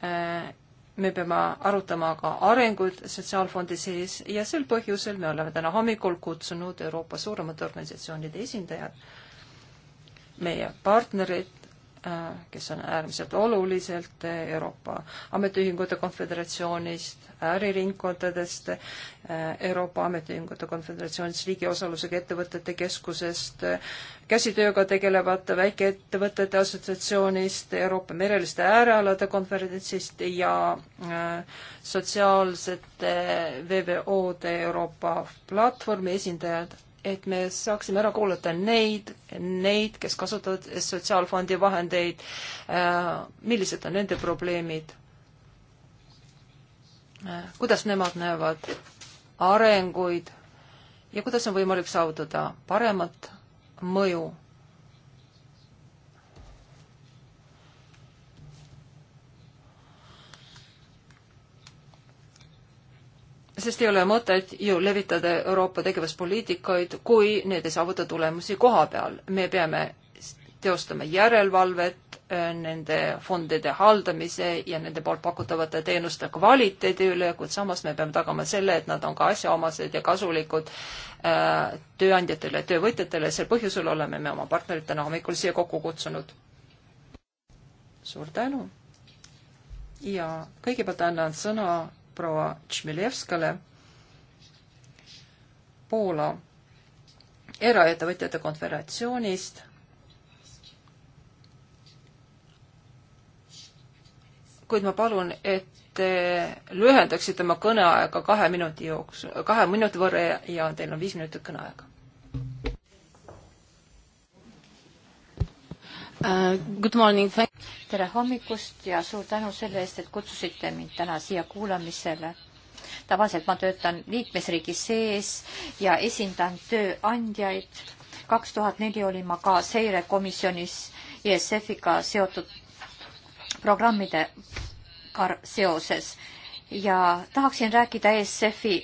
äh, me peame arutama ka arengut Sotsiaalfondi sees ja sel põhjusel me oleme täna hommikul kutsunud Euroopa suuremate organisatsioonide esindajad, meie partnerid Äh, kes on äärmiselt oluliselt Euroopa Ametiühingute Konföderatsioonist, äriringkondadest, äh, Euroopa Ametiühingute Konföderatsioonist, riigi osalusega ettevõtete keskusest, käsitööga tegelevate väikeettevõtete assotsiatsioonist, Euroopa mereliste äärealade konverentsist ja äh, sotsiaalsete VVO-de Euroopa platvormi esindajad et me saaksime ära kuulata neid, neid, kes kasutavad sotsiaalfondi vahendeid, äh, millised on nende probleemid, äh, kuidas nemad näevad arenguid ja kuidas on võimalik saavutada paremat mõju sest ei ole mõtet ju levitada Euroopa tegevuspoliitikaid, kui need ei saavuta tulemusi koha peal. me peame teostama järelevalvet äh, nende fondide haldamise ja nende poolt pakutavate teenuste kvaliteedi üle, kuid samas me peame tagama selle, et nad on ka asjaomased ja kasulikud äh, tööandjatele ja töövõtjatele, sel põhjusel oleme me oma partneritena hommikul siia kokku kutsunud. suur tänu! ja kõigepealt annan sõna proua Tšmiljevskale Poola eraettevõtjate konveratsioonist. kuid ma palun, et te lühendaksite oma kõneaega kahe minuti jooksul, kahe minuti võrra ja teil on viis minutit kõneaega. Uh, good morning. tere hommikust ja suur tänu selle eest, et kutsusite mind täna siia kuulamisele. tavaliselt ma töötan liikmesriigi sees ja esindan tööandjaid. kaks tuhat neli olin ma ka seirekomisjonis ESF-iga seotud programmide seoses ja tahaksin rääkida ESF-i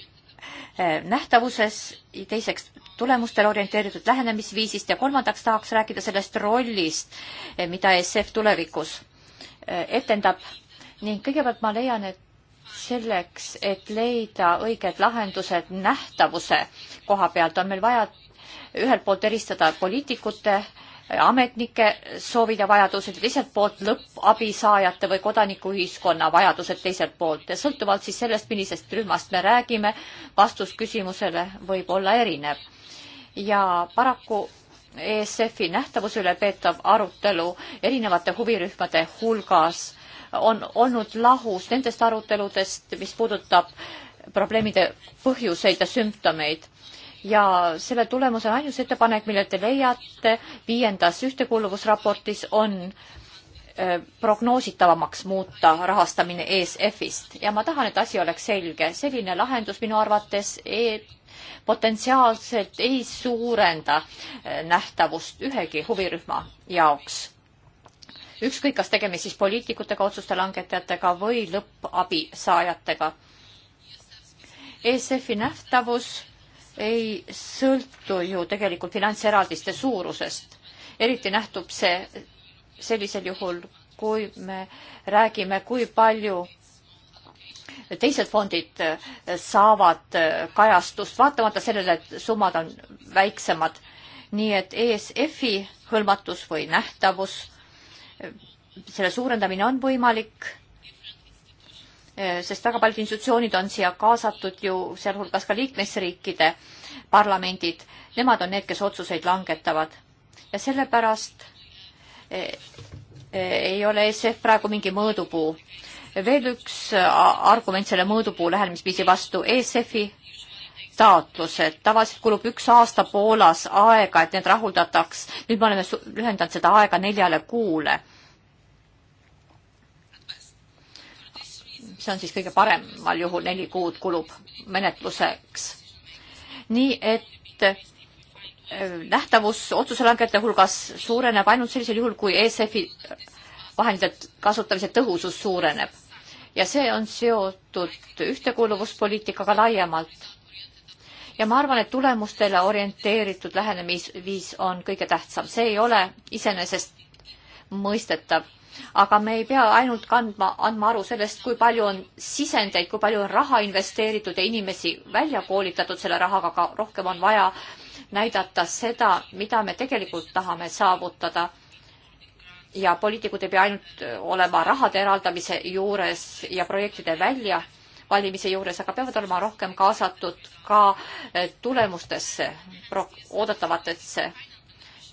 eh, nähtavuses, teiseks tulemustele orienteeritud lähenemisviisist ja kolmandaks tahaks rääkida sellest rollist, eh, mida ESF tulevikus eh, etendab ning kõigepealt ma leian, et selleks, et leida õiged lahendused nähtavuse koha pealt, on meil vaja ühelt poolt eristada poliitikute, ametnike soovid ja vajadused ja teiselt poolt lõppabisaajate või kodanikuühiskonna vajadused teiselt poolt ja sõltuvalt siis sellest, millisest rühmast me räägime, vastus küsimusele võib olla erinev ja paraku ESF-i nähtavuse üle peetav arutelu erinevate huvirühmade hulgas on olnud lahus nendest aruteludest, mis puudutab probleemide põhjuseid ja sümptomeid ja selle tulemusena ainus ettepanek, mille te leiate viiendas ühtekuuluvusraportis, on äh, prognoositavamaks muuta rahastamine ESF-ist ja ma tahan, et asi oleks selge. selline lahendus minu arvates e potentsiaalselt ei suurenda eh, nähtavust ühegi huvirühma jaoks. ükskõik, kas tegemist siis poliitikutega, otsuste langetajatega või lõppabi saajatega. ESF-i nähtavus ei sõltu ju tegelikult finantseraldiste suurusest. eriti nähtub see sellisel juhul, kui me räägime, kui palju teised fondid eh, saavad eh, kajastust, vaatamata sellele, et summad on väiksemad. nii et ESF-i hõlmatus või nähtavus, eh, selle suurendamine on võimalik, sest väga paljud institutsioonid on siia kaasatud ju, sealhulgas ka liikmesriikide parlamendid, nemad on need, kes otsuseid langetavad. ja sellepärast ei ole ESF praegu mingi mõõdupuu veel üks äh, argument selle mõõdupuu lähenemisviisi vastu, ESF-i taotlused, tavaliselt kulub üks aasta Poolas aega, et need rahuldataks, nüüd me oleme lühendanud seda aega neljale kuule. see on siis kõige paremal juhul neli kuud kulub menetluseks. nii et äh, nähtavus otsuse langete hulgas suureneb ainult sellisel juhul, kui ESF-i vahendite kasutamise tõhusus suureneb ja see on seotud ühtekuuluvuspoliitikaga laiemalt. ja ma arvan, et tulemustele orienteeritud lähenemisviis on kõige tähtsam, see ei ole iseenesest mõistetav, aga me ei pea ainult kandma, andma aru sellest, kui palju on sisendeid, kui palju on raha investeeritud ja inimesi välja koolitatud selle rahaga, aga rohkem on vaja näidata seda, mida me tegelikult tahame saavutada ja poliitikud ei pea ainult äh, olema rahade eraldamise juures ja projektide väljavalimise juures, aga peavad olema rohkem kaasatud ka äh, tulemustesse, oodatavatesse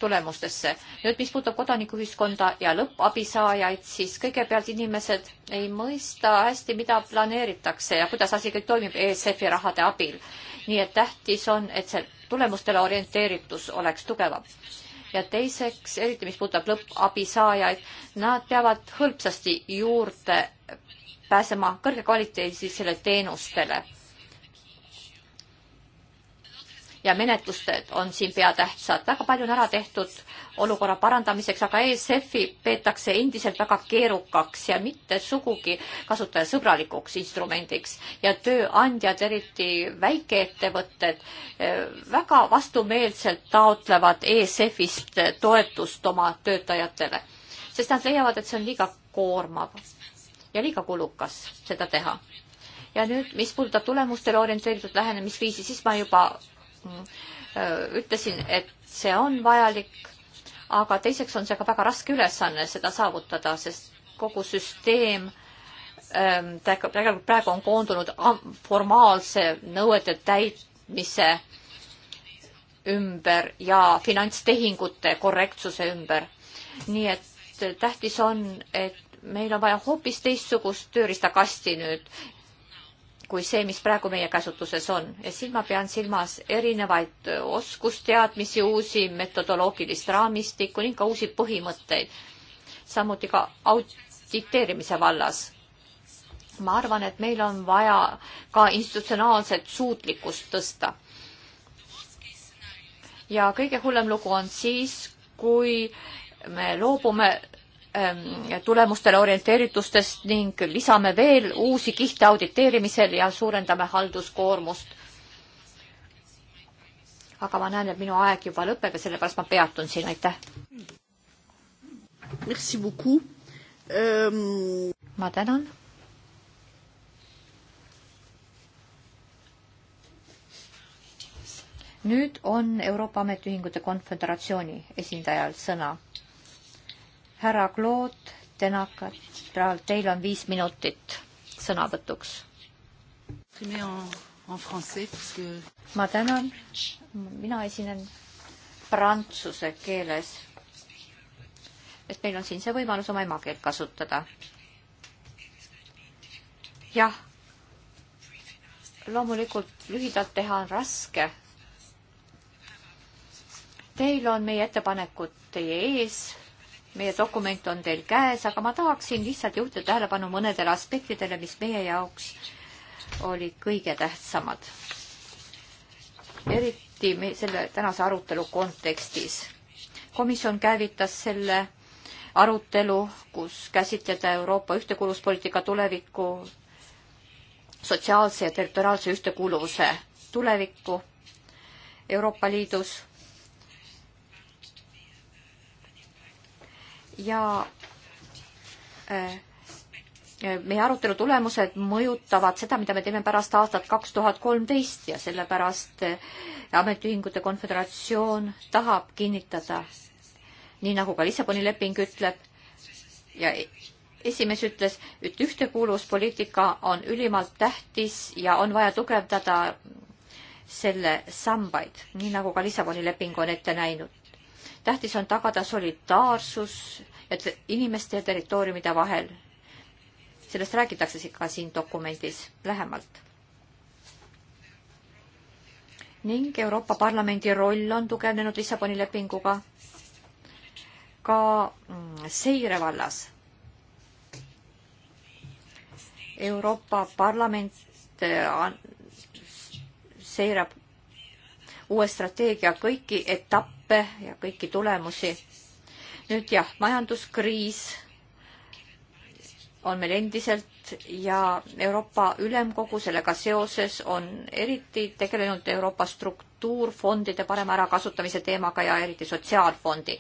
tulemustesse. nüüd, mis puutub kodanikuühiskonda ja lõppabisaajaid, siis kõigepealt inimesed ei mõista hästi, mida planeeritakse ja kuidas asi kõik toimib ESF-i rahade abil. nii et tähtis on, et see tulemustele orienteeritus oleks tugevam ja teiseks, eriti mis puudutab lõppabi saajaid, nad peavad hõlpsasti juurde pääsema kõrgekvaliteedisele teenustele ja menetlused on siin peatähtsad. väga palju on ära tehtud olukorra parandamiseks, aga ESF-i peetakse endiselt väga keerukaks ja mitte sugugi kasutajasõbralikuks instrumendiks ja tööandjad, eriti väikeettevõtted, eh, väga vastumeelselt taotlevad ESF-ist toetust oma töötajatele, sest nad leiavad, et see on liiga koormav ja liiga kulukas seda teha ja nüüd, mis puudutab tulemustele orienteeritud lähenemisviisi, siis ma juba Äh, ütlesin, et see on vajalik, aga teiseks on see ka väga raske ülesanne seda saavutada, sest kogu süsteem ähm, tegelikult praegu on koondunud formaalse nõuete täitmise ümber ja finantstehingute korrektsuse ümber. nii et äh, tähtis on, et meil on vaja hoopis teistsugust tööriistakasti nüüd kui see, mis praegu meie käsutuses on ja siin ma pean silmas erinevaid äh, oskusteadmisi, uusi metodoloogilist raamistikku ning ka uusi põhimõtteid, samuti ka auditeerimise vallas. ma arvan, et meil on vaja ka institutsionaalset suutlikkust tõsta. ja kõige hullem lugu on siis, kui me loobume Ähm, tulemustele orienteeritustest ning lisame veel uusi kihte auditeerimisel ja suurendame halduskoormust. aga ma näen, et minu aeg juba lõpeb ja sellepärast ma peatun siin, aitäh. Ähm, ma tänan. nüüd on Euroopa Ametiühingute Konföderatsiooni esindajal sõna härra Claude Tenakat, teil on viis minutit sõnavõtuks. ma tänan, mina esinen prantsuse keeles, et meil on siin see võimalus oma emakeelt kasutada. jah, loomulikult lühidalt teha on raske. Teil on meie ettepanekud teie ees meie dokument on teil käes, aga ma tahaksin lihtsalt juhtida tähelepanu mõnedele aspektidele, mis meie jaoks olid kõige tähtsamad. eriti selle tänase arutelu kontekstis. komisjon käivitas selle arutelu, kus käsitleda Euroopa ühtekuuluvuspoliitika tulevikku, sotsiaalse ja territoriaalse ühtekuuluvuse tulevikku Euroopa Liidus ja äh, meie arutelu tulemused mõjutavad seda, mida me teeme pärast aastat kaks tuhat kolmteist ja sellepärast äh, Ametiühingute Konföderatsioon tahab kinnitada, nii nagu ka Lissaboni leping ütleb ja e-, esimees ütles, et ühtekuuluvuspoliitika on ülimalt tähtis ja on vaja tugevdada selle sambaid, nii nagu ka Lissaboni leping on ette näinud. tähtis on tagada solidaarsus et inimeste ja territooriumide vahel. sellest räägitakse ka siin dokumendis lähemalt. ning Euroopa Parlamendi roll on tugevnenud Lissaboni lepinguga ka mm, seire vallas. Euroopa Parlament äh, seirab uue strateegia kõiki etappe ja kõiki tulemusi nüüd jah, majanduskriis on meil endiselt ja Euroopa Ülemkogu sellega seoses on eriti tegelenud Euroopa struktuurfondide parema ärakasutamise teemaga ja eriti sotsiaalfondi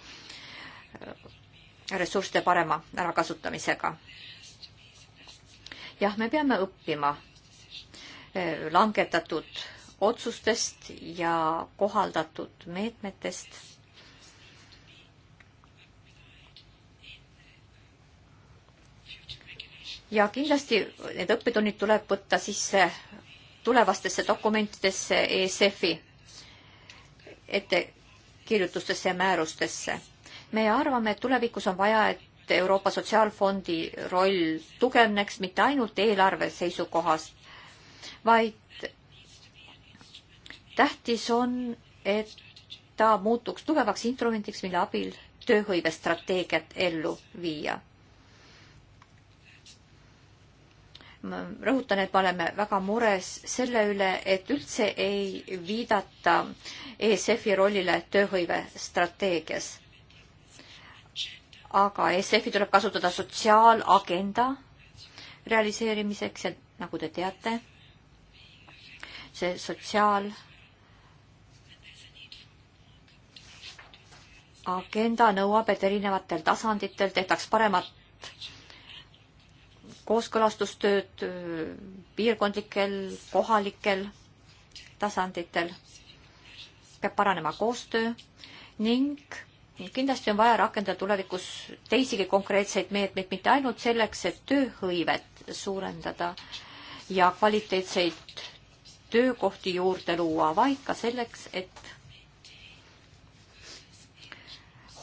ressursside parema ärakasutamisega. jah, me peame õppima eh, langetatud otsustest ja kohaldatud meetmetest ja kindlasti need õppetunnid tuleb võtta sisse tulevastesse dokumentidesse ESF-i ettekirjutustesse ja määrustesse. me arvame, et tulevikus on vaja, et Euroopa Sotsiaalfondi roll tugevneks mitte ainult eelarve seisukohast, vaid tähtis on, et ta muutuks tugevaks instrumendiks, mille abil tööhõivestrateegiat ellu viia ma rõhutan, et me oleme väga mures selle üle, et üldse ei viidata ESF-i rollile tööhõivestrateegias. aga ESF-i tuleb kasutada sotsiaalagenda realiseerimiseks ja nagu te teate, see sotsiaal agenda nõuab, et erinevatel tasanditel tehtaks paremat kooskõlastustööd piirkondlikel, kohalikel tasanditel. peab paranema koostöö ning kindlasti on vaja rakendada tulevikus teisigi konkreetseid meetmeid, mitte ainult selleks, et tööhõivet suurendada ja kvaliteetseid töökohti juurde luua, vaid ka selleks, et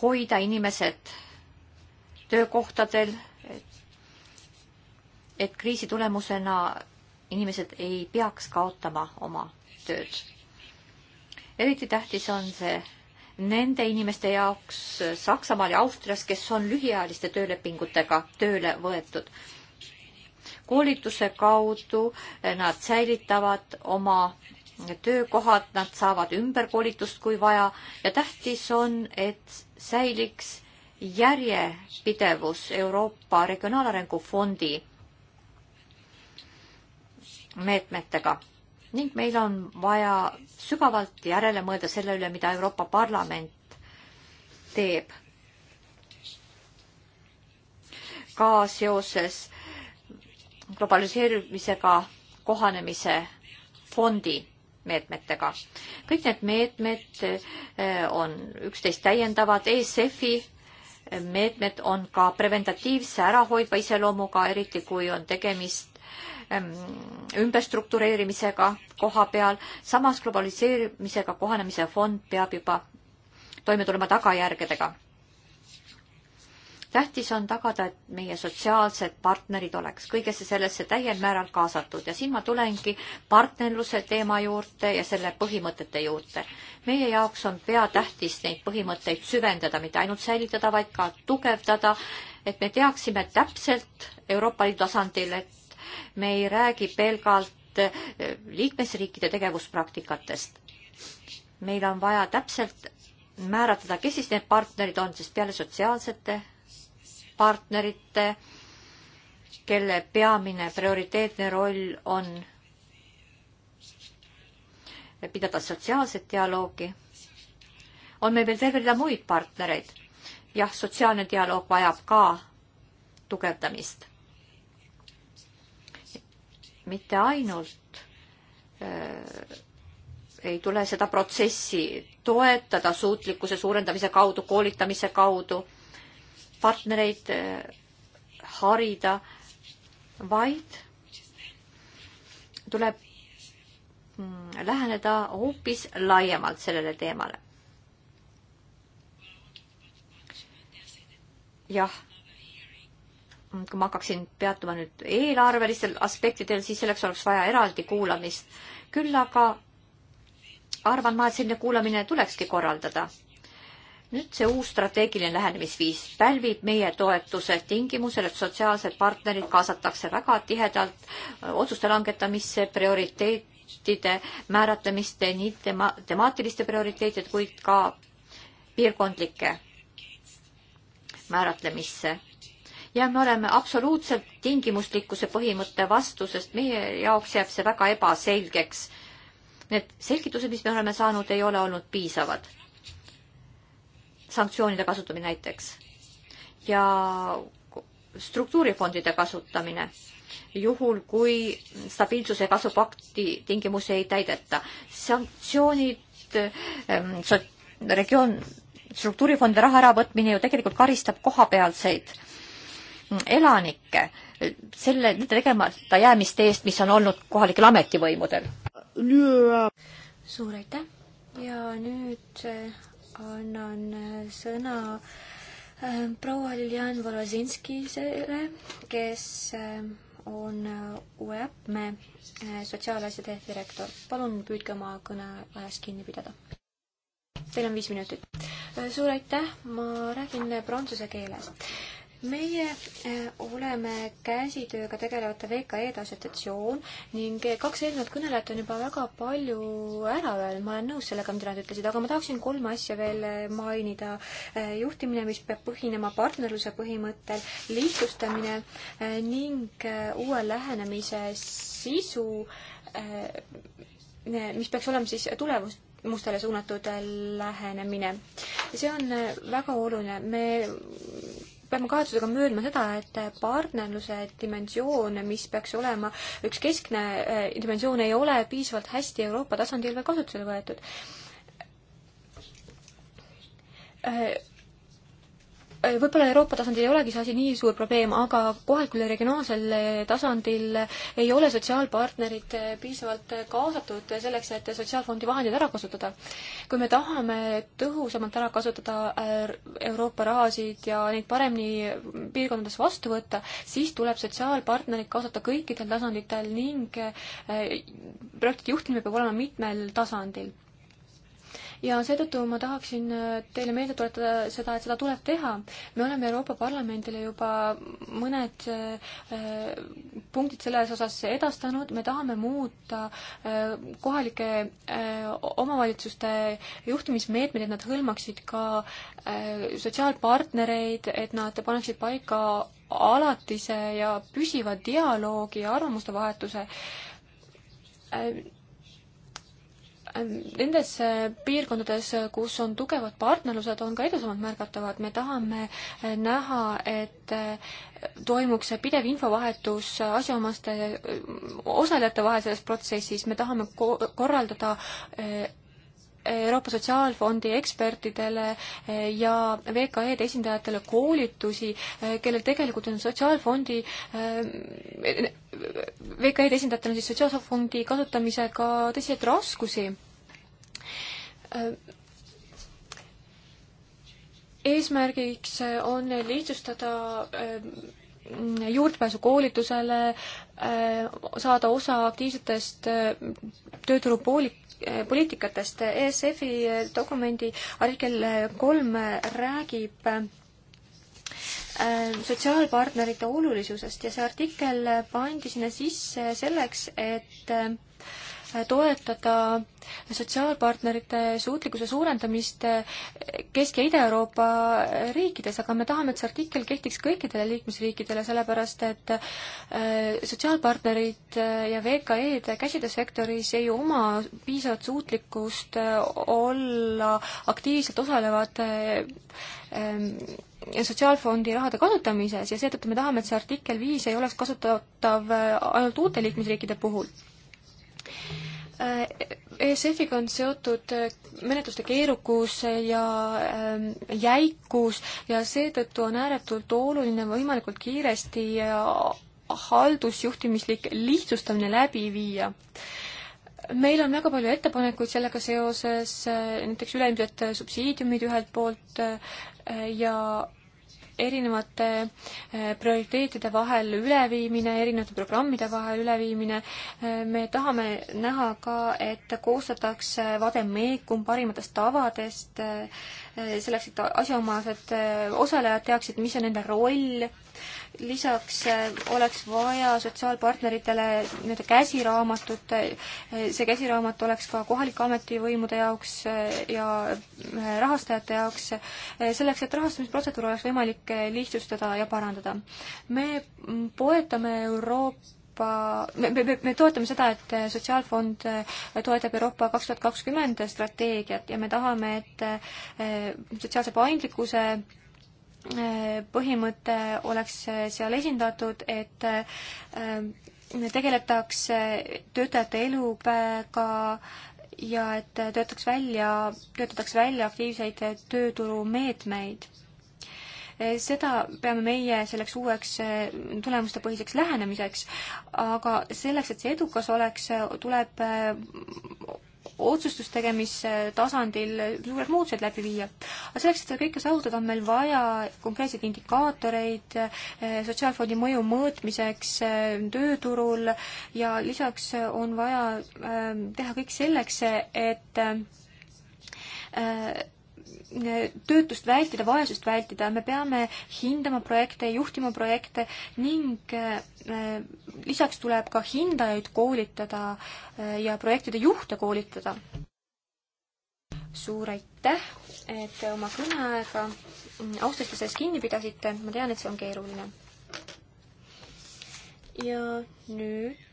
hoida inimesed töökohtadel et kriisi tulemusena inimesed ei peaks kaotama oma tööd. eriti tähtis on see nende inimeste jaoks Saksamaal ja Austrias, kes on lühiajaliste töölepingutega tööle võetud. koolituse kaudu nad säilitavad oma töökohad, nad saavad ümberkoolitust, kui vaja ja tähtis on, et säiliks järjepidevus Euroopa Regionaalarengu Fondi meetmetega ning meil on vaja sügavalt järele mõelda selle üle, mida Euroopa Parlament teeb. ka seoses globaliseerumisega kohanemise fondi meetmetega. kõik need meetmed eh, on üksteist täiendavad, ESF-i meetmed on ka preventatiivse ärahoidva iseloomuga, eriti kui on tegemist Ähm, ümberstruktureerimisega koha peal, samas globaliseerimisega kohanemise fond peab juba toime tulema tagajärgedega. tähtis on tagada, et meie sotsiaalsed partnerid oleks kõigesse sellesse täiel määral kaasatud ja siin ma tulengi partnerluse teema juurde ja selle põhimõtete juurde. meie jaoks on peatähtis neid põhimõtteid süvendada, mitte ainult säilitada, vaid ka tugevdada, et me teaksime täpselt Euroopa Liidu tasandil, et me ei räägi pelgalt eh, liikmesriikide tegevuspraktikatest. meil on vaja täpselt määratleda, kes siis need partnerid on, sest peale sotsiaalsete partnerite, kelle peamine prioriteetne roll on pidada sotsiaalset dialoogi, on meil veel terve rida muid partnereid. jah, sotsiaalne dialoog vajab ka tugevdamist mitte ainult äh, ei tule seda protsessi toetada suutlikkuse suurendamise kaudu, koolitamise kaudu, partnereid äh, harida, vaid tuleb mm, läheneda hoopis laiemalt sellele teemale. jah kui ma hakkaksin peatuma nüüd eelarvelistel aspektidel, siis selleks oleks vaja eraldi kuulamist. küll aga arvan ma, et selline kuulamine tulekski korraldada. nüüd see uus strateegiline lähenemisviis pälvib meie toetuse tingimusel, et sotsiaalsed partnerid kaasatakse väga tihedalt äh, otsuste langetamisse, prioriteetide määratlemiste, nii tema-, temaatiliste prioriteetide kui ka piirkondlike määratlemisse ja me oleme absoluutselt tingimuslikkuse põhimõtte vastu, sest meie jaoks jääb see väga ebaselgeks. Need selgitused, mis me oleme saanud, ei ole olnud piisavad. sanktsioonide kasutamine näiteks ja struktuurifondide kasutamine juhul, kui stabiilsuse kasvupakti tingimusi ei täideta. sanktsioonid ähm,, regioon, struktuurifondide raha äravõtmine ju tegelikult karistab kohapealseid äh, elanikke selle, nende tegemata jäämiste eest, mis on olnud kohalikel ametivõimudel. suur aitäh ja nüüd äh, annan äh, sõna äh, proua Lilian Vorozinskisele, kes on UEAPME sotsiaalasjade direktor. palun püüdke oma kõne ajast kinni pidada. Teil on viis minutit. suur aitäh, ma räägin prantsuse keeles meie äh, oleme käsitööga tegelevate VKE-de assotsiatsioon ning äh, kaks eelnevat kõnelejat on juba väga palju ära öelnud, ma olen nõus sellega, mida nad ütlesid, aga ma tahaksin kolme asja veel äh, mainida. juhtimine, mis peab põhinema partnerluse põhimõttel, lihtsustamine ning uue lähenemise sisu, mis peaks olema siis tulevus, mustele suunatud lähenemine. see on väga oluline, me peame kahetsusega möödma seda, et partnerluse dimensioon, mis peaks olema üks keskne äh, dimensioon, ei ole piisavalt hästi Euroopa tasandil veel kasutusele võetud äh, võib-olla Euroopa tasandil ei olegi see asi nii suur probleem, aga kohalikul ja regionaalsel tasandil ei ole sotsiaalpartnerid piisavalt kaasatud selleks, et sotsiaalfondi vahendeid ära kasutada. kui me tahame tõhusamalt ära kasutada äh, Euroopa rahasid ja neid paremini piirkondades vastu võtta, siis tuleb sotsiaalpartnerid kaasata kõikidel tasanditel ning äh, projektide juhtimine peab olema mitmel tasandil ja seetõttu ma tahaksin äh, teile meelde tuletada seda, et seda tuleb teha. me oleme Euroopa Parlamendile juba mõned äh, punktid selles osas edastanud, me tahame muuta äh, kohalike omavalitsuste juhtimismeetmed, et nad hõlmaksid ka sotsiaalpartnereid, et nad paneksid paika alatise ja püsiva dialoogi ja arvamuste vahetuse nendes äh, piirkondades, kus on tugevad partnerlused, on ka edusammud märgatavad. me tahame äh, näha, et äh, toimuks pidev infovahetus asjaomaste osalejate vahel selles protsessis, me tahame ko korraldada Euroopa Sotsiaalfondi ekspertidele ja VKE-de esindajatele koolitusi, kellel tegelikult on Sotsiaalfondi, VKE-de esindajatel on siis Sotsiaalfondi kasutamisega tõsiseid raskusi Äh, eesmärgiks on lihtsustada äh, juurdepääsu koolitusele, äh, saada osa aktiivsetest tööturu pooli-, poliitikatest. ESF-i dokumendi artikkel kolm räägib sotsiaalpartnerite olulisusest ja see artikkel pandi sinna sisse selleks, et toetada sotsiaalpartnerite suutlikkuse suurendamist Kesk- ja Ida-Euroopa riikides, aga me tahame, et see artikkel kehtiks kõikidele liikmesriikidele, sellepärast et äh, sotsiaalpartnerid ja VKE-d käsitöösektoris ei oma piisavat suutlikkust äh, olla aktiivselt osalevad äh, sotsiaalfondi rahade kasutamises ja seetõttu me tahame, et see artikkel viis ei oleks kasutatav ainult uute liikmesriikide puhul Äh, ESF-iga on seotud äh, menetluste keerukus ja ähm, jäikus ja seetõttu on ääretult oluline võimalikult kiiresti äh, haldusjuhtimislik lihtsustamine läbi viia. meil on väga palju ettepanekuid sellega seoses, näiteks üleilmsed subsiidiumid ühelt poolt ja erinevate eh, prioriteetide vahel üleviimine, erinevate programmide vahel üleviimine. Eh, me tahame näha ka, et koostatakse vademeekum parimatest tavadest, eh, selleks, et asjaomased osalejad teaksid, mis on nende roll lisaks äh, oleks vaja sotsiaalpartneritele nii-öelda käsiraamatut, äh, see käsiraamat oleks ka kohalike ametivõimude jaoks äh, ja rahastajate jaoks, selleks, et rahastamisprotseduur oleks võimalik lihtsustada ja parandada. me poetame Euroopa Euroopa, me, me, me toetame seda, et Sotsiaalfond toetab Euroopa kaks tuhat kakskümmend strateegiat ja me tahame, et sotsiaalse paindlikkuse põhimõte oleks seal esindatud, et ähm, tegeletakse töötajate elupäega ja et töötaks välja, töötatakse välja aktiivseid tööturumeetmeid seda peame meie selleks uueks äh, tulemustepõhiseks lähenemiseks, aga selleks, et see edukas oleks, tuleb äh, otsustustegemistasandil suured muutused läbi viia. aga selleks, et seda kõike saavutada, on meil vaja konkreetseid indikaatoreid eh, sotsiaalfondi mõju mõõtmiseks eh, tööturul ja lisaks on vaja eh, teha kõik selleks, et töötust vältida, vaesust vältida, me peame hindama projekte, juhtima projekte ning äh, lisaks tuleb ka hindajaid koolitada äh, ja projektide juhte koolitada. suur aitäh, et oma kõneaega austasite, sellest kinni pidasite, ma tean, et see on keeruline. ja nüüd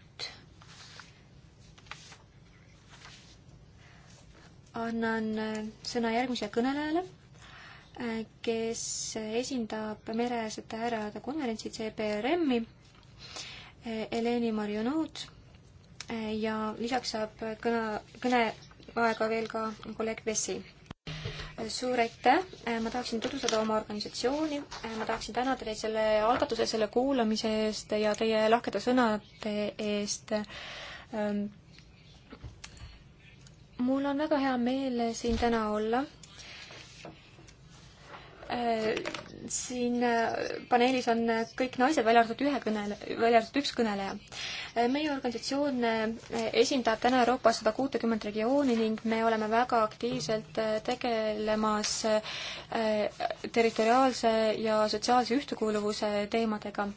annan äh, sõna järgmisele kõnelejale, äh, kes esindab mereäärsete äärealade konverentsi CBRM-i, äh, Eleni Marjunõud ja lisaks saab kõne, kõneaega veel ka kolleeg Vessi suur aitäh, ma tahaksin tutvustada oma organisatsiooni, ma tahaksin tänada teid selle algatuse, selle kuulamise eest ja teie lahkede sõnade eest ähm, mul on väga hea meel siin täna olla. Äh, siin äh, paneelis on kõik naised, välja arvatud ühe kõnele, välja arvatud üks kõneleja. Äh, meie organisatsioon esindab täna Euroopas sada kuutekümmet regiooni ning me oleme väga aktiivselt tegelemas territoriaalse ja sotsiaalse ühtekuuluvuse teemadega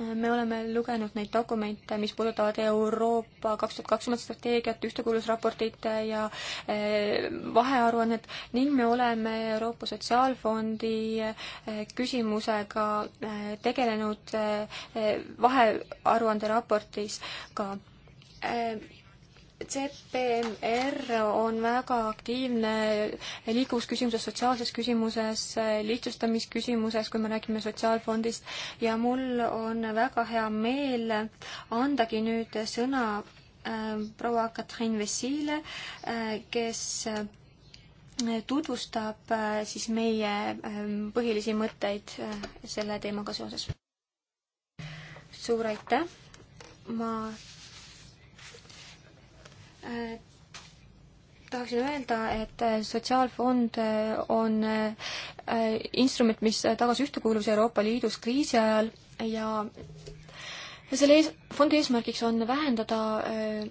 me oleme lugenud neid dokumente, mis puudutavad Euroopa kaks tuhat kakskümmend strateegiat, ühtekuuluvusraportit ja eh, vahearuannet ning me oleme Euroopa Sotsiaalfondi eh, küsimusega eh, tegelenud vahearuande raportis ka CPMR on väga aktiivne liikuvusküsimuses, sotsiaalses küsimuses, lihtsustamisküsimuses, kui me räägime Sotsiaalfondist ja mul on väga hea meel andagi nüüd sõna äh, proua Katrin Vessile äh,, kes äh, tutvustab äh, siis meie ähm, põhilisi mõtteid äh, selle teemaga seoses. suur aitäh! ma tahaksin öelda, et Sotsiaalfond äh, on äh, instrument, mis tagas ühtekuuluvuse Euroopa Liidus kriisi ajal ja ja selle ees, fondi eesmärgiks on vähendada äh,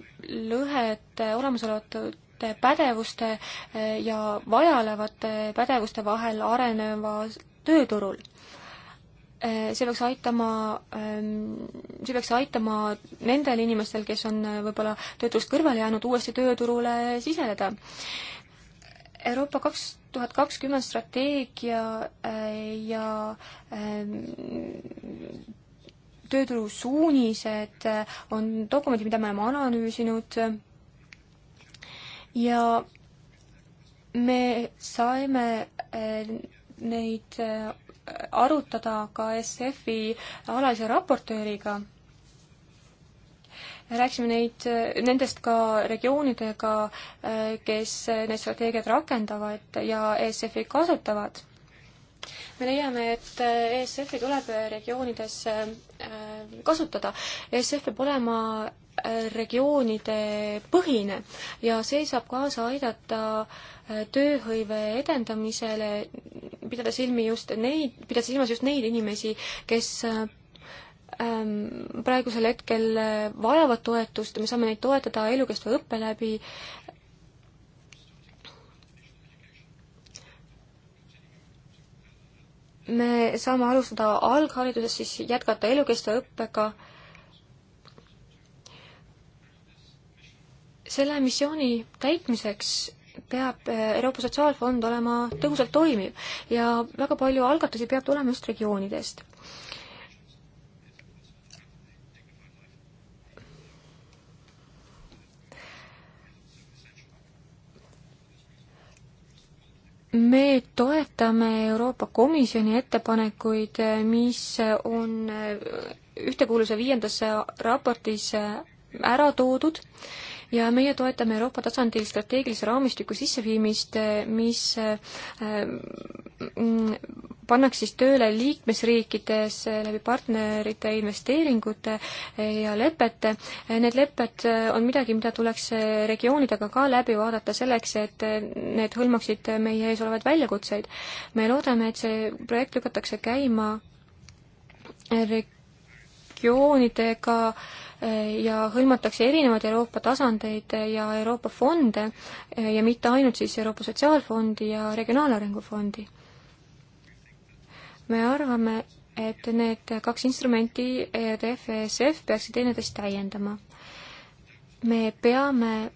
lõhet olemasolevate pädevuste ja vajalevate pädevuste vahel arenevas tööturul Äh, see peaks aitama, ähm, see peaks aitama nendel inimestel, kes on äh, võib-olla töötust kõrvale jäänud, uuesti tööturule siseneda. Euroopa kaks tuhat kakskümmend strateegia äh, ja ähm, tööturu suunised on dokumendid, mida me oleme analüüsinud ja me saime neid arutada ka SF-i alalise raportööriga. rääkisime neid, nendest ka regioonidega, kes need strateegiad rakendavad ja SF-i kasutavad. me leiame, et ESF-i tuleb regioonides äh, kasutada. ESF peab olema äh, regioonide põhine ja see saab kaasa aidata äh, tööhõive edendamisele pidada silmi just neid, pidada silmas just neid inimesi, kes äh, ähm, praegusel hetkel äh, vajavad toetust, me saame neid toetada elukestva õppe läbi, me saame alustada algharidusest, siis jätkata elukestva õppega. selle missiooni täitmiseks peab eh, Euroopa Sotsiaalfond olema tõhusalt toimiv ja väga palju algatusi peab tulema just regioonidest. me toetame Euroopa Komisjoni ettepanekuid, mis on ühtekuuluvuse viiendas raportis ära toodud äh, ja meie toetame Euroopa tasandil strateegilise raamistiku sisseviimist, mis äh, pannakse siis tööle liikmesriikides läbi partnerite investeeringute ja lepete. Need lepped on midagi, mida tuleks regioonidega ka läbi vaadata selleks, et need hõlmaksid meie ees olevaid väljakutseid. me loodame, et see projekt lükatakse käima regioonidega äh, ja hõlmatakse erinevaid Euroopa tasandeid ja Euroopa fonde ja mitte ainult siis Euroopa Sotsiaalfondi ja Regionaalarengu Fondi. me arvame, et need kaks instrumenti, ERDF ja ESF, peaksid teineteist täiendama. me peame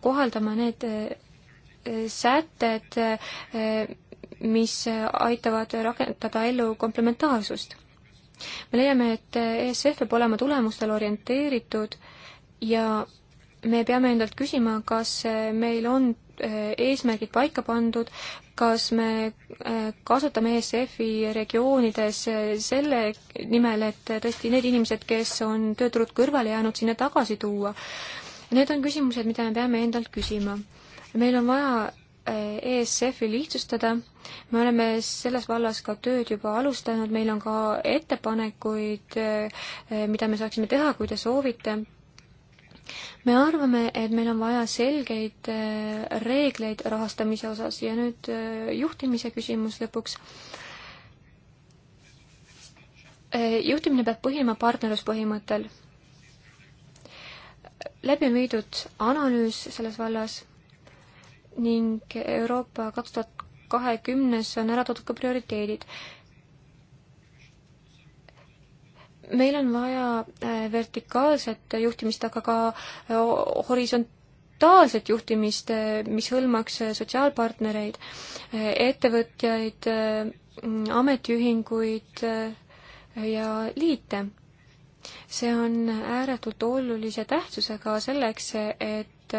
kohaldama need äh, sätted, äh, mis aitavad rakendada ellu komplementaarsust me leiame, et ESF peab olema tulemustele orienteeritud ja me peame endalt küsima, kas meil on äh, eesmärgid paika pandud, kas me äh, kasutame ESF-i regioonides äh, selle nimel, et tõesti need inimesed, kes on tööturult kõrvale jäänud, sinna tagasi tuua. Need on küsimused, mida me peame endalt küsima. meil on vaja ESF-i lihtsustada me oleme selles vallas ka tööd juba alustanud, meil on ka ettepanekuid, eh, mida me saaksime teha, kui te soovite. me arvame, et meil on vaja selgeid eh, reegleid rahastamise osas ja nüüd eh, juhtimise küsimus lõpuks. juhtimine peab põhinema partnerluspõhimõttel. läbi on viidud analüüs selles vallas ning Euroopa kaks tuhat kahekümnes on ära toodud ka prioriteedid. meil on vaja äh, vertikaalset juhtimist, aga ka äh, horisontaalset juhtimist, äh, mis hõlmaks sotsiaalpartnereid, ettevõtjaid, ametiühinguid ja liite see on ääretult olulise tähtsusega selleks, et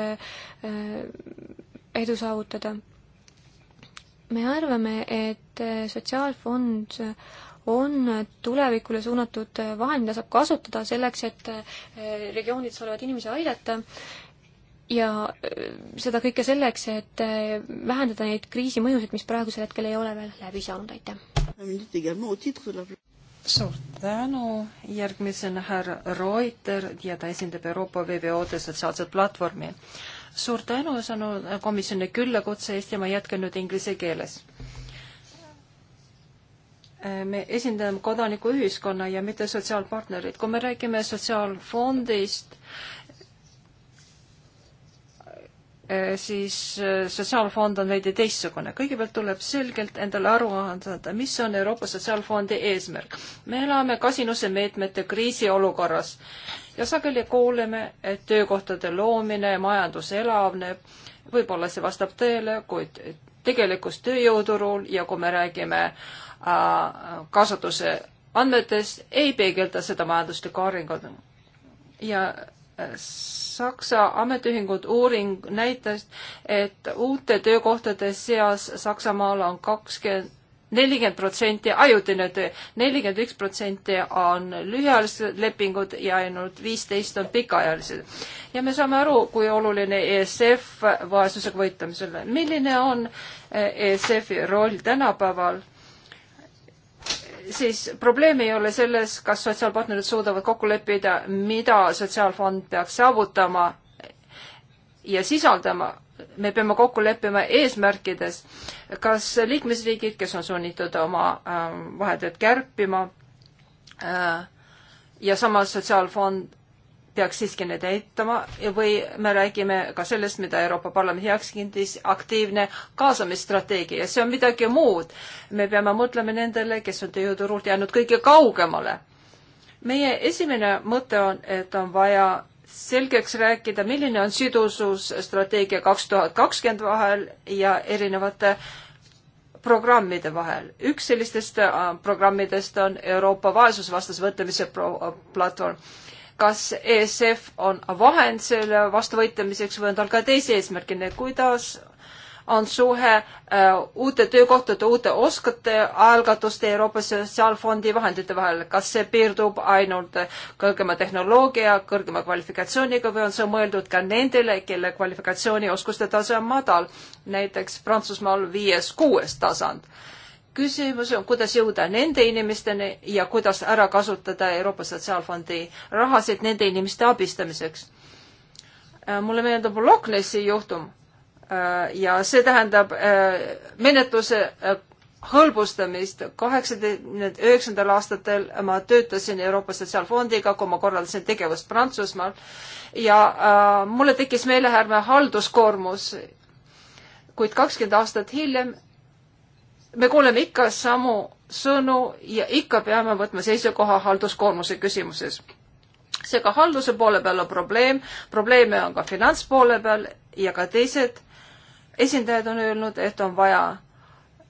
edu saavutada me arvame, et äh, sotsiaalfond on tulevikule suunatud vahend, mida saab kasutada selleks, et äh, regioonides olevaid inimesi aidata ja äh, seda kõike selleks, et vähendada neid kriisimõjusid, mis praegusel hetkel ei ole veel läbi saanud, aitäh. suur tänu, järgmisena härra Reuter ja ta esindab Euroopa VVO-de sotsiaalset platvormi suur tänu sõnu äh, komisjoni küllakutse eest ja ma jätkan nüüd inglise keeles. Äh, me esindame kodanikuühiskonna ja mitte sotsiaalpartnerit. kui me räägime sotsiaalfondist, äh, siis sotsiaalfond on veidi teistsugune. kõigepealt tuleb selgelt endale aru anda, mis on Euroopa Sotsiaalfondi eesmärk. me elame kasinuse meetmete kriisiolukorras ja sageli kuuleme, et töökohtade loomine, majandus elavneb, võib-olla see vastab tõele, kuid tegelikus tööjõuturul ja kui me räägime äh, kasutuse andmetest, ei peegelda seda majanduslikku arengut. ja äh, Saksa ametiühingud uuring näitas, et uute töökohtade seas Saksamaal on kakskümmend nelikümmend protsenti ajutine töö, nelikümmend üks protsenti on lühiajalised lepingud ja ainult viisteist on pikaajalised. ja me saame aru, kui oluline ESF vaesusega võitlemisele. milline on ESF-i eh, e roll tänapäeval? siis probleem ei ole selles, kas sotsiaalpartnerid suudavad kokku leppida, mida sotsiaalfond peaks saavutama ja sisaldama, me peame kokku leppima eesmärkides, kas liikmesriigid, kes on sunnitud oma äh, vahetööd kärpima äh, ja samas sotsiaalfond peaks siiski need eitama või me räägime ka sellest, mida Euroopa Parlament heaks kiitis, aktiivne kaasamisstrateegia ja see on midagi muud. me peame mõtlema nendele, kes on tööjõuturult jäänud kõige kaugemale. meie esimene mõte on, et on vaja selgeks rääkida, milline on sidusus strateegia kaks tuhat kakskümmend vahel ja erinevate programmide vahel. üks sellistest äh, programmidest on Euroopa vaesusvastase võtlemise platvorm. kas ESF on vahend selle vastu võitlemiseks või on tal ka teisi eesmärke, kuidas on suhe äh, uute töökohtade, uute oskate algatuste Euroopa Sotsiaalfondi vahendite vahel. kas see piirdub ainult kõrgema tehnoloogia, kõrgema kvalifikatsiooniga või on see mõeldud ka nendele, kelle kvalifikatsiooni oskuste tase on madal, näiteks Prantsusmaal viies-kuues tasand? küsimus on, kuidas jõuda nende inimesteni ja kuidas ära kasutada Euroopa Sotsiaalfondi rahasid nende inimeste abistamiseks. Äh, mulle meenub Loch Nessi juhtum Äh, ja see tähendab äh, menetluse äh, hõlbustamist. kaheksakümne üheksandal aastatel ma töötasin Euroopa Sotsiaalfondiga, kui ma korraldasin tegevust Prantsusmaal ja äh, mulle tekkis meelehärme halduskoormus. kuid kakskümmend aastat hiljem me kuuleme ikka samu sõnu ja ikka peame võtma seisukoha halduskoormuse küsimuses. seega halduse poole peal on probleem, probleeme on ka finantspoole peal ja ka teised esindajad on öelnud, et on vaja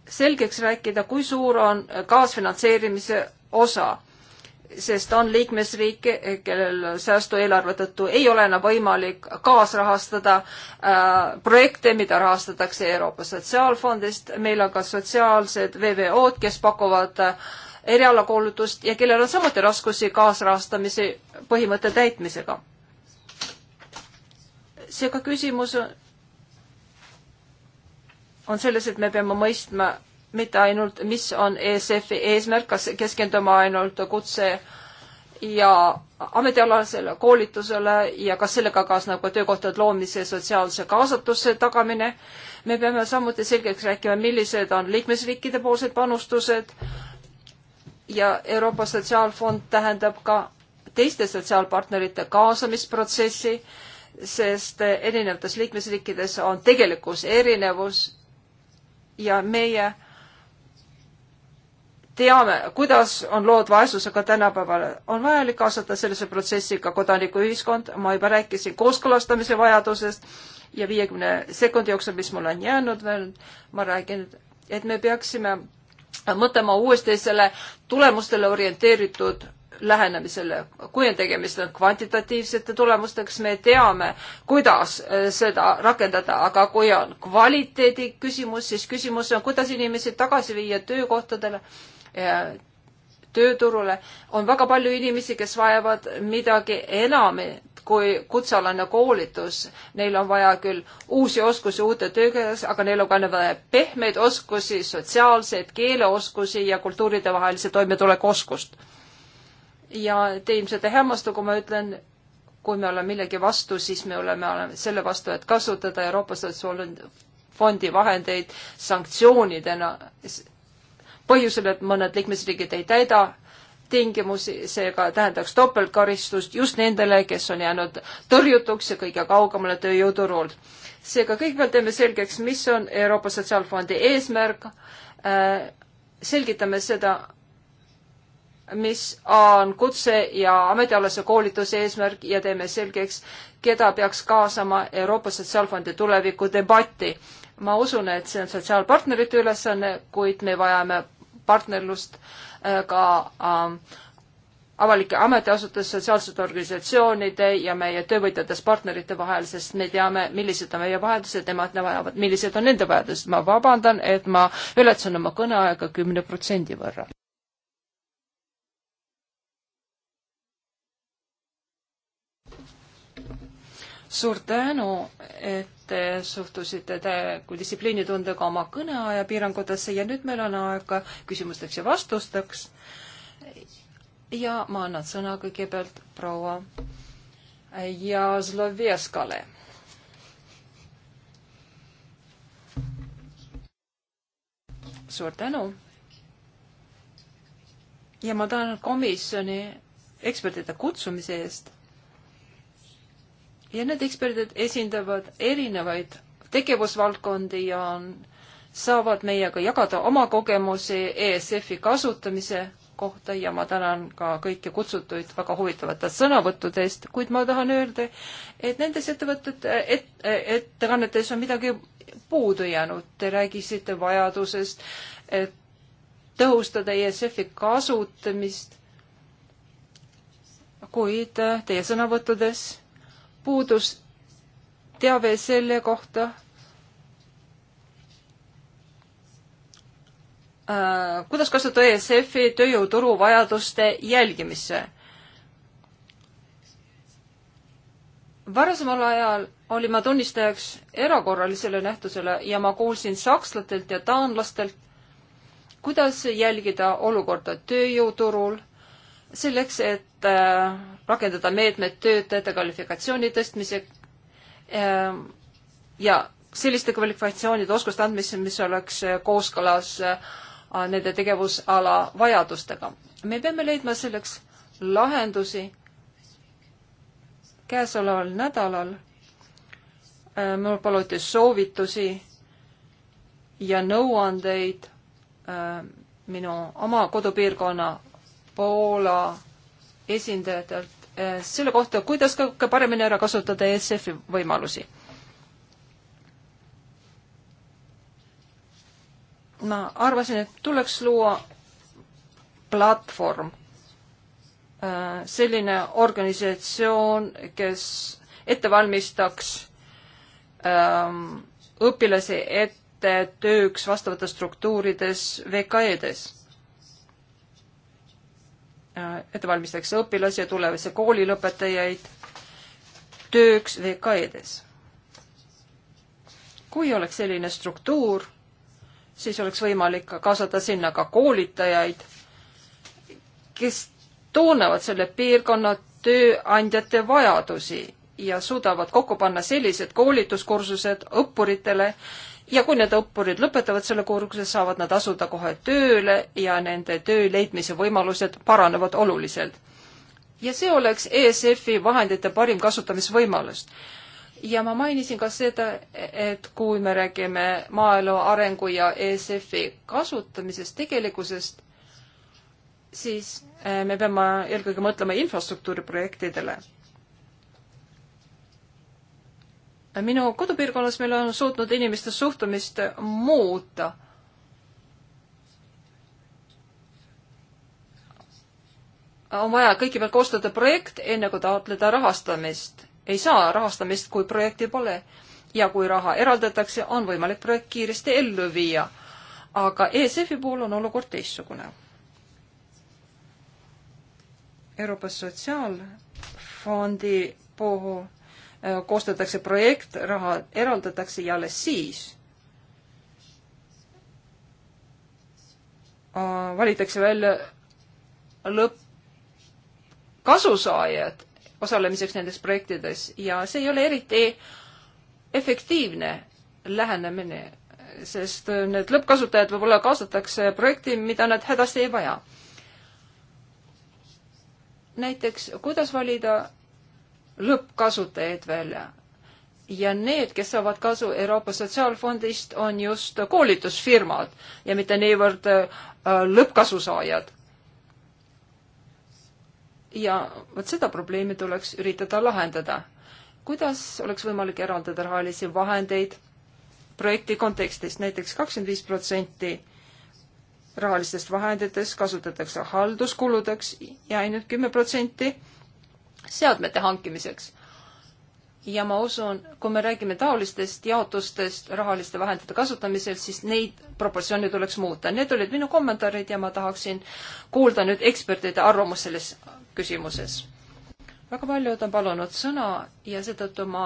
selgeks rääkida, kui suur on kaasfinantseerimise osa, sest on liikmesriike, kellel säästueelarve tõttu ei ole enam võimalik kaasrahastada äh, projekte, mida rahastatakse Euroopa Sotsiaalfondist, meil on ka sotsiaalsed VVO-d, kes pakuvad äh, erialakoolutust ja kellel on samuti raskusi kaasrahastamise põhimõtte täitmisega. seega küsimus on on selles, et me peame mõistma mitte ainult, mis on ESF-i eesmärk, kas keskenduma ainult kutse ja ametialasele koolitusele ja kas sellega kaasneb ka töökohtade loomise ja sotsiaalse kaasatuse tagamine. me peame samuti selgeks rääkima, millised on liikmesriikide poolsed panustused ja Euroopa Sotsiaalfond tähendab ka teiste sotsiaalpartnerite kaasamisprotsessi, sest erinevates liikmesriikides on tegelikkus erinevus ja meie teame, kuidas on lood vaesusega tänapäeval. on vajalik kaasata sellesse protsessi ka kodanikuühiskond, ma juba rääkisin kooskõlastamise vajadusest ja viiekümne sekundi jooksul, mis mul on jäänud veel, ma räägin, et me peaksime mõtlema uuesti selle tulemustele orienteeritud lähenemisele. kui on tegemist on kvantitatiivsete tulemustega, siis me teame, kuidas äh, seda rakendada, aga kui on kvaliteedi küsimus, siis küsimus on, kuidas inimesi tagasi viia töökohtadele äh, tööturule, on väga palju inimesi, kes vajavad midagi enamat kui kutsealane koolitus. Neil on vaja küll uusi oskusi uute töökeeles, aga neil on ka vaja pehmeid oskusi, sotsiaalseid keeleoskusi ja kultuuride vahelise toimetuleku oskust ja te ilmselt ei hämmastu, kui ma ütlen, kui me oleme millegi vastu, siis me oleme, oleme selle vastu, et kasutada Euroopa Sotsiaalfondi vahendeid sanktsioonidena põhjusel, et mõned liikmesriigid ei täida tingimusi, seega tähendaks topeltkaristust just nendele, kes on jäänud tõrjutuks ja kõige kaugemale tööjõuturul. seega kõigepealt teeme selgeks, mis on Euroopa Sotsiaalfondi eesmärk äh,, selgitame seda, mis on kutse- ja ametialase koolituse eesmärk ja teeme selgeks, keda peaks kaasama Euroopa Sotsiaalfondi tuleviku debatti. ma usun, et see on sotsiaalpartnerite ülesanne, kuid me vajame partnerlust äh, ka ähm, avalike ametiasutuste, sotsiaalsete organisatsioonide ja meie töövõtjatest partnerite vahel, sest me teame, millised on meie vajadused, nemad ne vajavad, millised on nende vajadused. ma vabandan, et ma ületasin oma kõneaega kümne protsendi võrra suur tänu, et te suhtusite täieliku distsipliinitundega oma kõneaja piirangutesse ja nüüd meil on aega küsimusteks ja vastusteks. ja ma annan sõna kõigepealt proua Jazlovjeskale. suur tänu. ja ma tänan komisjoni ekspertide kutsumise eest ja need eksperdid esindavad erinevaid tegevusvaldkondi ja on, saavad meiega jagada oma kogemusi ESF-i kasutamise kohta ja ma tänan ka kõiki kutsutuid väga huvitavate sõnavõttude eest, kuid ma tahan öelda, et nendes ettevõtete et, ettekannetes on midagi puudu jäänud. Te rääkisite vajadusest, et tõhustada ESF-i kasutamist, kuid teie sõnavõttudes puudus teave selle kohta, äh, kuidas kasutada ESF-i tööjõuturu vajaduste jälgimisse. varasemal ajal olin ma tunnistajaks erakorralisele nähtusele ja ma kuulsin sakslatelt ja taanlastelt, kuidas jälgida olukorda tööjõuturul selleks, et äh, rakendada meetmed töötajate kvalifikatsiooni tõstmise äh, ja selliste kvalifikatsioonide oskuste andmise, mis oleks äh, kooskõlas nende tegevusala vajadustega. me peame leidma selleks lahendusi. käesoleval nädalal mul paluti soovitusi ja nõuandeid minu oma kodupiirkonna Poola esindajatelt eh, selle kohta, kuidas ka paremini ära kasutada ESF-i võimalusi. ma arvasin, et tuleks luua platvorm, eh, selline organisatsioon, kes ette valmistaks ehm, õpilasi ette tööks vastavates struktuurides VKE-des Äh, ette valmistatakse õpilasi ja tulevasi koolilõpetajaid tööks VKE-des. kui oleks selline struktuur, siis oleks võimalik kaasata sinna ka koolitajaid, kes tunnevad selle piirkonna tööandjate vajadusi ja suudavad kokku panna sellised koolituskursused õppuritele, ja kui need õppurid lõpetavad selle kursuse, saavad nad asuda kohe tööle ja nende töö leidmise võimalused paranevad oluliselt. ja see oleks ESF-i vahendite parim kasutamisvõimalus ja ma mainisin ka seda, et kui me räägime maaelu arengu ja ESF-i kasutamisest, tegelikkusest, siis eh, me peame eelkõige mõtlema infrastruktuuriprojektidele. minu kodupiirkonnas meil on suutnud inimeste suhtumist muuta. on vaja kõigepealt koostada projekt, enne kui taotleda rahastamist. ei saa rahastamist, kui projekti pole. ja kui raha eraldatakse, on võimalik projekt kiiresti ellu viia. aga ESF-i puhul on olukord teistsugune. Euroopa Sotsiaalfondi puhul Äh, koostatakse projekt, raha eraldatakse ja alles siis äh, valitakse välja lõpp, kasusaajad osalemiseks nendes projektides ja see ei ole eriti efektiivne lähenemine, sest äh, need lõppkasutajad võib-olla kaasatakse projekti, mida nad hädasti ei vaja. näiteks, kuidas valida lõppkasutajaid välja. ja need, kes saavad kasu Euroopa Sotsiaalfondist, on just koolitusfirmad ja mitte niivõrd äh, lõppkasusaajad. ja vot seda probleemi tuleks üritada lahendada. kuidas oleks võimalik eraldada rahalisi vahendeid projekti kontekstis näiteks, näiteks kakskümmend viis protsenti rahalistest vahenditest kasutatakse halduskuludeks ja ainult kümme protsenti seadmete hankimiseks. ja ma usun, kui me räägime taolistest jaotustest rahaliste vahendite kasutamisel, siis neid proportsioone tuleks muuta. Need olid minu kommentaarid ja ma tahaksin kuulda nüüd ekspertide arvamust selles küsimuses. väga paljud on palunud sõna ja seetõttu ma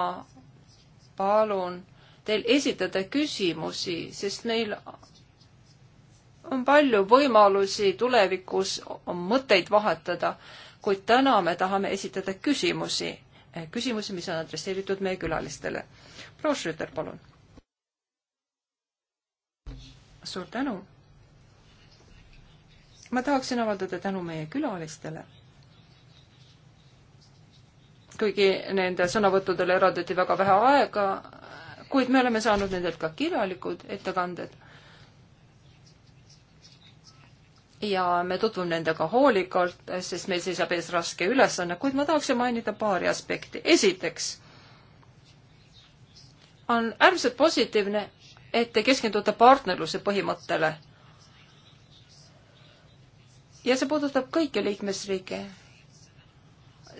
palun teil esitada küsimusi, sest meil on palju võimalusi tulevikus mõtteid vahetada kuid täna me tahame esitada küsimusi, eh, küsimusi, mis on adresseeritud meie külalistele. proua Schröter, palun. suur tänu. ma tahaksin avaldada tänu meie külalistele kuigi nende sõnavõttudele eraldati väga vähe aega, kuid me oleme saanud nendelt ka kirjalikud ettekanded ja me tutvume nendega hoolikalt, sest meil seisab ees raske ülesanne, kuid ma tahaksin mainida paari aspekti. esiteks on äärmiselt positiivne, et te keskendute partnerluse põhimõttele. ja see puudutab kõiki liikmesriike.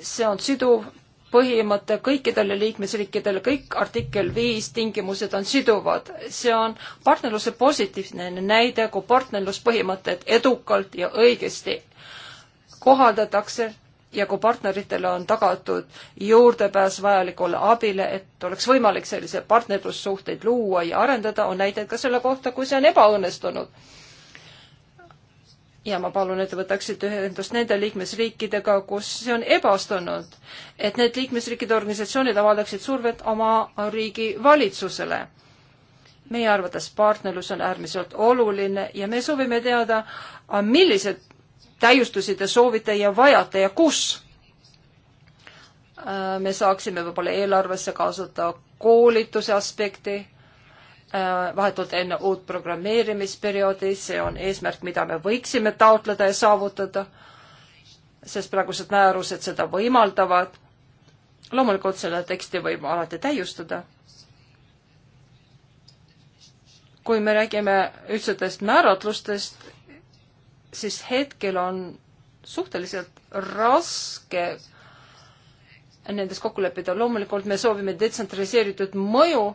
see on siduv põhimõte kõikidele liikmesriikidele, kõik artikkel viis tingimused on siduvad. see on partnerluse positiivne näide, kui partnerluspõhimõtted edukalt ja õigesti kohaldatakse ja kui partneritele on tagatud juurdepääs vajalikule abile, et oleks võimalik selliseid partnerlussuhteid luua ja arendada, on näiteid ka selle kohta, kui see on ebaõnnestunud ja ma palun, et te võtaksite ühendust nende liikmesriikidega, kus see on ebastunud, et need liikmesriikide organisatsioonid avaldaksid survet oma riigi valitsusele. meie arvates partnerlus on äärmiselt oluline ja me soovime teada, millised täiustusi te soovite ja vajate ja kus. Äh, me saaksime võib-olla eelarvesse kaasata koolituse aspekti Äh, vahetult enne uut programmeerimisperioodi, see on eesmärk, mida me võiksime taotleda ja saavutada, sest praegused määrused seda võimaldavad. loomulikult seda teksti võib alati täiustada. kui me räägime ühtsetest määratlustest, siis hetkel on suhteliselt raske nendes kokku leppida. loomulikult me soovime detsentraliseeritud mõju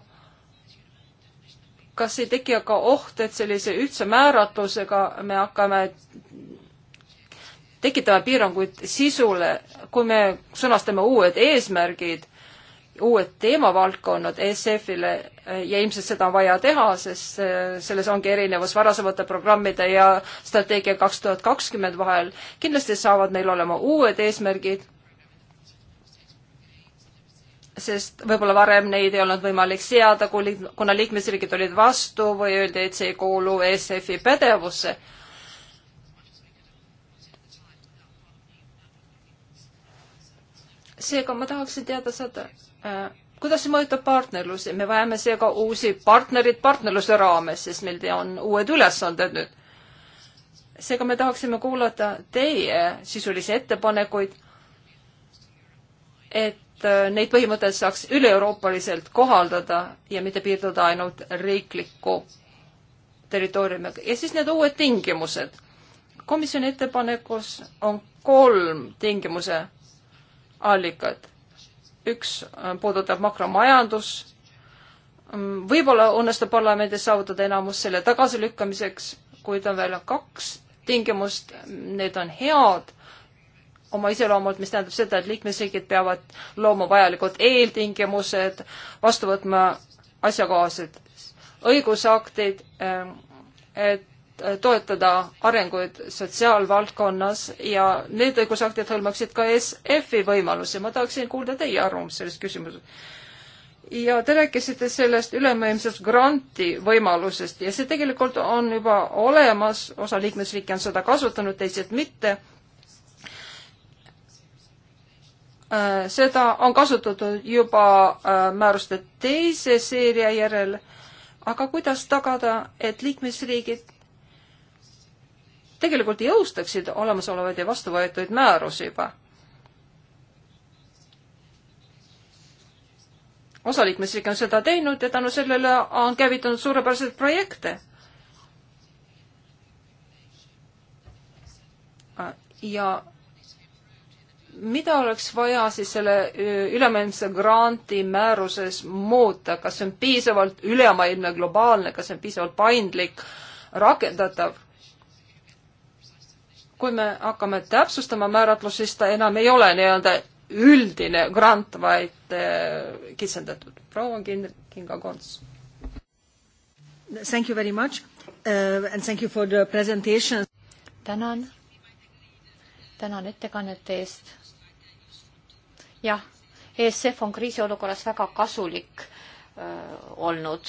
kas ei teki aga oht, et sellise ühtse määratlusega me hakkame tekitame piiranguid sisule, kui me sõnastame uued eesmärgid, uued teemavaldkonnad ESF-ile ja ilmselt seda on vaja teha, sest äh, selles ongi erinevus varasemate programmide ja strateegia kaks tuhat kakskümmend vahel. kindlasti saavad meil olema uued eesmärgid sest võib-olla varem neid ei olnud võimalik seada, kui, kuna liikmesriigid olid vastu või öeldi, et see ei kuulu ESF-i pädevusse. seega ma tahaksin teada seda, äh, kuidas see mõjutab partnerlusi, me vajame seega uusi partnerid partnerluse raames, sest meil on uued ülesanded nüüd. seega me tahaksime kuulata teie sisulisi ettepanekuid, et et äh, neid põhimõtteid saaks üle-euroopaliselt kohaldada ja mitte piirduda ainult riikliku territooriumiga. ja siis need uued tingimused. komisjoni ettepanekus on kolm tingimuse allikat. üks äh, puudutab makromajandus, mm, võib-olla õnnestub parlamendis saavutada enamus selle tagasilükkamiseks, kuid on veel kaks tingimust, need on head oma iseloomult, mis tähendab seda, et liikmesriigid peavad looma vajalikud eeltingimused, vastu võtma asjakohased õigusaktid, ähm, et äh, toetada arenguid sotsiaalvaldkonnas ja need õigusaktid hõlmaksid ka SF-i võimalusi. ma tahaksin kuulda teie arvamust selles küsimuses. ja te rääkisite sellest ülemaailmsest granti võimalusest ja see tegelikult on juba olemas, osa liikmesriike on seda kasutanud, teised mitte Äh, seda on kasutatud juba äh, määruste teise seeria järel, aga kuidas tagada, et liikmesriigid tegelikult jõustaksid olemasolevaid ja vastu võetud määrusi juba? osa liikmesriike on seda teinud ja tänu sellele on käivitunud suurepäraseid projekte. Äh, ja mida oleks vaja siis selle ülemaailmse granti määruses muuta, kas see on piisavalt ülemaailmne, globaalne, kas see on piisavalt paindlik, rakendatav? kui me hakkame täpsustama määratlust, siis ta enam ei ole nii-öelda üldine grant, vaid äh, kitsendatud. proua Kinga Konts. Thank you very much uh, and thank you for the presentation. tänan tänan ettekannete eest jah, ESF on kriisiolukorras väga kasulik öö, äh, olnud,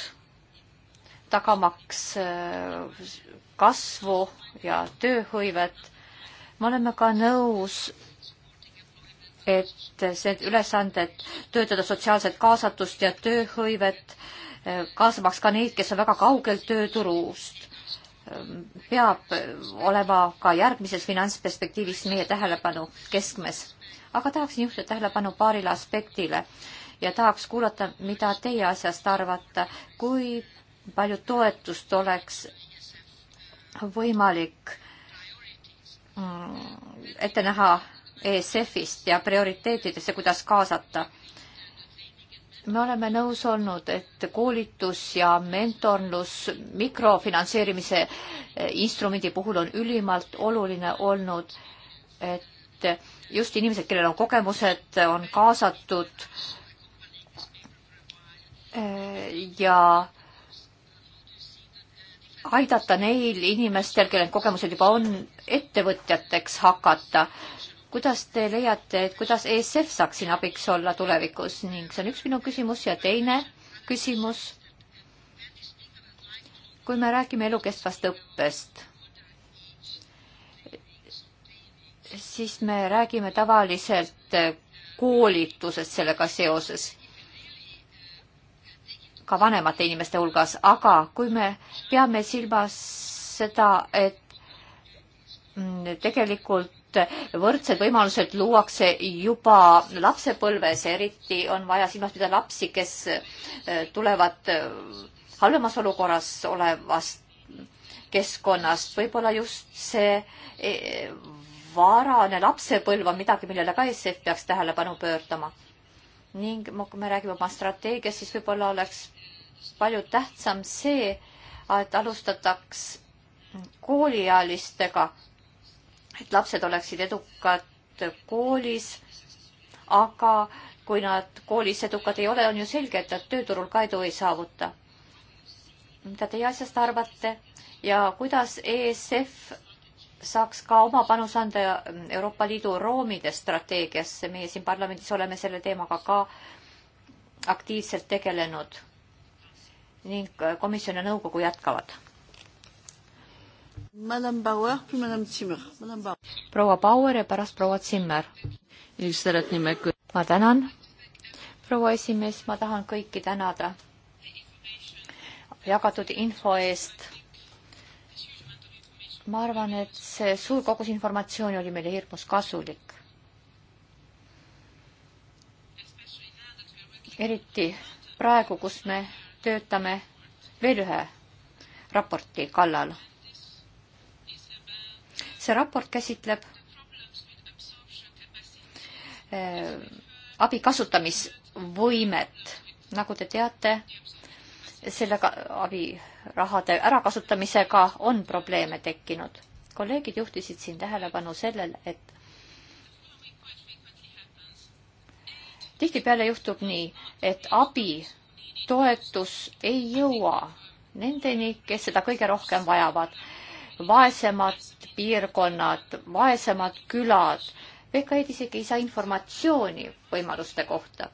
tagamaks öö, äh, kasvu ja tööhõivet. me oleme ka nõus, et need ülesanded töötada sotsiaalset kaasatust ja tööhõivet, äh, kaasamaks ka neid, kes on väga kaugel tööturust, peab olema ka järgmises finantsperspektiivis meie tähelepanu keskmes aga tahaksin juhtida tähelepanu paarile aspektile ja tahaks kuulata, mida teie asjast arvate, kui palju toetust oleks võimalik mm, ette näha ESF-ist ja prioriteetidesse, kuidas kaasata. me oleme nõus olnud, et koolitus ja mentorlus mikrofinantseerimise eh, instrumendi puhul on ülimalt oluline olnud, et just inimesed, kellel on kogemused, on kaasatud ja aidata neil inimestel, kellel kogemused juba on, ettevõtjateks hakata. kuidas te leiate, et kuidas ESF saaks siin abiks olla tulevikus ning see on üks minu küsimus ja teine küsimus. kui me räägime elukestvast õppest siis me räägime tavaliselt eh, koolitusest sellega seoses ka vanemate inimeste hulgas, aga kui me peame silmas seda, et mm, tegelikult võrdsed võimalused luuakse juba lapsepõlves, eriti on vaja silmas pidada lapsi, kes eh, tulevad eh, halvemas olukorras olevast keskkonnast, võib-olla just see varane lapsepõlv on midagi, millele ka ESF peaks tähelepanu pöördama. ning kui me räägime oma strateegiast, siis võib-olla oleks palju tähtsam see, et alustataks kooliealistega, et lapsed oleksid edukad koolis, aga kui nad koolis edukad ei ole, on ju selge, et nad tööturul ka edu ei saavuta. mida teie asjast arvate ja kuidas ESF saaks ka oma panuse anda mm, Euroopa Liidu roomide strateegiasse. meie siin parlamendis oleme selle teemaga ka aktiivselt tegelenud ning äh, komisjon ja nõukogu jätkavad. proua Bauer ja pärast proua Zimmer. ma tänan, proua esimees, ma tahan kõiki tänada jagatud info eest ma arvan, et see suur kogus informatsiooni oli meile hirmus kasulik. eriti praegu, kus me töötame veel ühe raporti kallal. see raport käsitleb eh, abi kasutamisvõimet. nagu te teate, sellega abirahade ärakasutamisega on probleeme tekkinud. kolleegid juhtisid siin tähelepanu sellele, et tihtipeale juhtub nii, et abi, toetus ei jõua nendeni, kes seda kõige rohkem vajavad. vaesemad piirkonnad, vaesemad külad, VKE-d isegi ei saa informatsiooni võimaluste kohta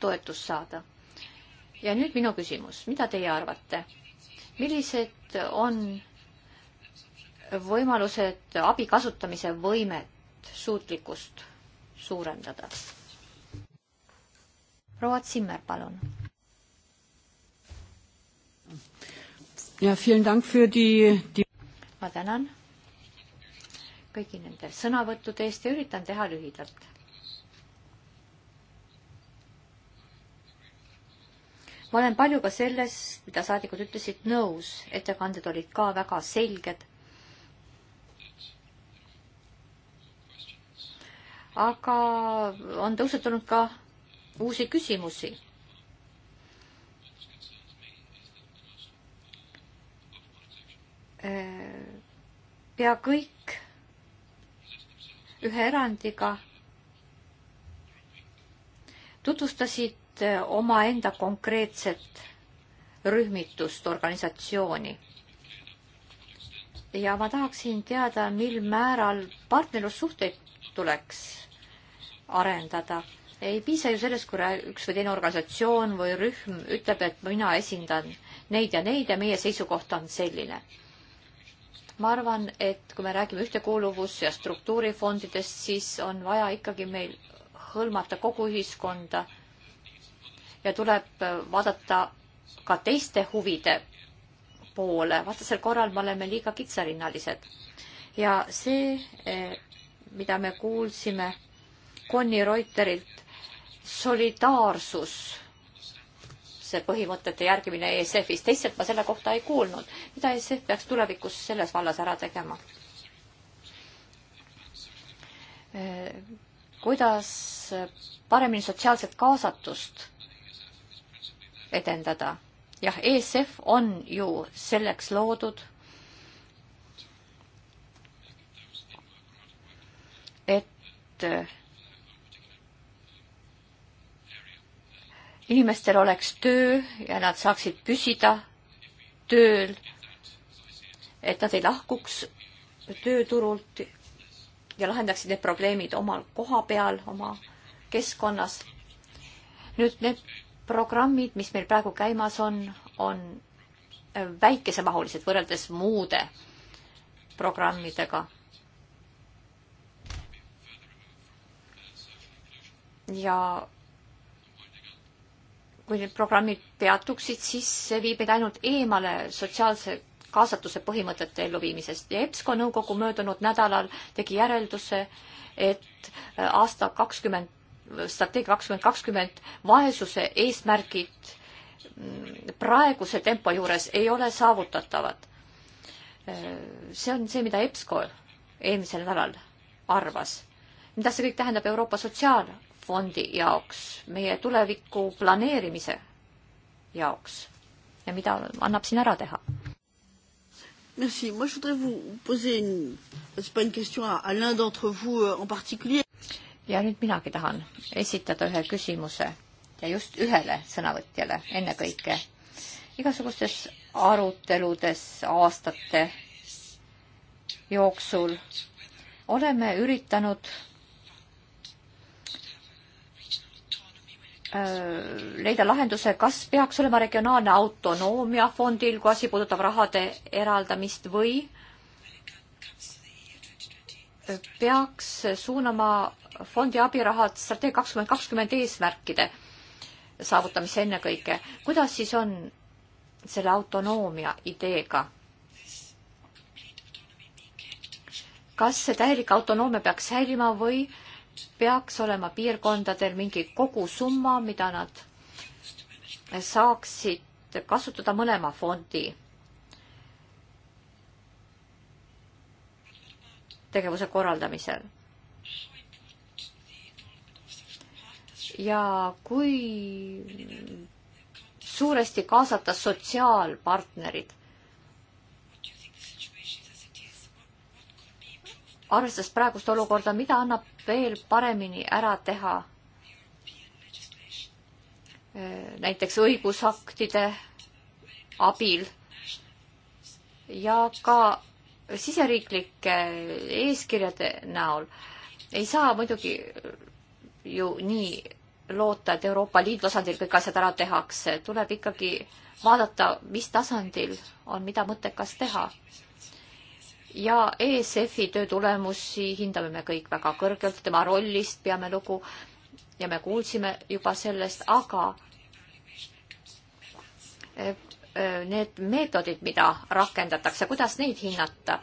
toetust saada ja nüüd minu küsimus, mida teie arvate, millised on võimalused abi kasutamise võimet, suutlikkust suurendada? proua Zimmer, palun. ja, ma tänan kõigi nende sõnavõttude eest ja üritan teha lühidalt ma olen paljuga selles, mida saadikud ütlesid, nõus, ettekanded olid ka väga selged. aga on tõusetunud ka uusi küsimusi. Äh, pea kõik ühe erandiga tutvustasid Eh, omaenda konkreetset rühmitust, organisatsiooni. ja ma tahaksin teada, mil määral partnerlussuhteid tuleks arendada. ei piisa ju sellest, kui üks või teine organisatsioon või rühm ütleb, et mina esindan neid ja neid ja meie seisukoht on selline. ma arvan, et kui me räägime ühtekuuluvus- ja struktuurifondidest, siis on vaja ikkagi meil hõlmata kogu ühiskonda ja tuleb vaadata ka teiste huvide poole, vastasel korral me oleme liiga kitsarinnalised. ja see, eh, mida me kuulsime Conny Reuterilt, solidaarsus, see põhimõtete järgimine ESF-is, teistelt ma selle kohta ei kuulnud. mida ESF peaks tulevikus selles vallas ära tegema? Eh, kuidas paremini sotsiaalset kaasatust edendada. jah, ESF on ju selleks loodud, et äh, inimestel oleks töö ja nad saaksid püsida tööl, et nad ei lahkuks tööturult ja lahendaksid need probleemid omal koha peal, oma keskkonnas. nüüd need programmid, mis meil praegu käimas on, on äh, väikesemahulised võrreldes muude programmidega. ja kui need programmid peatuksid, siis see viib meid ainult eemale sotsiaalse kaasatuse põhimõtete elluviimisest ja EBSCO nõukogu möödunud nädalal tegi järelduse, et äh, aasta kakskümmend strateegia kakskümmend kakskümmend vaesuse eesmärgid mm, praeguse tempo juures ei ole saavutatavad. see on see, mida EBSCO eelmisel nädalal arvas. mida see kõik tähendab Euroopa Sotsiaalfondi jaoks, meie tuleviku planeerimise jaoks ja mida annab siin ära teha? Merci. Moi, je voudrais vous poser une, c'est pas une question à, à l'un d'entre vous euh, en particulier ja nüüd minagi tahan esitada ühe küsimuse ja just ühele sõnavõtjale ennekõike. igasugustes aruteludes aastate jooksul oleme üritanud äh, leida lahenduse, kas peaks olema regionaalne autonoomia fondil, kui asi puudutab rahade eraldamist või äh, peaks suunama fondi abirahad strateegia kakskümmend kakskümmend eesmärkide saavutamisse ennekõike. kuidas siis on selle autonoomia ideega? kas see täielik autonoomia peaks säilima või peaks olema piirkondadel mingi kogusumma, mida nad saaksid kasutada mõlema fondi tegevuse korraldamisel. ja kui suuresti kaasata sotsiaalpartnerid, arvestades praegust olukorda, mida annab veel paremini ära teha? näiteks õigusaktide abil ja ka siseriiklike eeskirjade näol ei saa muidugi ju nii loota, et Euroopa Liidu tasandil kõik asjad ära tehakse, tuleb ikkagi vaadata, mis tasandil on mida mõttekas teha. ja ESF-i töö tulemusi hindame me kõik väga kõrgelt, tema rollist peame lugu ja me kuulsime juba sellest, aga need meetodid, mida rakendatakse, kuidas neid hinnata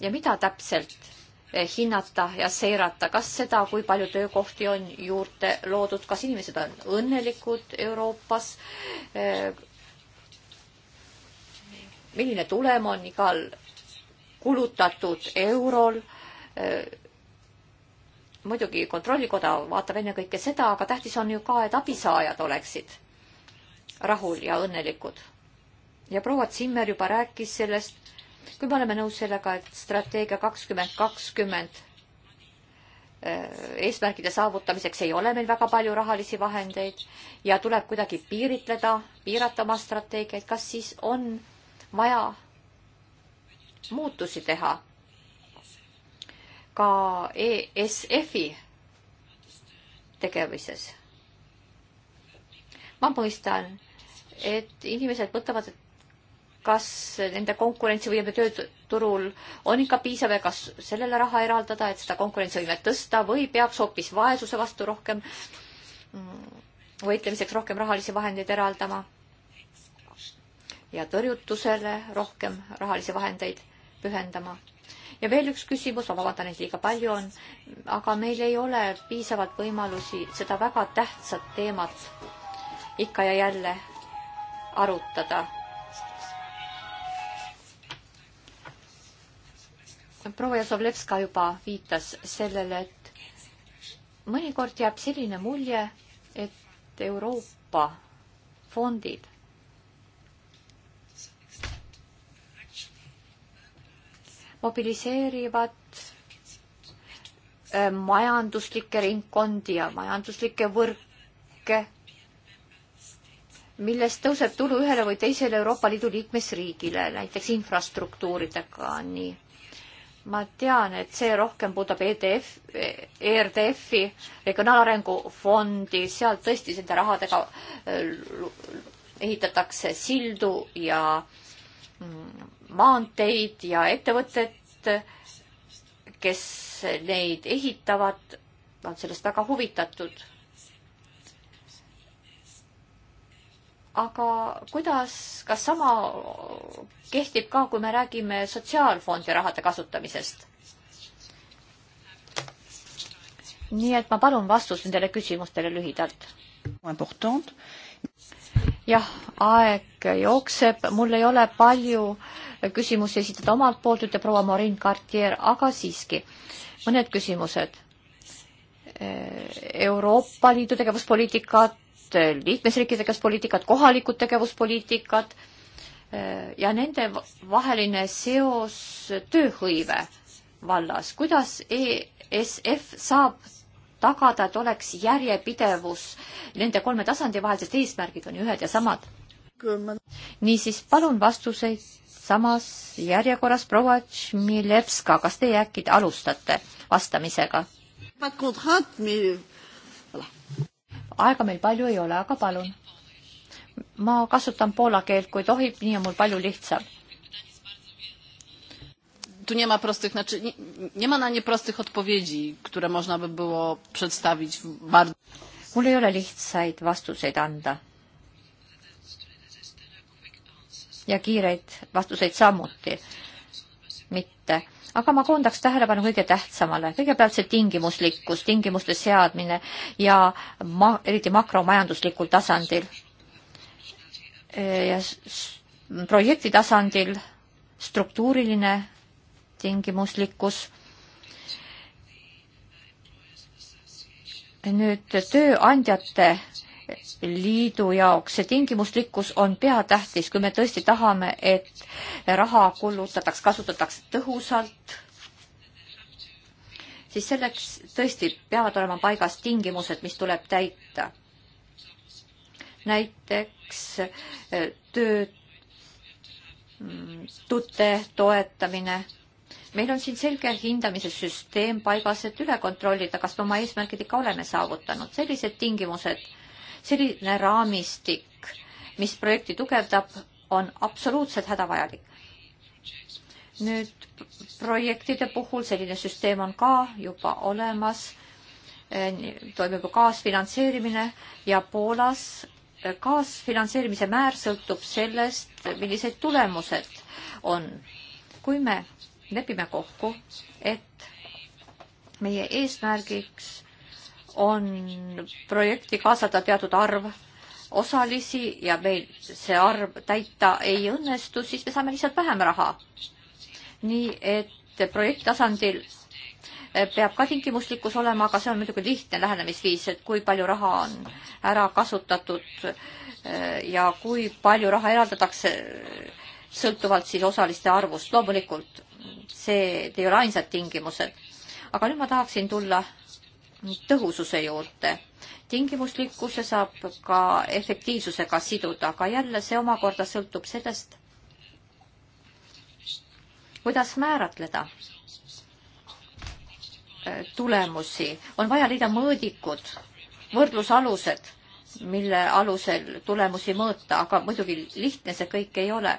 ja mida täpselt e, hinnata ja seirata, kas seda, kui palju töökohti on juurde loodud, kas inimesed on õnnelikud Euroopas, milline tulem on igal kulutatud eurol, muidugi Kontrollikoda vaatab ennekõike seda, aga tähtis on ju ka, et abisaajad oleksid rahul ja õnnelikud. ja proua Zimmer juba rääkis sellest, kui me oleme nõus sellega, et strateegia kakskümmend kakskümmend äh, eesmärkide saavutamiseks ei ole meil väga palju rahalisi vahendeid ja tuleb kuidagi piiritleda, piirata oma strateegiaid, kas siis on vaja muutusi teha ka ESF-i tegevuses. ma mõistan, et inimesed mõtlevad, et kas nende konkurentsivõime tööturul on ikka piisav ja kas sellele raha eraldada, et seda konkurentsivõimet tõsta või peaks hoopis vaesuse vastu rohkem mm, võitlemiseks rohkem rahalisi vahendeid eraldama ja tõrjutusele rohkem rahalisi vahendeid pühendama. ja veel üks küsimus, ma vabandan, et liiga palju on, aga meil ei ole piisavalt võimalusi seda väga tähtsat teemat ikka ja jälle arutada. proua Jasovlevska juba viitas sellele, et mõnikord jääb selline mulje, et Euroopa fondid mobiliseerivad äh, majanduslikke ringkondi ja majanduslikke võrke millest tõuseb tulu ühele või teisele Euroopa Liidu liikmesriigile, näiteks infrastruktuuridega, nii. ma tean, et see rohkem puudutab EDF, ERDF-i, Regionaalarengu Fondi, seal tõesti nende rahadega äh, ehitatakse sildu ja mm, maanteid ja ettevõtted, kes neid ehitavad, on sellest väga huvitatud aga kuidas, kas sama kehtib ka, kui me räägime sotsiaalfondi rahade kasutamisest? nii et ma palun vastust nendele küsimustele lühidalt. jah, aeg jookseb, mul ei ole palju küsimusi esitada omalt poolt, ütleb proua Marin Cartier, aga siiski mõned küsimused Euroopa Liidu tegevuspoliitikat koostöö liikmesriikide käes poliitikat, kohalikud tegevuspoliitikad eh, ja nende vaheline seos tööhõive vallas. kuidas ESF saab tagada, et oleks järjepidevus nende kolme tasandi vahel, sest eesmärgid on ju ühed ja samad. niisiis, palun vastuseid samas järjekorras proua Tšmilevska, kas teie äkki alustate vastamisega? aega meil palju ei ole, aga palun. ma kasutan poola keelt, kui tohib, nii on mul palju lihtsam. Tu nie ma prostych, znaczy nie, nie ma na nie prostych odpowiedzi, które można by było przedstawić w bardzo... Mul ei ole lihtsaid vastuseid anda. Ja kiireid vastuseid samuti mitte aga ma koondaks tähelepanu kõige tähtsamale. kõigepealt see tingimuslikkus, tingimuste seadmine ja ma-, eriti makromajanduslikul tasandil. ja projekti tasandil struktuuriline tingimuslikkus. nüüd tööandjate Liidu jaoks. see tingimuslikkus on peatähtis, kui me tõesti tahame, et raha kulutataks, kasutataks tõhusalt, siis selleks tõesti peavad olema paigas tingimused, mis tuleb täita. näiteks eh, töötute mm, toetamine meil on siin selge hindamise süsteem paigas, et üle kontrollida, kas me oma eesmärgid ikka oleme saavutanud. sellised tingimused selline raamistik, mis projekti tugevdab, on absoluutselt hädavajalik. nüüd projektide puhul selline süsteem on ka juba olemas, eh, toimub kaasfinantseerimine ja Poolas eh, kaasfinantseerimise määr sõltub sellest, millised tulemused on. kui me lepime kokku, et meie eesmärgiks on projekti kaasata teatud arv osalisi ja meil see arv täita ei õnnestu, siis me saame lihtsalt vähem raha. nii et projekti tasandil peab ka tingimuslikkus olema, aga see on muidugi lihtne lähenemisviis, et kui palju raha on ära kasutatud eh, ja kui palju raha eraldatakse, sõltuvalt siis osaliste arvust. loomulikult see ei ole ainsad tingimused. aga nüüd ma tahaksin tulla tõhususe juurde. tingimuslikkuse saab ka efektiivsusega siduda, aga jälle see omakorda sõltub sellest, kuidas määratleda äh, tulemusi. on vaja leida mõõdikud, võrdlusalused, mille alusel tulemusi mõõta, aga muidugi lihtne see kõik ei ole.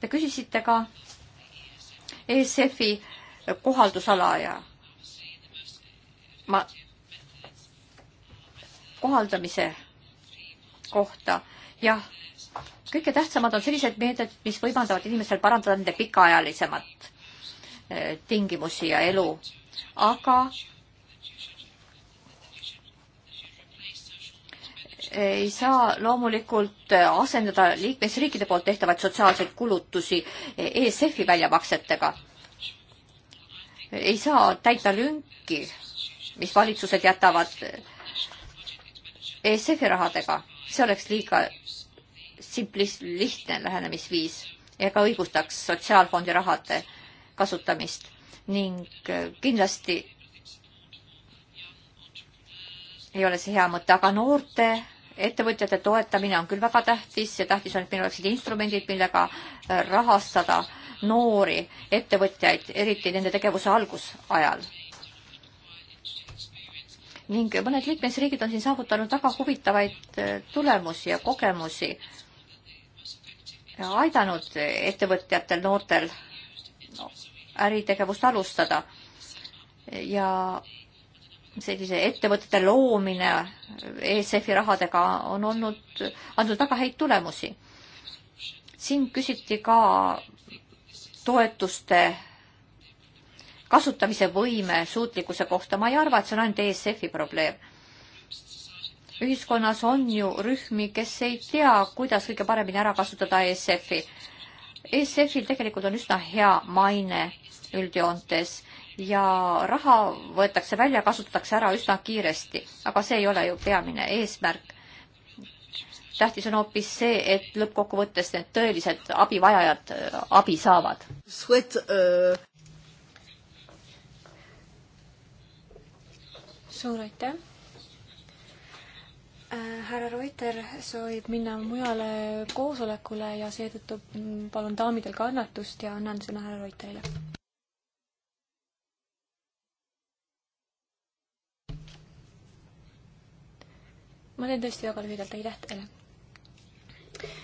Te küsisite ka ESF-i kohaldusala ja ma kohaldamise kohta, jah, kõige tähtsamad on sellised meetmed, mis võimaldavad inimestel parandada nende pikaajalisemat eh, tingimusi ja elu, aga eh, ei saa loomulikult eh, asendada liikmesriikide poolt tehtavaid sotsiaalseid kulutusi ESF-i väljamaksetega. ei saa täita lünki mis valitsused jätavad ESF-i rahadega, see oleks liiga simplis-, lihtne lähenemisviis ega õigustaks sotsiaalfondi rahade kasutamist ning kindlasti ei ole see hea mõte, aga noorte ettevõtjate toetamine on küll väga tähtis ja tähtis on, et meil oleksid instrumendid, millega rahastada noori ettevõtjaid, eriti nende tegevuse algusajal ning mõned liikmesriigid on siin saavutanud väga huvitavaid äh, tulemusi ja kogemusi, aidanud ettevõtjatel, noortel äritegevust alustada ja sellise ettevõtete loomine ESF-i rahadega on olnud, andnud väga häid tulemusi. siin küsiti ka toetuste kasutamise võime suutlikkuse kohta, ma ei arva, et see on ainult ESF-i probleem. ühiskonnas on ju rühmi, kes ei tea, kuidas kõige paremini ära kasutada ESF-i. ESF-il tegelikult on üsna hea maine üldjoontes ja raha võetakse välja, kasutatakse ära üsna kiiresti, aga see ei ole ju peamine eesmärk. tähtis on hoopis see, et lõppkokkuvõttes need tõelised abivajajad äh, abi saavad. Äh, suur aitäh! Äh, härra Reuter soovib minna mujale koosolekule ja seetõttu mm, palun daamidel kannatust ja annan sõna härra Reuterile. ma teen tõesti väga lühidalt, aitäh teile!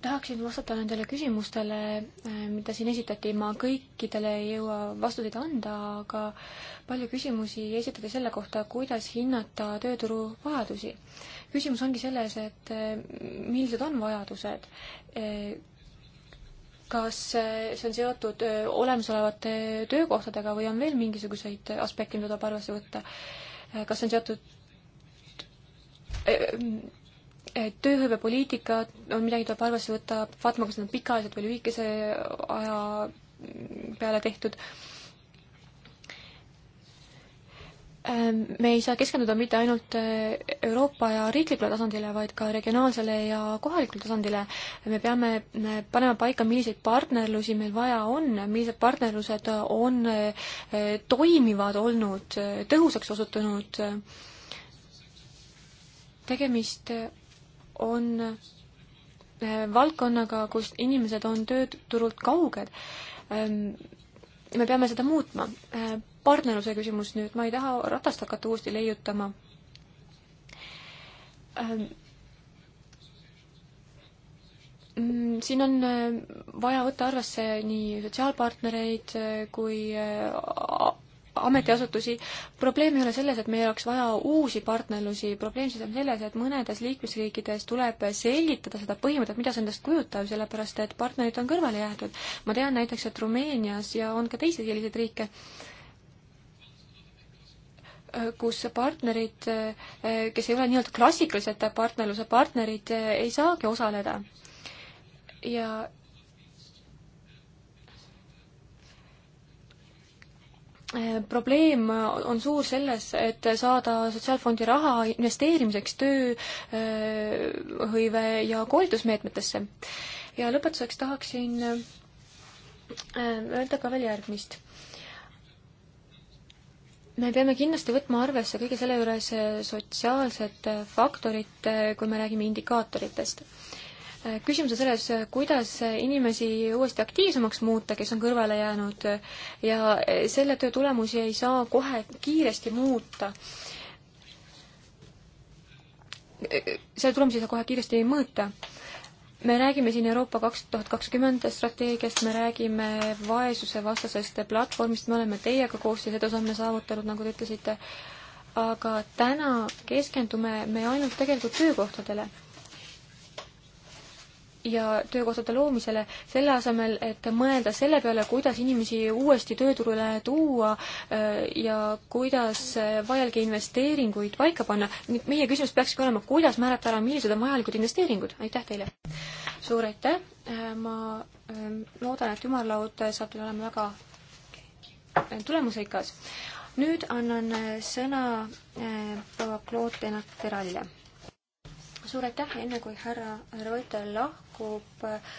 tahaksin vastata nendele küsimustele, äh, mida siin esitati, ma kõikidele ei jõua vastuseid anda, aga palju küsimusi esitati selle kohta, kuidas hinnata tööturu vajadusi. küsimus ongi selles, et äh, millised on vajadused, äh, kas see on seotud olemasolevate töökohtadega või on veel mingisuguseid aspekte, mida tuleb arvesse võtta, kas see on seotud tööhõivepoliitika on midagi, tuleb arvesse võtta, vaatama, kas need on pikaajalised või lühikese aja peale tehtud. Ähm, me ei saa keskenduda mitte ainult äh, Euroopa ja riiklikule tasandile, vaid ka regionaalsele ja kohalikule tasandile. me peame äh, panema paika, milliseid partnerlusi meil vaja on, millised partnerlused on äh, toimivad olnud, tõhusaks osutunud. tegemist on eh, valdkonnaga, kus inimesed on tööturult kauged. Ehm, me peame seda muutma. Eh, partnerluse küsimus nüüd, ma ei taha ratast hakata uuesti leiutama. Ehm, mm, siin on eh, vaja võtta arvesse nii sotsiaalpartnereid kui ametiasutusi. probleem ei ole selles, et meil oleks vaja uusi partnerlusi, probleem siis on selles, et mõnedes liikmesriikides tuleb selgitada seda põhimõtet, mida see endast kujutab, sellepärast et partnerid on kõrvale jäetud. ma tean näiteks, et Rumeenias ja on ka teisi selliseid riike, kus partnerid, kes ei ole nii-öelda klassikalised partnerluse partnerid, ei saagi osaleda. ja Äh, probleem äh, on suur selles, et saada Sotsiaalfondi raha investeerimiseks tööhõive äh, ja koolitusmeetmetesse. ja lõpetuseks tahaksin öelda ka veel järgmist. me peame kindlasti võtma arvesse kõige selle juures sotsiaalset faktorit, kui me räägime indikaatoritest küsimus on selles, kuidas inimesi uuesti aktiivsemaks muuta, kes on kõrvale jäänud ja selle töö tulemusi ei saa kohe kiiresti muuta. selle tulemusi ei saa kohe kiiresti mõõta me räägime siin Euroopa kaks tuhat kakskümmend strateegiast, me räägime vaesusevastasest platvormist, me oleme teiega koostöös edusamme saavutanud, nagu te ütlesite, aga täna keskendume me ainult tegelikult töökohtadele ja töökohtade loomisele, selle asemel, et mõelda selle peale, kuidas inimesi uuesti tööturule tuua äh, ja kuidas äh, vajalikke investeeringuid paika panna. meie küsimus peakski olema, kuidas määrata ära, millised on vajalikud investeeringud. aitäh teile! suur aitäh! Äh, ma ähm, loodan, et ümarlaud saab teil olema väga tulemusrikas. nüüd annan sõna proua Claude Enat-Teralile suur aitäh, enne kui härra Reuter lahkub äh,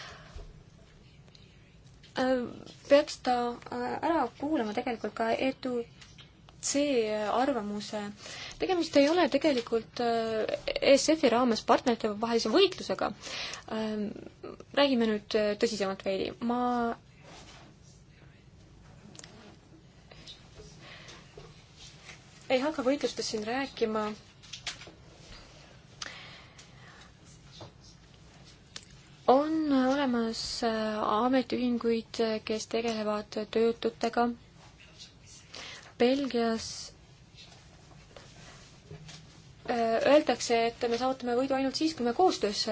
peaks ta äh, ära kuulama tegelikult ka edu C arvamuse. tegemist ei ole tegelikult äh, ESF-i raames partnerite vahelise võitlusega. Ähm, räägime nüüd tõsisemalt veidi. ma ei hakka võitlustest siin rääkima on olemas äh, ametiühinguid, äh, kes tegelevad töötutega. Belgias äh, öeldakse, et me saavutame võidu ainult siis, kui me koostöös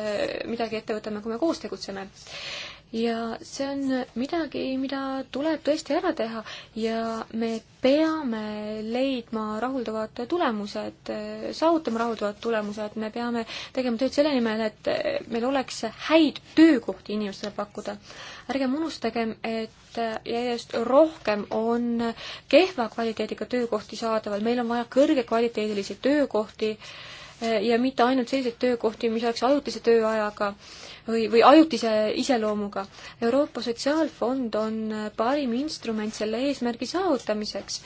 midagi ette võtame, kui me koos tegutseme ja see on midagi, mida tuleb tõesti ära teha ja me peame leidma rahuldavad tulemused, saavutama rahuldavad tulemused, me peame tegema tööd selle nimel, et meil oleks häid töökohti inimestele pakkuda. ärgem unustagem, et järjest rohkem on kehva kvaliteediga töökohti saadaval, meil on vaja kõrgekvaliteedilisi töökohti ja mitte ainult selliseid töökohti, mis oleks ajutise tööajaga või, või ajutise iseloomuga. Euroopa Sotsiaalfond on parim instrument selle eesmärgi saavutamiseks.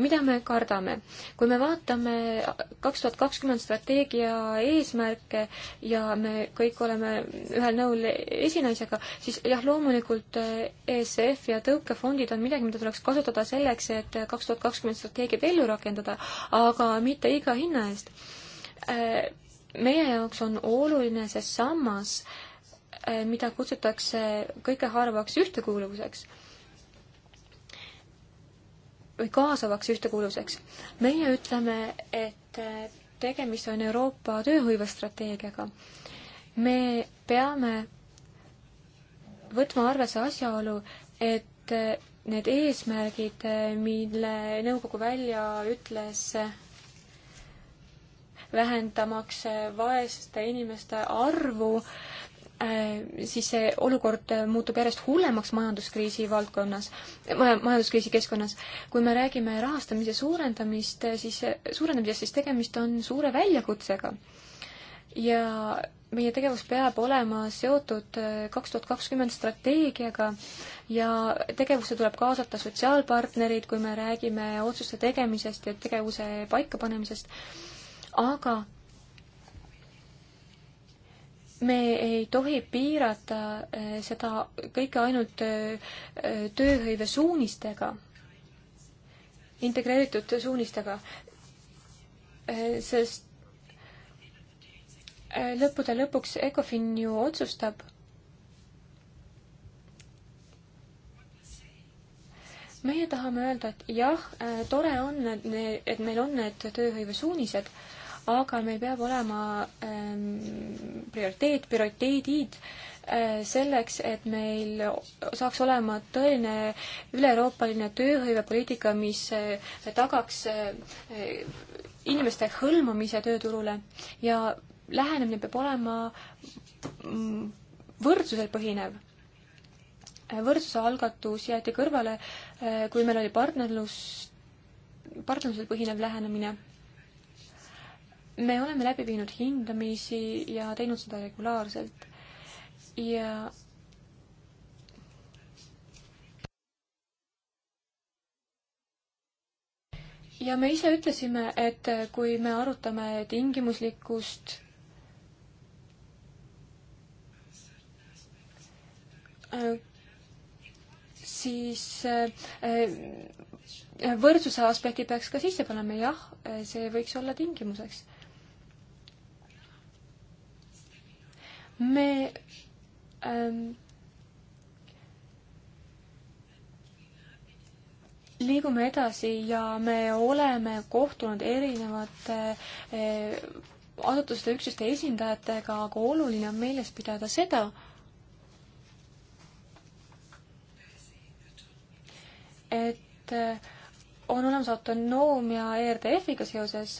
mida me kardame? kui me vaatame kaks tuhat kakskümmend strateegia eesmärke ja me kõik oleme ühel nõul esinaisega, siis jah, loomulikult ESF ja tõukefondid on midagi, mida tuleks kasutada selleks, et kaks tuhat kakskümmend strateegiat ellu rakendada, aga mitte iga hinna eest äh, meie jaoks on oluline see sammas äh, Äh, mida kutsutakse kõikehaarvaks ühtekuuluvuseks või kaasavaks ühtekuuluvuseks. meie ütleme, et äh, tegemist on Euroopa tööhõivestrateegiaga. me peame võtma arvesse asjaolu, et äh, need eesmärgid, mille nõukogu välja ütles vähendamaks vaeste inimeste arvu, Äh, siis see olukord muutub järjest hullemaks majanduskriisi valdkonnas, majanduskriisi keskkonnas. kui me räägime rahastamise suurendamist, siis, suurendamisest, siis tegemist on suure väljakutsega. ja meie tegevus peab olema seotud äh, kaks tuhat kakskümmend strateegiaga ja tegevusse tuleb kaasata sotsiaalpartnerid, kui me räägime otsuste tegemisest ja tegevuse paikapanemisest, aga me ei tohi piirata eh, seda kõike ainult eh, tööhõive suunistega, integreeritud suunistega, eh, sest lõppude lõpuks Ecofin ju otsustab. meie tahame öelda, et jah, tore on, et meil on need tööhõive suunised aga meil peab olema ähm, prioriteet, prioriteedid äh, selleks, et meil saaks olema tõeline üle-euroopaline tööhõivepoliitika, mis äh, tagaks äh, inimeste hõlmamise tööturule ja lähenemine peab olema mm, võrdsusel põhinev. võrdsuse algatus jäeti kõrvale, kui meil oli partnerlus, partnerlusel põhinev lähenemine me oleme läbi viinud hindamisi ja teinud seda regulaarselt ja ja me ise ütlesime, et kui me arutame tingimuslikkust, siis eh, võrdsuse aspekti peaks ka sisse panema, jah, see võiks olla tingimuseks. me ähm, liigume edasi ja me oleme kohtunud erinevate äh, asutuste üksuste esindajatega, aga oluline on meeles pidada seda, et äh, on olemas autonoomia ERDF-iga seoses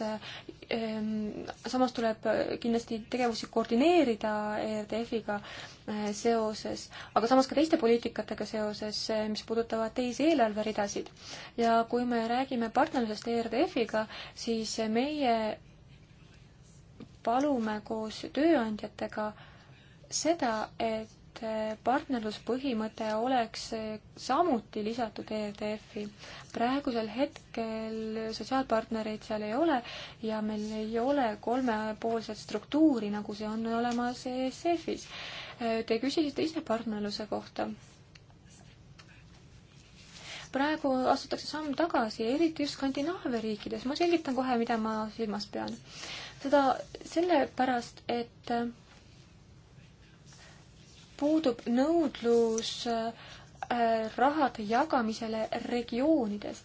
Ehm, samas tuleb äh, kindlasti tegevusi koordineerida ERDF-iga äh, seoses, aga samas ka teiste poliitikatega seoses, äh, mis puudutavad teisi eelarveridasid. ja kui me räägime partnerlusest ERDF-iga, siis meie palume koos tööandjatega seda, et et eh, partnerluspõhimõte oleks eh, samuti lisatud EDF-i. praegusel hetkel sotsiaalpartnereid seal ei ole ja meil ei ole kolmepoolset struktuuri, nagu see on olemas ESF-is. Eh, te küsisite ise partnerluse kohta praegu astutakse samm tagasi, eriti just Skandinaavia riikides. ma selgitan kohe, mida ma silmas pean. seda sellepärast, et puudub nõudlus äh, rahade jagamisele regioonides.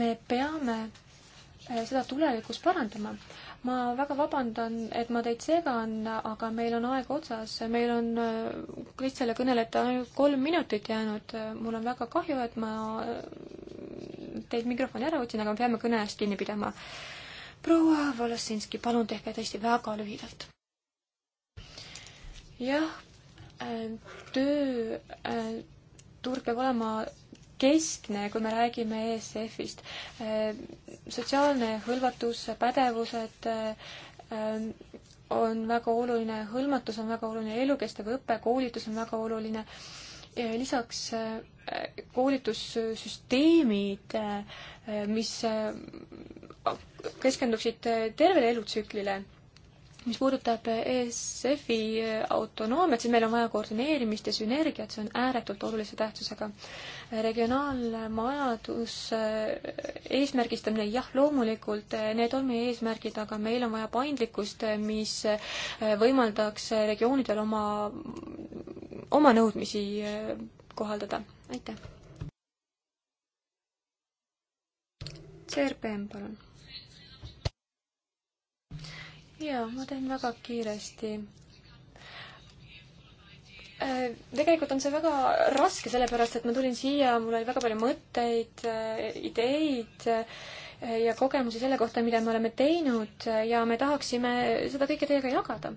me peame äh, seda tulevikus parandama. ma väga vabandan, et ma teid segan, aga meil on aeg otsas, meil on äh, Kristjale kõneleda ainult kolm minutit jäänud. mul on väga kahju, et ma teilt mikrofoni ära võtsin, aga me peame kõne eest kinni pidama. proua Volosinski, palun tehke tõesti väga lühidalt jah, äh, tööturg äh, peab olema keskne, kui me räägime ESF-ist. Äh, sotsiaalne hõlvatus, pädevused on väga oluline, hõlmatus on väga oluline, elukestev õpe, koolitus on väga oluline. lisaks koolitussüsteemid, mis keskenduksid tervele elutsüklile mis puudutab ESF-i autonoomiat, siis meil on vaja koordineerimist ja sünergiat, see on ääretult olulise tähtsusega. regionaalmajandus eh, eesmärgistamine, jah, loomulikult, eh, need on meie eesmärgid, aga meil on vaja paindlikkust, eh, mis võimaldaks regioonidel oma, oma nõudmisi kohaldada. aitäh! CRPM, palun jaa, ma teen väga kiiresti äh, tegelikult on see väga raske, sellepärast et ma tulin siia, mul oli väga palju mõtteid, äh, ideid äh, ja kogemusi selle kohta, mida me oleme teinud ja me tahaksime seda kõike teiega jagada.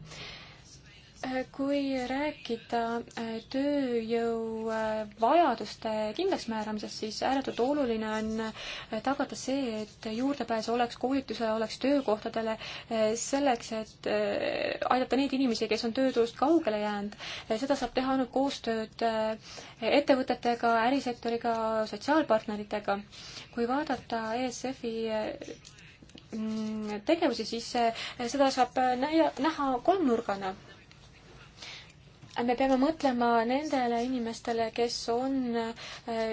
Äh, kui rääkida äh, tööjõu äh, vajaduste kindlaksmääramisest, siis ääretult oluline on tagada see, et juurdepääs oleks koolitusele, oleks töökohtadele, selleks, et aidata neid inimesi, kes on tööturust kaugele jäänud. seda saab teha ainult koostööd ettevõtetega, ärisektoriga, sotsiaalpartneritega. kui vaadata ESF-i mm, tegevusi, siis seda saab näha kolmnurgana me peame mõtlema nendele inimestele, kes on äh,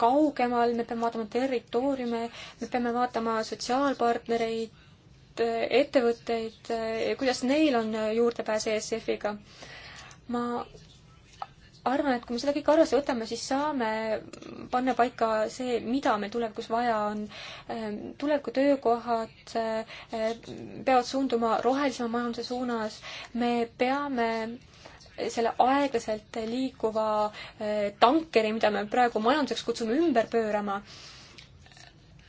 kaugemal, me peame vaatama territooriume, me peame vaatama sotsiaalpartnereid, äh, ettevõtteid, äh, kuidas neil on juurdepääs ESF-iga. ma arvan, et kui me seda kõike arvesse võtame, siis saame panna paika see, mida meil tulevikus vaja on. tuleviku töökohad peavad suunduma rohelisema majanduse suunas. me peame selle aeglaselt liikuva eh, tankeri, mida me praegu majanduseks kutsume, ümber pöörama.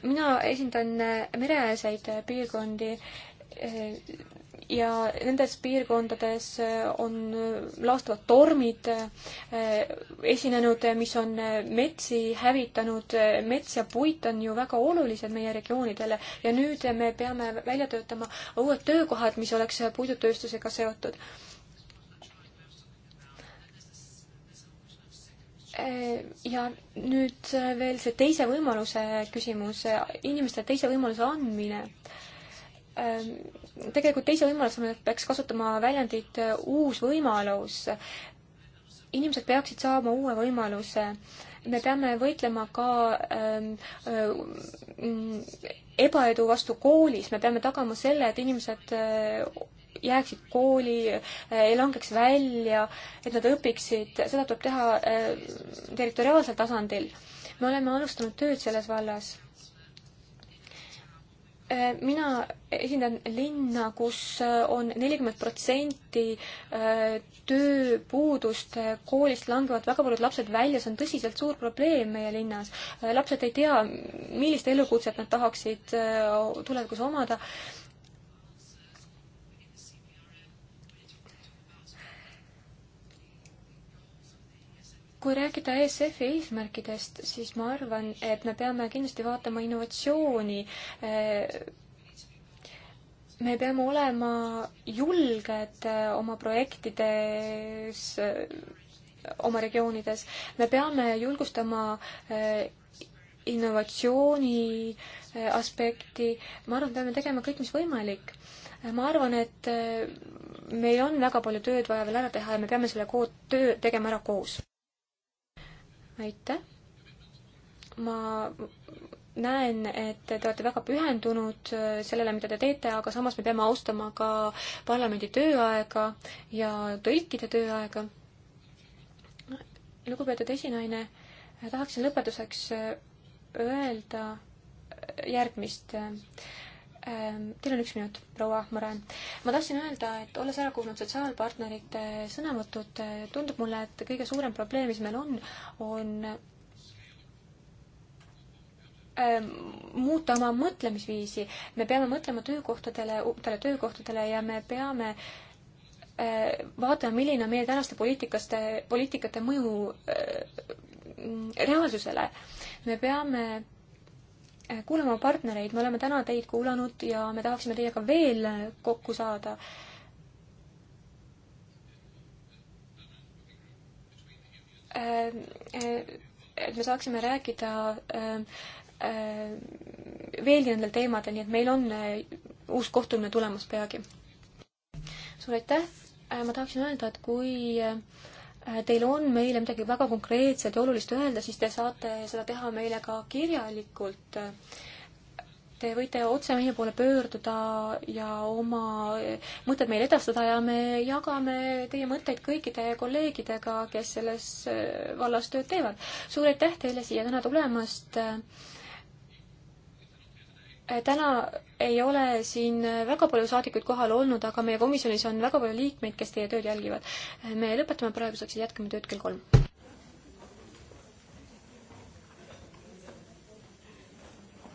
mina esindan eh, mereäärseid eh, piirkondi ja nendes piirkondades on laastuvad tormid esinenud, mis on metsi hävitanud. mets ja puit on ju väga olulised meie regioonidele ja nüüd me peame välja töötama uued töökohad, mis oleks puidutööstusega seotud Äh, ja nüüd äh, veel see teise võimaluse küsimus, äh, inimestele teise võimaluse andmine. Ähm, tegelikult teise võimalusena peaks kasutama väljendit uus võimalus. inimesed peaksid saama uue võimaluse. me peame võitlema ka ähm, mm, ebaedu vastu koolis, me peame tagama selle, et inimesed jääksid kooli, eh, ei langeks välja, et nad õpiksid, seda tuleb teha eh, territoriaalsel tasandil. me oleme alustanud tööd selles vallas. Eh, mina esindan linna, kus on nelikümmend protsenti tööpuudust, koolist langevad väga paljud lapsed välja, see on tõsiselt suur probleem meie linnas. lapsed ei tea, millist elukutset nad tahaksid tulevikus omada kui rääkida ESF-i eesmärkidest, siis ma arvan, et me peame kindlasti vaatama innovatsiooni. Eh, me peame olema julged eh, oma projektides, eh, oma regioonides. me peame julgustama innovatsiooni aspekti. ma arvan, et peame tegema kõik, mis võimalik ma arvan, et meil on väga palju tööd vaja veel ära teha ja me peame selle kood, töö tegema ära koos aitäh! ma näen, et te olete väga pühendunud äh, sellele, mida te teete, aga samas me peame austama ka parlamendi tööaega ja tõlkide tööaega. lugupeetud esinaine, tahaksin lõpetuseks äh, öelda äh, järgmist Ehm, teil on üks minut, proua Moran. ma tahtsin öelda, et olles ära kuulnud sotsiaalpartnerite sõnavõtud, eh, tundub mulle, et kõige suurem probleem, mis meil on, on ehm, muuta oma mõtlemisviisi. me peame mõtlema töökohtadele, uutele töökohtadele ja me peame eh, vaatame, milline on meie tänaste poliitikaste, poliitikate mõju eh, reaalsusele. me peame kuulama partnereid, me oleme täna teid kuulanud ja me tahaksime teiega veel kokku saada. Äh, äh, et me saaksime rääkida äh, veelgi nendel teemadel, nii et meil on uus kohtumine tulemas peagi. suur aitäh, ma tahaksin öelda, et kui teil on meile midagi väga konkreetset ja olulist öelda, siis te saate seda teha meile ka kirjalikult. Te võite otse meie poole pöörduda ja oma mõtted meile edastada ja me jagame teie mõtteid kõikide kolleegidega, kes selles vallas tööd teevad. suur aitäh teile siia täna tulemast täna ei ole siin väga palju saadikuid kohal olnud, aga meie komisjonis on väga palju liikmeid, kes teie tööd jälgivad. me lõpetame praeguseks ja jätkame tööd kell kolm.